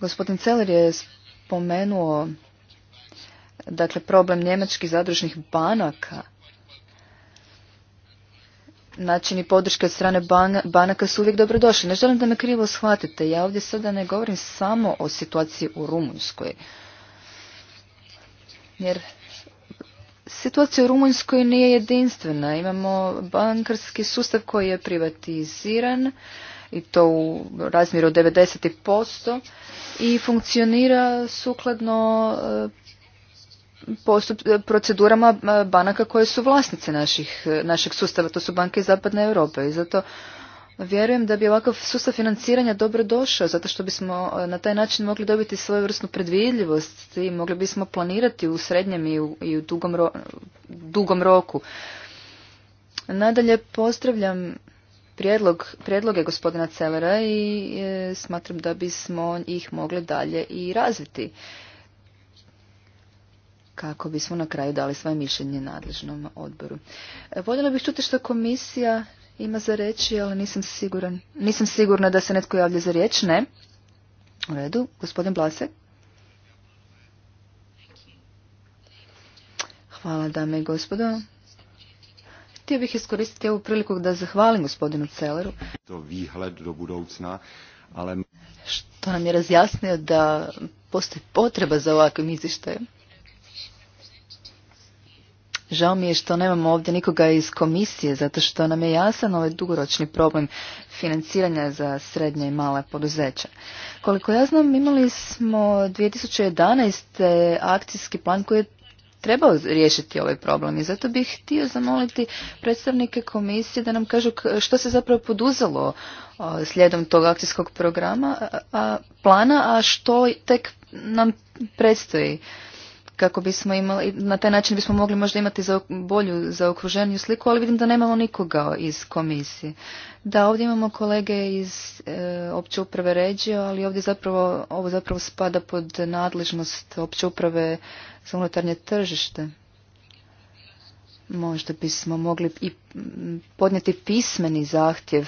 Gospodin Celer je spomenuo dakle, problem njemačkih zadružnih banaka načini podrške od strane banaka su uvijek dobrodošli. Ne želim da me krivo shvatite. Ja ovdje sada ne govorim samo o situaciji u Rumunjskoj. Jer situacija u Rumunjskoj nije jedinstvena. Imamo bankarski sustav koji je privatiziran i to u razmjeru 90% i funkcionira sukladno e, postup, e, procedurama e, banaka koje su vlasnice naših, e, našeg sustava, to su banke iz Zapadne Europe i zato vjerujem da bi ovakav sustav financiranja dobro došao, zato što bismo na taj način mogli dobiti svoju vrstnu predvidljivost i mogli bismo planirati u srednjem i u, dugom, roku. Nadalje pozdravljam prijedlog, prijedloge gospodina Celera i smatram da bismo ih mogli dalje i razviti kako bismo na kraju dali svoje mišljenje nadležnom odboru. E, voljela bih čuti što komisija ima za reći, ali nisam, siguran, nisam sigurna da se netko javlja za riječ. Ne. U redu. Gospodin Blase. Hvala dame i gospodo. Htio bih iskoristiti ovu priliku da zahvalim gospodinu Celeru. To vihled do budoucna, ali Što nam je razjasnio da postoji potreba za ovakvim izvještajem. Žao mi je što nemamo ovdje nikoga iz komisije, zato što nam je jasan ovaj dugoročni problem financiranja za srednje i male poduzeća. Koliko ja znam, imali smo 2011. akcijski plan koji je trebao riješiti ovaj problem i zato bih htio zamoliti predstavnike komisije da nam kažu što se zapravo poduzelo slijedom tog akcijskog programa, a, plana, a što tek nam predstoji kako bismo imali, na taj način bismo mogli možda imati za, bolju zaokruženiju sliku, ali vidim da nemamo nikoga iz komisije. Da, ovdje imamo kolege iz e, opće uprave Ređio, ali ovdje zapravo, ovo zapravo spada pod nadležnost opće uprave za unutarnje tržište. Možda bismo mogli i podnijeti pismeni zahtjev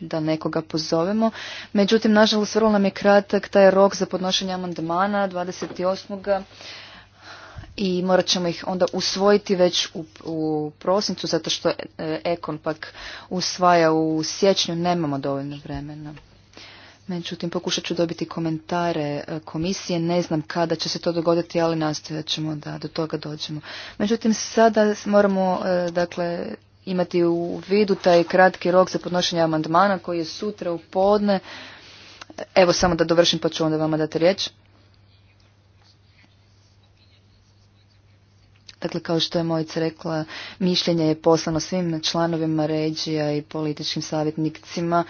da nekoga pozovemo. Međutim, nažalost, vrlo nam je kratak taj rok za podnošenje amandmana 28 i morat ćemo ih onda usvojiti već u, prosincu zato što e, Ekon pak usvaja u siječnju, nemamo dovoljno vremena. Međutim, pokušat ću dobiti komentare e, komisije, ne znam kada će se to dogoditi, ali nastojat ćemo da do toga dođemo. Međutim, sada moramo e, dakle, imati u vidu taj kratki rok za podnošenje amandmana koji je sutra u podne. Evo samo da dovršim pa ću onda vama dati riječ. Dakle, kao što je Mojica rekla, mišljenje je poslano svim članovima ređija i političkim savjetnicima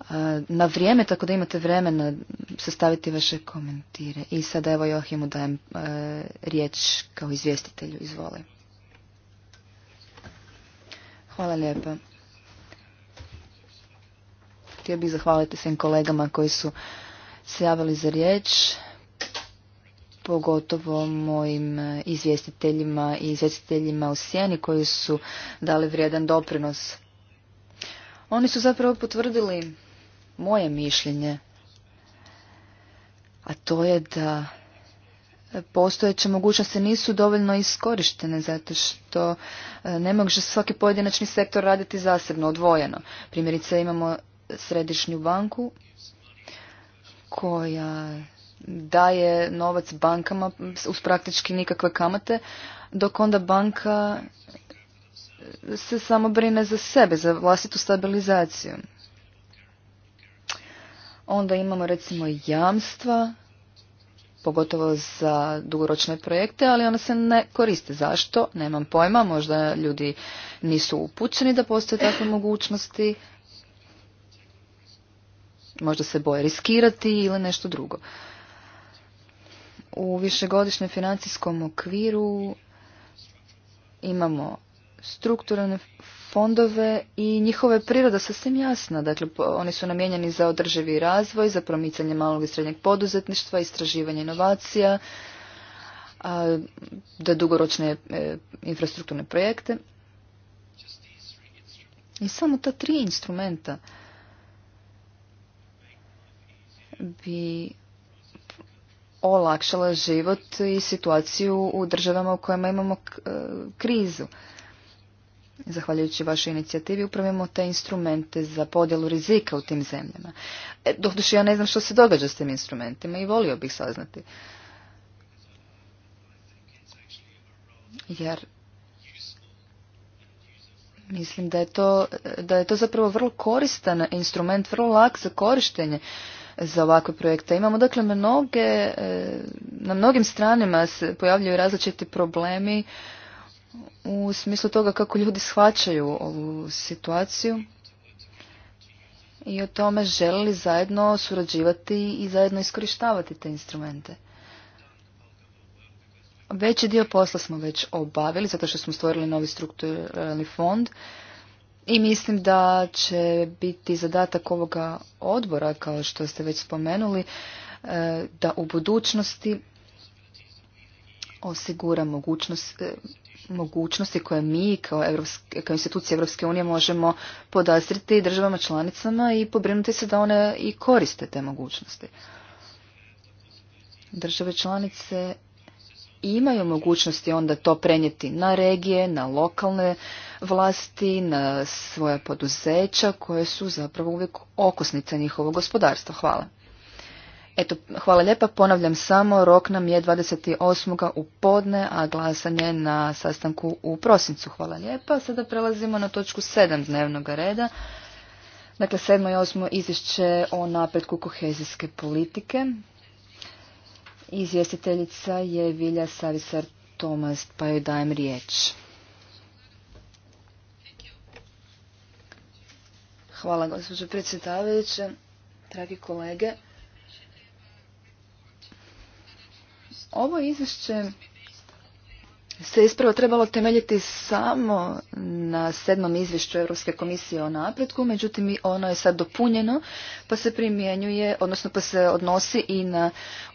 e, na vrijeme, tako da imate vremena sastaviti vaše komentire. I sada evo Johimu dajem e, riječ kao izvjestitelju. Izvoli. Hvala lijepa. Htio bih zahvaliti svim kolegama koji su se javili za riječ pogotovo mojim izvjestiteljima i izvjestiteljima u Sjeni koji su dali vrijedan doprinos. Oni su zapravo potvrdili moje mišljenje, a to je da postojeće mogućnosti nisu dovoljno iskorištene zato što e, ne može svaki pojedinačni sektor raditi zasebno, odvojeno. Primjerice imamo središnju banku koja daje novac bankama uz praktički nikakve kamate, dok onda banka se samo brine za sebe, za vlastitu stabilizaciju. Onda imamo recimo jamstva, pogotovo za dugoročne projekte, ali ona se ne koriste. Zašto? Nemam pojma, možda ljudi nisu upućeni da postoje takve mogućnosti, možda se boje riskirati ili nešto drugo. U višegodišnjem financijskom okviru imamo strukturne fondove i njihova priroda sasvim jasna. Dakle, oni su namijenjeni za održivi razvoj, za promicanje malog i srednjeg poduzetništva, istraživanje inovacija, da dugoročne e, infrastrukturne projekte. I samo ta tri instrumenta bi olakšala život i situaciju u državama u kojima imamo e, krizu. Zahvaljujući vašoj inicijativi upravimo te instrumente za podjelu rizika u tim zemljama. E, Doduše ja ne znam što se događa s tim instrumentima i volio bih saznati. Jer mislim da je to, da je to zapravo vrlo koristan instrument, vrlo lak za korištenje za ovakve projekte imamo. Dakle, mnoge, e, na mnogim stranima se pojavljaju različiti problemi u smislu toga kako ljudi shvaćaju ovu situaciju i o tome želi zajedno surađivati i zajedno iskorištavati te instrumente. Veći dio posla smo već obavili zato što smo stvorili novi strukturalni fond i mislim da će biti zadatak ovoga odbora, kao što ste već spomenuli, e, da u budućnosti osigura mogućnost, e, mogućnosti koje mi kao, Evropske, kao institucije Europske unije možemo podastriti državama članicama i pobrinuti se da one i koriste te mogućnosti. Države članice imaju mogućnosti onda to prenijeti na regije, na lokalne vlasti, na svoja poduzeća koje su zapravo uvijek okosnice njihovog gospodarstva. Hvala. Eto, hvala lijepa, ponavljam samo, rok nam je 28. u podne, a glasanje na sastanku u prosincu. Hvala lijepa, sada prelazimo na točku 7 dnevnog reda. Dakle, 7. i 8. izvješće o napretku kohezijske politike. Izvjestiteljica je Vilja Savisar Tomas, pa joj dajem riječ. Hvala gospođo predsjedavajuće, dragi kolege. Ovo izvješće se ispravo trebalo temeljiti samo na sedmom izvješću Europske komisije o napretku, međutim ono je sad dopunjeno pa se primjenjuje, odnosno pa se odnosi i na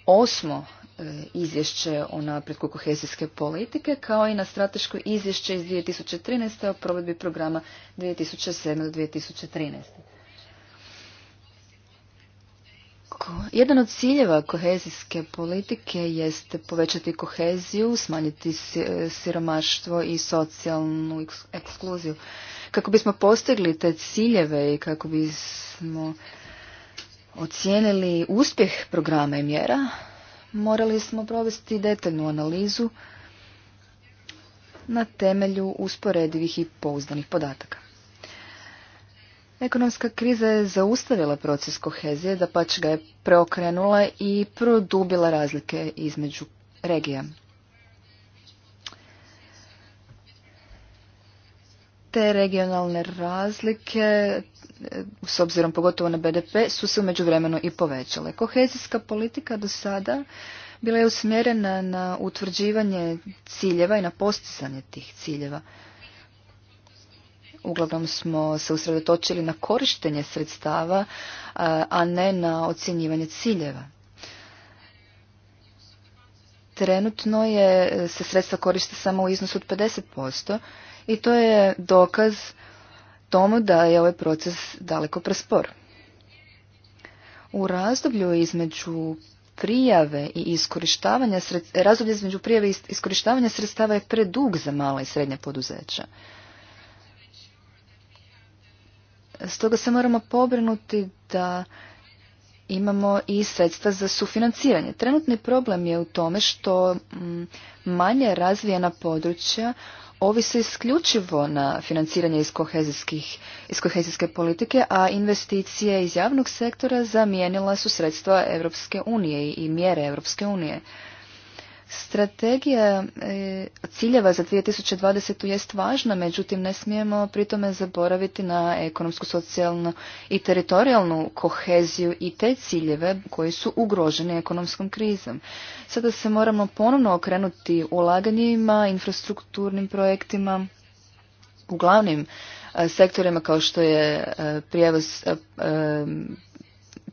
osmo e, izvješće o napretku kohezijske politike kao i na strateško izvješće iz 2013. o provedbi programa 2007. do 2013. Jedan od ciljeva kohezijske politike jeste povećati koheziju, smanjiti e, siromaštvo i socijalnu ekskluziju. Kako bismo postigli te ciljeve i kako bismo ocijenili uspjeh programa i mjera, morali smo provesti detaljnu analizu na temelju usporedivih i pouzdanih podataka. Ekonomska kriza je zaustavila proces kohezije, da pač ga je preokrenula i produbila razlike između regija. Te regionalne razlike, s obzirom pogotovo na BDP, su se umeđu vremenu i povećale. Kohezijska politika do sada bila je usmjerena na utvrđivanje ciljeva i na postizanje tih ciljeva uglavnom smo se usredotočili na korištenje sredstava, a ne na ocjenjivanje ciljeva. Trenutno je, se sredstva koriste samo u iznosu od 50% i to je dokaz tomu da je ovaj proces daleko prespor. U razdoblju između prijave i iskorištavanja između prijave iskorištavanja sredstava je predug za mala i srednja poduzeća. Stoga se moramo pobrinuti da imamo i sredstva za sufinanciranje. Trenutni problem je u tome što mm, manje razvijena područja ovise isključivo na financiranje iz, kohezijske politike, a investicije iz javnog sektora zamijenila su sredstva Europske unije i mjere Europske unije. Strategija e, ciljeva za 2020. jest važna, međutim ne smijemo pritome zaboraviti na ekonomsku, socijalnu i teritorijalnu koheziju i te ciljeve koji su ugroženi ekonomskom krizom. Sada se moramo ponovno okrenuti ulaganjima, infrastrukturnim projektima, uglavnim e, sektorima kao što je e, prijevoz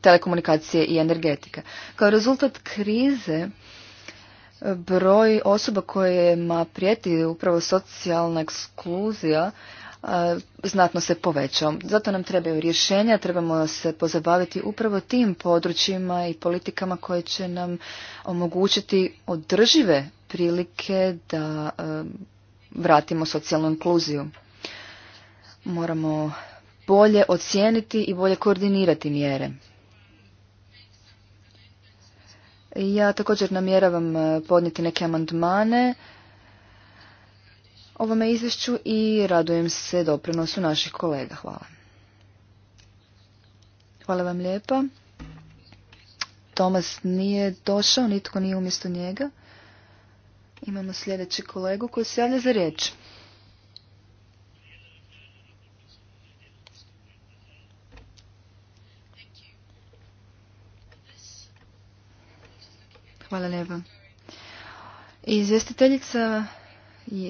telekomunikacije i energetika. Kao rezultat krize broj osoba kojima prijeti upravo socijalna ekskluzija znatno se povećao. Zato nam trebaju rješenja, trebamo se pozabaviti upravo tim područjima i politikama koje će nam omogućiti održive prilike da vratimo socijalnu inkluziju. Moramo bolje ocijeniti i bolje koordinirati mjere. Ja također namjeravam e, podnijeti neke amandmane ovome izvješću i radujem se doprinosu naših kolega. Hvala. Hvala vam lijepa. Tomas nije došao, nitko nije umjesto njega. Imamo sljedeći kolegu koji se javlja za riječ. Hvala lijepa. Izvjestiteljica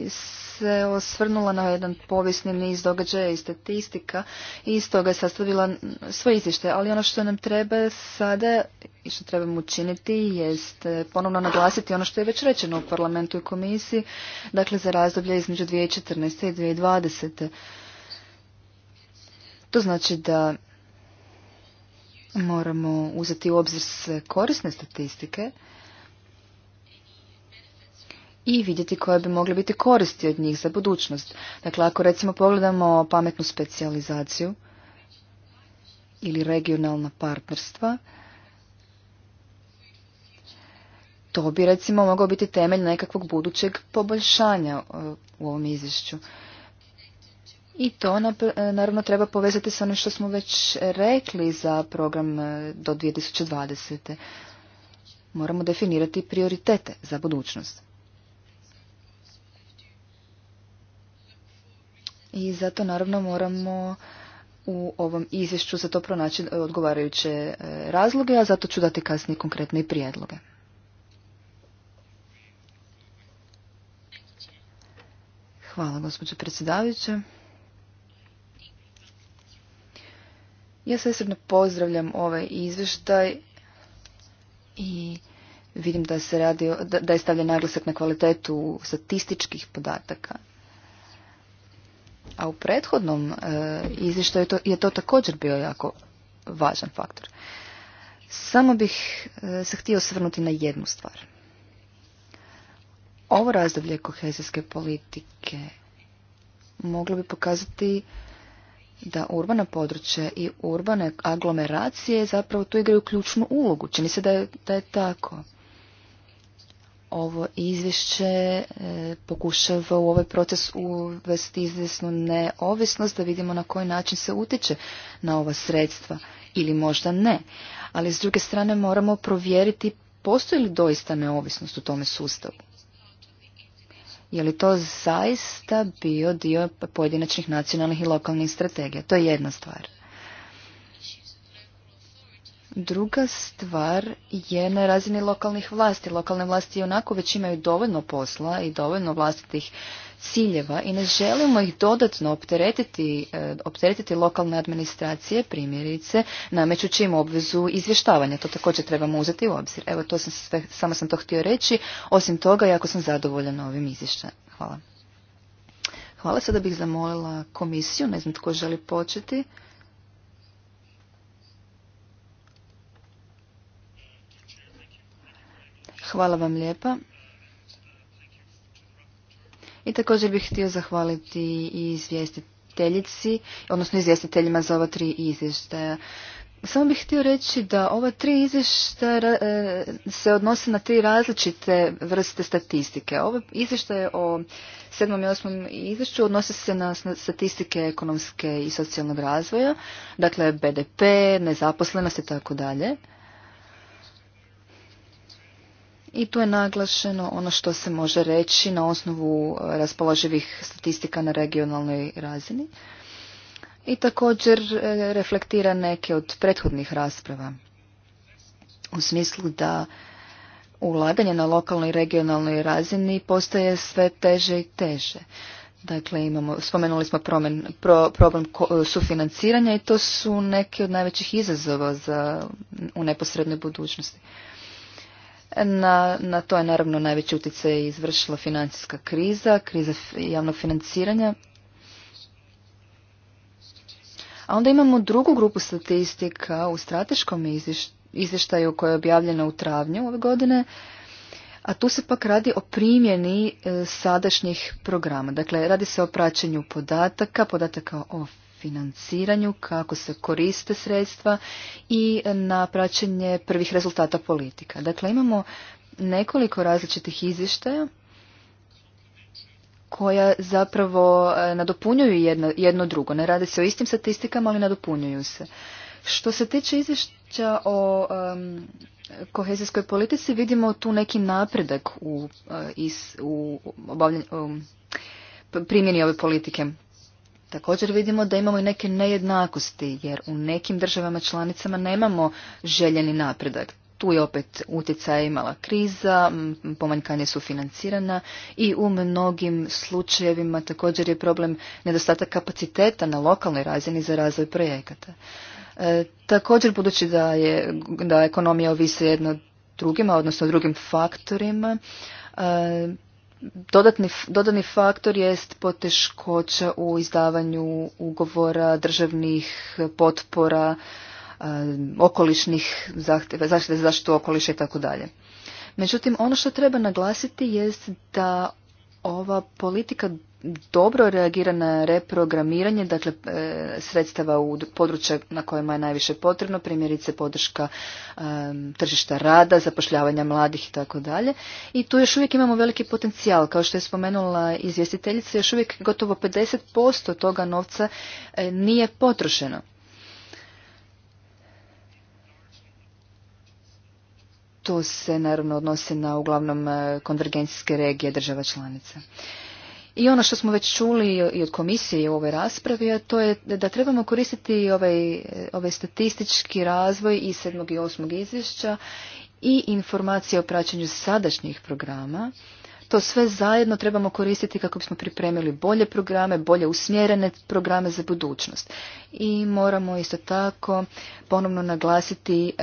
se osvrnula na jedan povijesni niz događaja i statistika i iz toga je sastavila svoje izvješte. Ali ono što nam treba sada i što trebamo učiniti jest ponovno naglasiti ono što je već rečeno u parlamentu i komisiji, dakle za razdoblje između 2014. i 2020. To znači da moramo uzeti u obzir s korisne statistike, i vidjeti koje bi mogle biti koristi od njih za budućnost. Dakle, ako recimo pogledamo pametnu specijalizaciju ili regionalna partnerstva, to bi recimo mogao biti temelj nekakvog budućeg poboljšanja e, u ovom izvješću. I to e, naravno treba povezati sa onim što smo već rekli za program e, do 2020. Moramo definirati prioritete za budućnost. i zato naravno moramo u ovom izvješću za to pronaći e, odgovarajuće e, razloge, a zato ću dati kasnije konkretne i prijedloge. Hvala, gospođo predsjedavajuća. Ja svesredno pozdravljam ovaj izvještaj i vidim da, se radi, da je stavljen naglasak na kvalitetu statističkih podataka a u prethodnom e, izvještaju je to također bio jako važan faktor. Samo bih e, se htio svrnuti na jednu stvar. Ovo razdoblje kohezijske politike moglo bi pokazati da urbana područja i urbane aglomeracije zapravo tu igraju ključnu ulogu. Čini se da da je tako ovo izvješće e, pokušava u ovaj proces uvesti izvjesnu neovisnost da vidimo na koji način se utječe na ova sredstva ili možda ne. Ali s druge strane moramo provjeriti postoji li doista neovisnost u tome sustavu. Je li to zaista bio dio pojedinačnih nacionalnih i lokalnih strategija? To je jedna stvar. Druga stvar je na razini lokalnih vlasti. Lokalne vlasti onako već imaju dovoljno posla i dovoljno vlastitih ciljeva i ne želimo ih dodatno opteretiti, e, opteretiti lokalne administracije, primjerice, namećući im obvezu izvještavanja. To također trebamo uzeti u obzir. Evo, to sam samo sam to htio reći. Osim toga, jako sam zadovoljena ovim izvještajem. Hvala. Hvala, sada bih zamolila komisiju, ne znam tko želi početi. Hvala vam lijepa. I također bih htio zahvaliti i izvjestiteljici, odnosno izvjestiteljima za ova tri izvještaja. Samo bih htio reći da ova tri izvještaja e, se odnose na tri različite vrste statistike. Ovo izvještaje o sedmom i osmom izvješću odnose se na statistike ekonomske i socijalnog razvoja, dakle BDP, nezaposlenost i tako dalje i tu je naglašeno ono što se može reći na osnovu e, raspoloživih statistika na regionalnoj razini i također e, reflektira neke od prethodnih rasprava u smislu da ulaganje na lokalnoj i regionalnoj razini postaje sve teže i teže. Dakle, imamo, spomenuli smo problem ko, e, sufinanciranja i to su neki od najvećih izazova za, u neposrednoj budućnosti. Na, na to je naravno najveći utjecaj izvršila financijska kriza, kriza javnog financiranja. A onda imamo drugu grupu statistika u strateškom izvještaju koja je objavljena u travnju ove godine, a tu se pak radi o primjeni e, sadašnjih programa. Dakle, radi se o praćenju podataka, podataka o financiranju, kako se koriste sredstva i na praćenje prvih rezultata politika. Dakle, imamo nekoliko različitih izvještaja koja zapravo e, nadopunjuju jedno, drugo. Ne radi se o istim statistikama, ali nadopunjuju se. Što se tiče izvješća o kohezijskoj politici, vidimo tu neki napredak u, e, u, primjeni ove politike. Također vidimo da imamo i neke nejednakosti, jer u nekim državama članicama nemamo željeni napredak. Tu je opet utjecaj imala kriza, pomanjkanje su financirana i u mnogim slučajevima također je problem nedostatak kapaciteta na lokalnoj razini za razvoj projekata. E, također, budući da, je, da ekonomija ovisi jedno drugima, odnosno drugim faktorima, e, Dodatni, dodani faktor jest poteškoća u izdavanju ugovora državnih potpora, e, okolišnih zahtjeva, zaštite za zaštitu okoliša i tako dalje. Međutim, ono što treba naglasiti jest da ova politika dobro reagira na reprogramiranje dakle e, sredstava u područja na kojima je najviše potrebno primjerice podrška e, tržišta rada zapošljavanja mladih i tako dalje i tu još uvijek imamo veliki potencijal kao što je spomenula izvjestiteljica još uvijek gotovo 50% toga novca e, nije potrošeno To se naravno odnosi na uglavnom e, konvergencijske regije država članica. I ono što smo već čuli i od komisije u ovoj raspravi, a to je da trebamo koristiti ovaj, ovaj statistički razvoj iz sedmog i osmog izvješća i informacije o praćenju sadašnjih programa to sve zajedno trebamo koristiti kako bismo pripremili bolje programe, bolje usmjerene programe za budućnost. I moramo isto tako ponovno naglasiti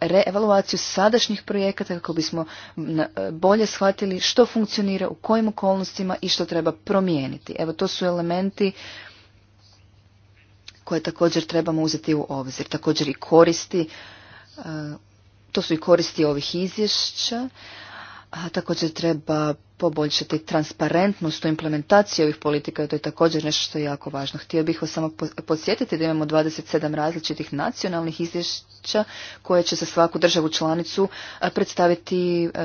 reevaluaciju sadašnjih projekata kako bismo bolje shvatili što funkcionira, u kojim okolnostima i što treba promijeniti. Evo to su elementi koje također trebamo uzeti u obzir. Također i koristi, eh, to su i koristi ovih izvješća, a također treba poboljšati transparentnost u implementaciji ovih politika, to je također nešto što je jako važno. Htio bih vas samo podsjetiti da imamo 27 različitih nacionalnih izvješća koje će se svaku državu članicu e, predstaviti e,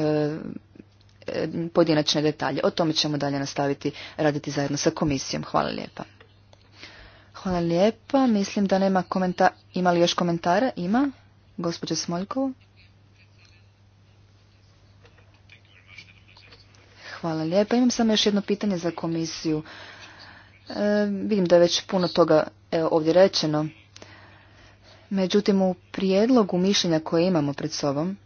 e, pojedinačne detalje. O tome ćemo dalje nastaviti raditi zajedno sa komisijom. Hvala lijepa. Hvala lijepa. Mislim da nema komentara. Ima li još komentara? Ima. Gospodin Smoljkova. Hvala lijepa. Imam samo još jedno pitanje za komisiju. E, vidim da je već puno toga e, ovdje rečeno. Međutim, u prijedlogu mišljenja koje imamo pred sobom,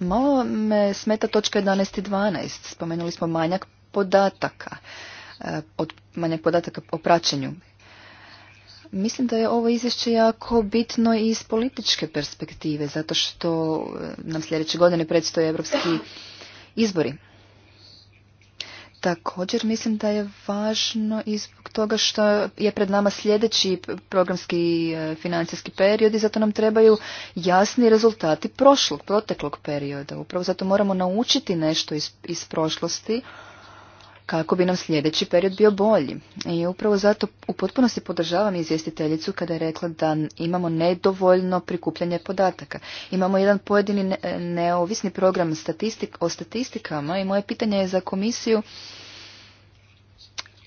malo me smeta točka 11 i 12. Spomenuli smo manjak podataka, e, od, manjak podataka o praćenju Mislim da je ovo izvješće jako bitno i iz političke perspektive, zato što e, nam sljedeće godine predstoje evropski izbori. Također mislim da je važno i zbog toga što je pred nama sljedeći programski e, financijski period i zato nam trebaju jasni rezultati prošlog, proteklog perioda. Upravo zato moramo naučiti nešto iz, iz prošlosti kako bi nam sljedeći period bio bolji. I upravo zato u potpunosti podržavam izvjestiteljicu kada je rekla da imamo nedovoljno prikupljanje podataka. Imamo jedan pojedini neovisni program o statistikama i moje pitanje je za komisiju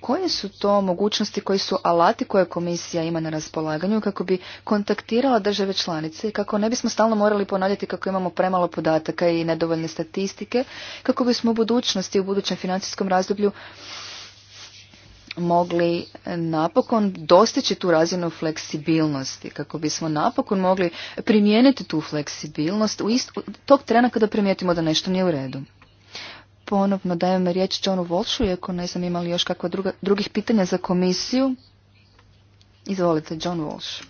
koje su to mogućnosti, koji su alati koje komisija ima na raspolaganju kako bi kontaktirala države članice i kako ne bismo stalno morali ponavljati kako imamo premalo podataka i nedovoljne statistike, kako bismo u budućnosti, u budućem financijskom razdoblju mogli napokon dostići tu razinu fleksibilnosti, kako bismo napokon mogli primijeniti tu fleksibilnost u tog trena kada primijetimo da nešto nije u redu ponovno dajem riječ Johnu Walshu, iako ne znam imali još kakva druga, drugih pitanja za komisiju. Izvolite, John Walsh.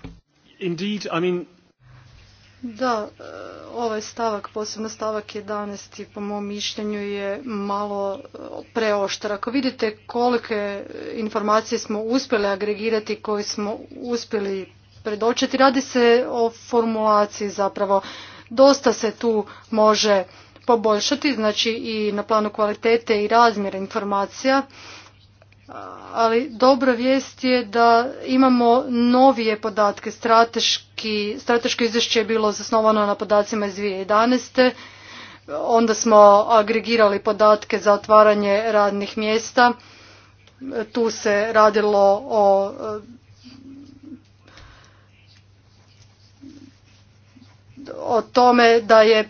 Indeed, I Da, e, ovaj stavak, posebno stavak 11. po mom mišljenju je malo e, preoštar. Ako vidite kolike informacije smo uspjeli agregirati, koje smo uspjeli predočiti, radi se o formulaciji zapravo. Dosta se tu može poboljšati, znači i na planu kvalitete i razmjera informacija, ali dobra vijest je da imamo novije podatke. Strateški, strateško izvješće je bilo zasnovano na podacima iz 2011. Onda smo agregirali podatke za otvaranje radnih mjesta. Tu se radilo o o tome da je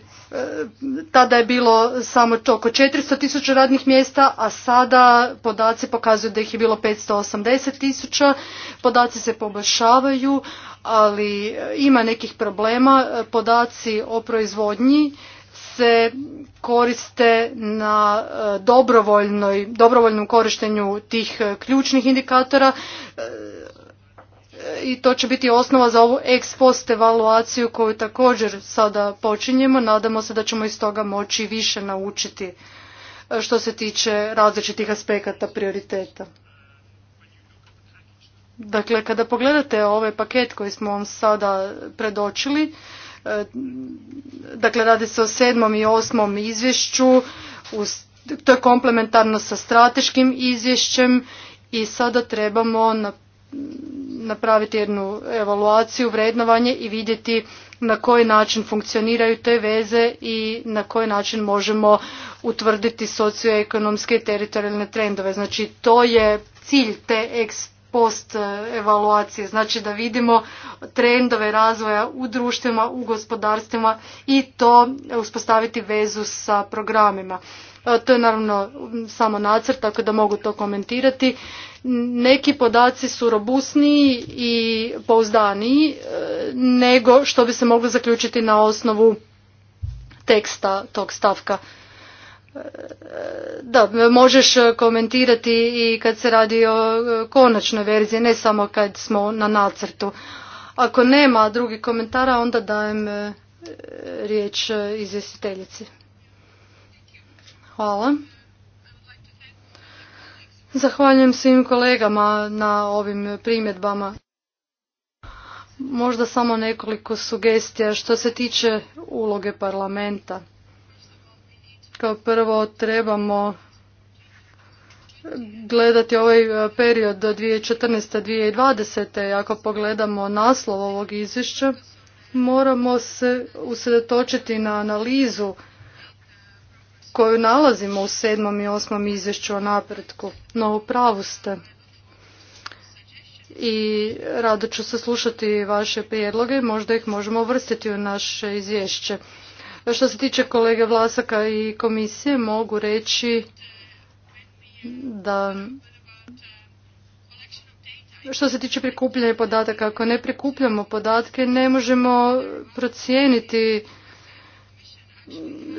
tada je bilo samo oko 400 tisuća radnih mjesta, a sada podaci pokazuju da ih je bilo 580 tisuća. Podaci se poboljšavaju, ali ima nekih problema. Podaci o proizvodnji se koriste na e, dobrovoljnom korištenju tih e, ključnih indikatora e, i to će biti osnova za ovu ex post evaluaciju koju također sada počinjemo. Nadamo se da ćemo iz toga moći više naučiti e, što se tiče različitih aspekata prioriteta. Dakle, kada pogledate ovaj paket koji smo vam sada predočili, e, dakle radi se o sedmom i osmom izvješću, to je komplementarno sa strateškim izvješćem i sada trebamo napraviti jednu evaluaciju, vrednovanje i vidjeti na koji način funkcioniraju te veze i na koji način možemo utvrditi socioekonomske i teritorijalne trendove. Znači to je cilj te ex post e, evaluacije, znači da vidimo trendove razvoja u društvima, u gospodarstvima i to uspostaviti vezu sa programima. E, to je naravno samo nacrt, tako da mogu to komentirati. Neki podaci su robustniji i pouzdaniji e, nego što bi se moglo zaključiti na osnovu teksta tog stavka. E, da, možeš komentirati i kad se radi o konačnoj verziji, ne samo kad smo na nacrtu. Ako nema drugih komentara, onda dajem riječ izvjestiteljici. Hvala. Zahvaljujem svim kolegama na ovim primjedbama. Možda samo nekoliko sugestija što se tiče uloge parlamenta. Kao prvo trebamo gledati ovaj e, period do 2014. 2020. Ako pogledamo naslov ovog izvješća, moramo se usredotočiti na analizu koju nalazimo u sedmom i osmom izvješću o napretku, no u pravu ste. I rado ću saslušati vaše prijedloge možda ih možemo uvrstiti u naše izvješće. Što se tiče kolege Vlasaka i komisije, mogu reći da što se tiče prikupljanja podataka, ako ne prikupljamo podatke, ne možemo procijeniti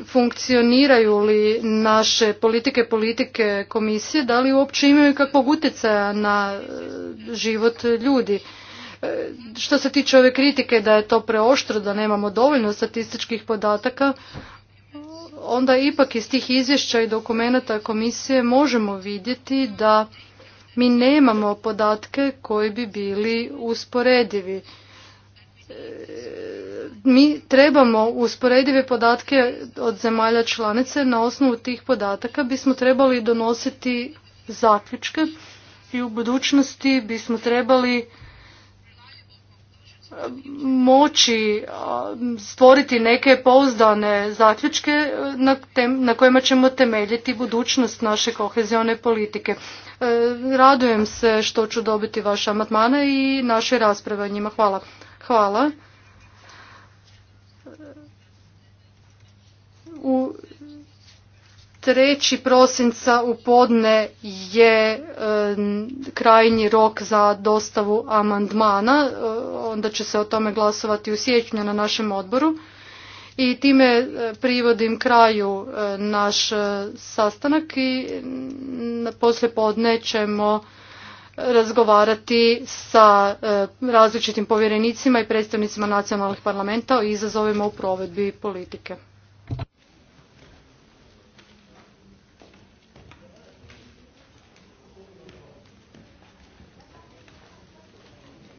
funkcioniraju li naše politike, politike komisije, da li uopće imaju kakvog utjecaja na e, život ljudi. E, što se tiče ove kritike da je to preoštro, da nemamo dovoljno statističkih podataka, onda ipak iz tih izvješća i dokumenata komisije možemo vidjeti da mi nemamo podatke koji bi bili usporedivi e, mi trebamo usporedive podatke od zemalja članice. Na osnovu tih podataka bismo trebali donositi zaključke i u budućnosti bismo trebali e, moći stvoriti neke pouzdane zaključke e, na, kojima ćemo temeljiti budućnost naše kohezione politike. E, radujem se što ću dobiti vaše amatmane i naše rasprave o njima. Hvala. Hvala. U 3. prosinca u podne je e, krajnji rok za dostavu amandmana, e, onda će se o tome glasovati u siječnju na našem odboru. I time e, privodim kraju naš sastanak i poslije podne ćemo razgovarati sa različitim povjerenicima i predstavnicima nacionalnih parlamenta o izazovima u provedbi politike.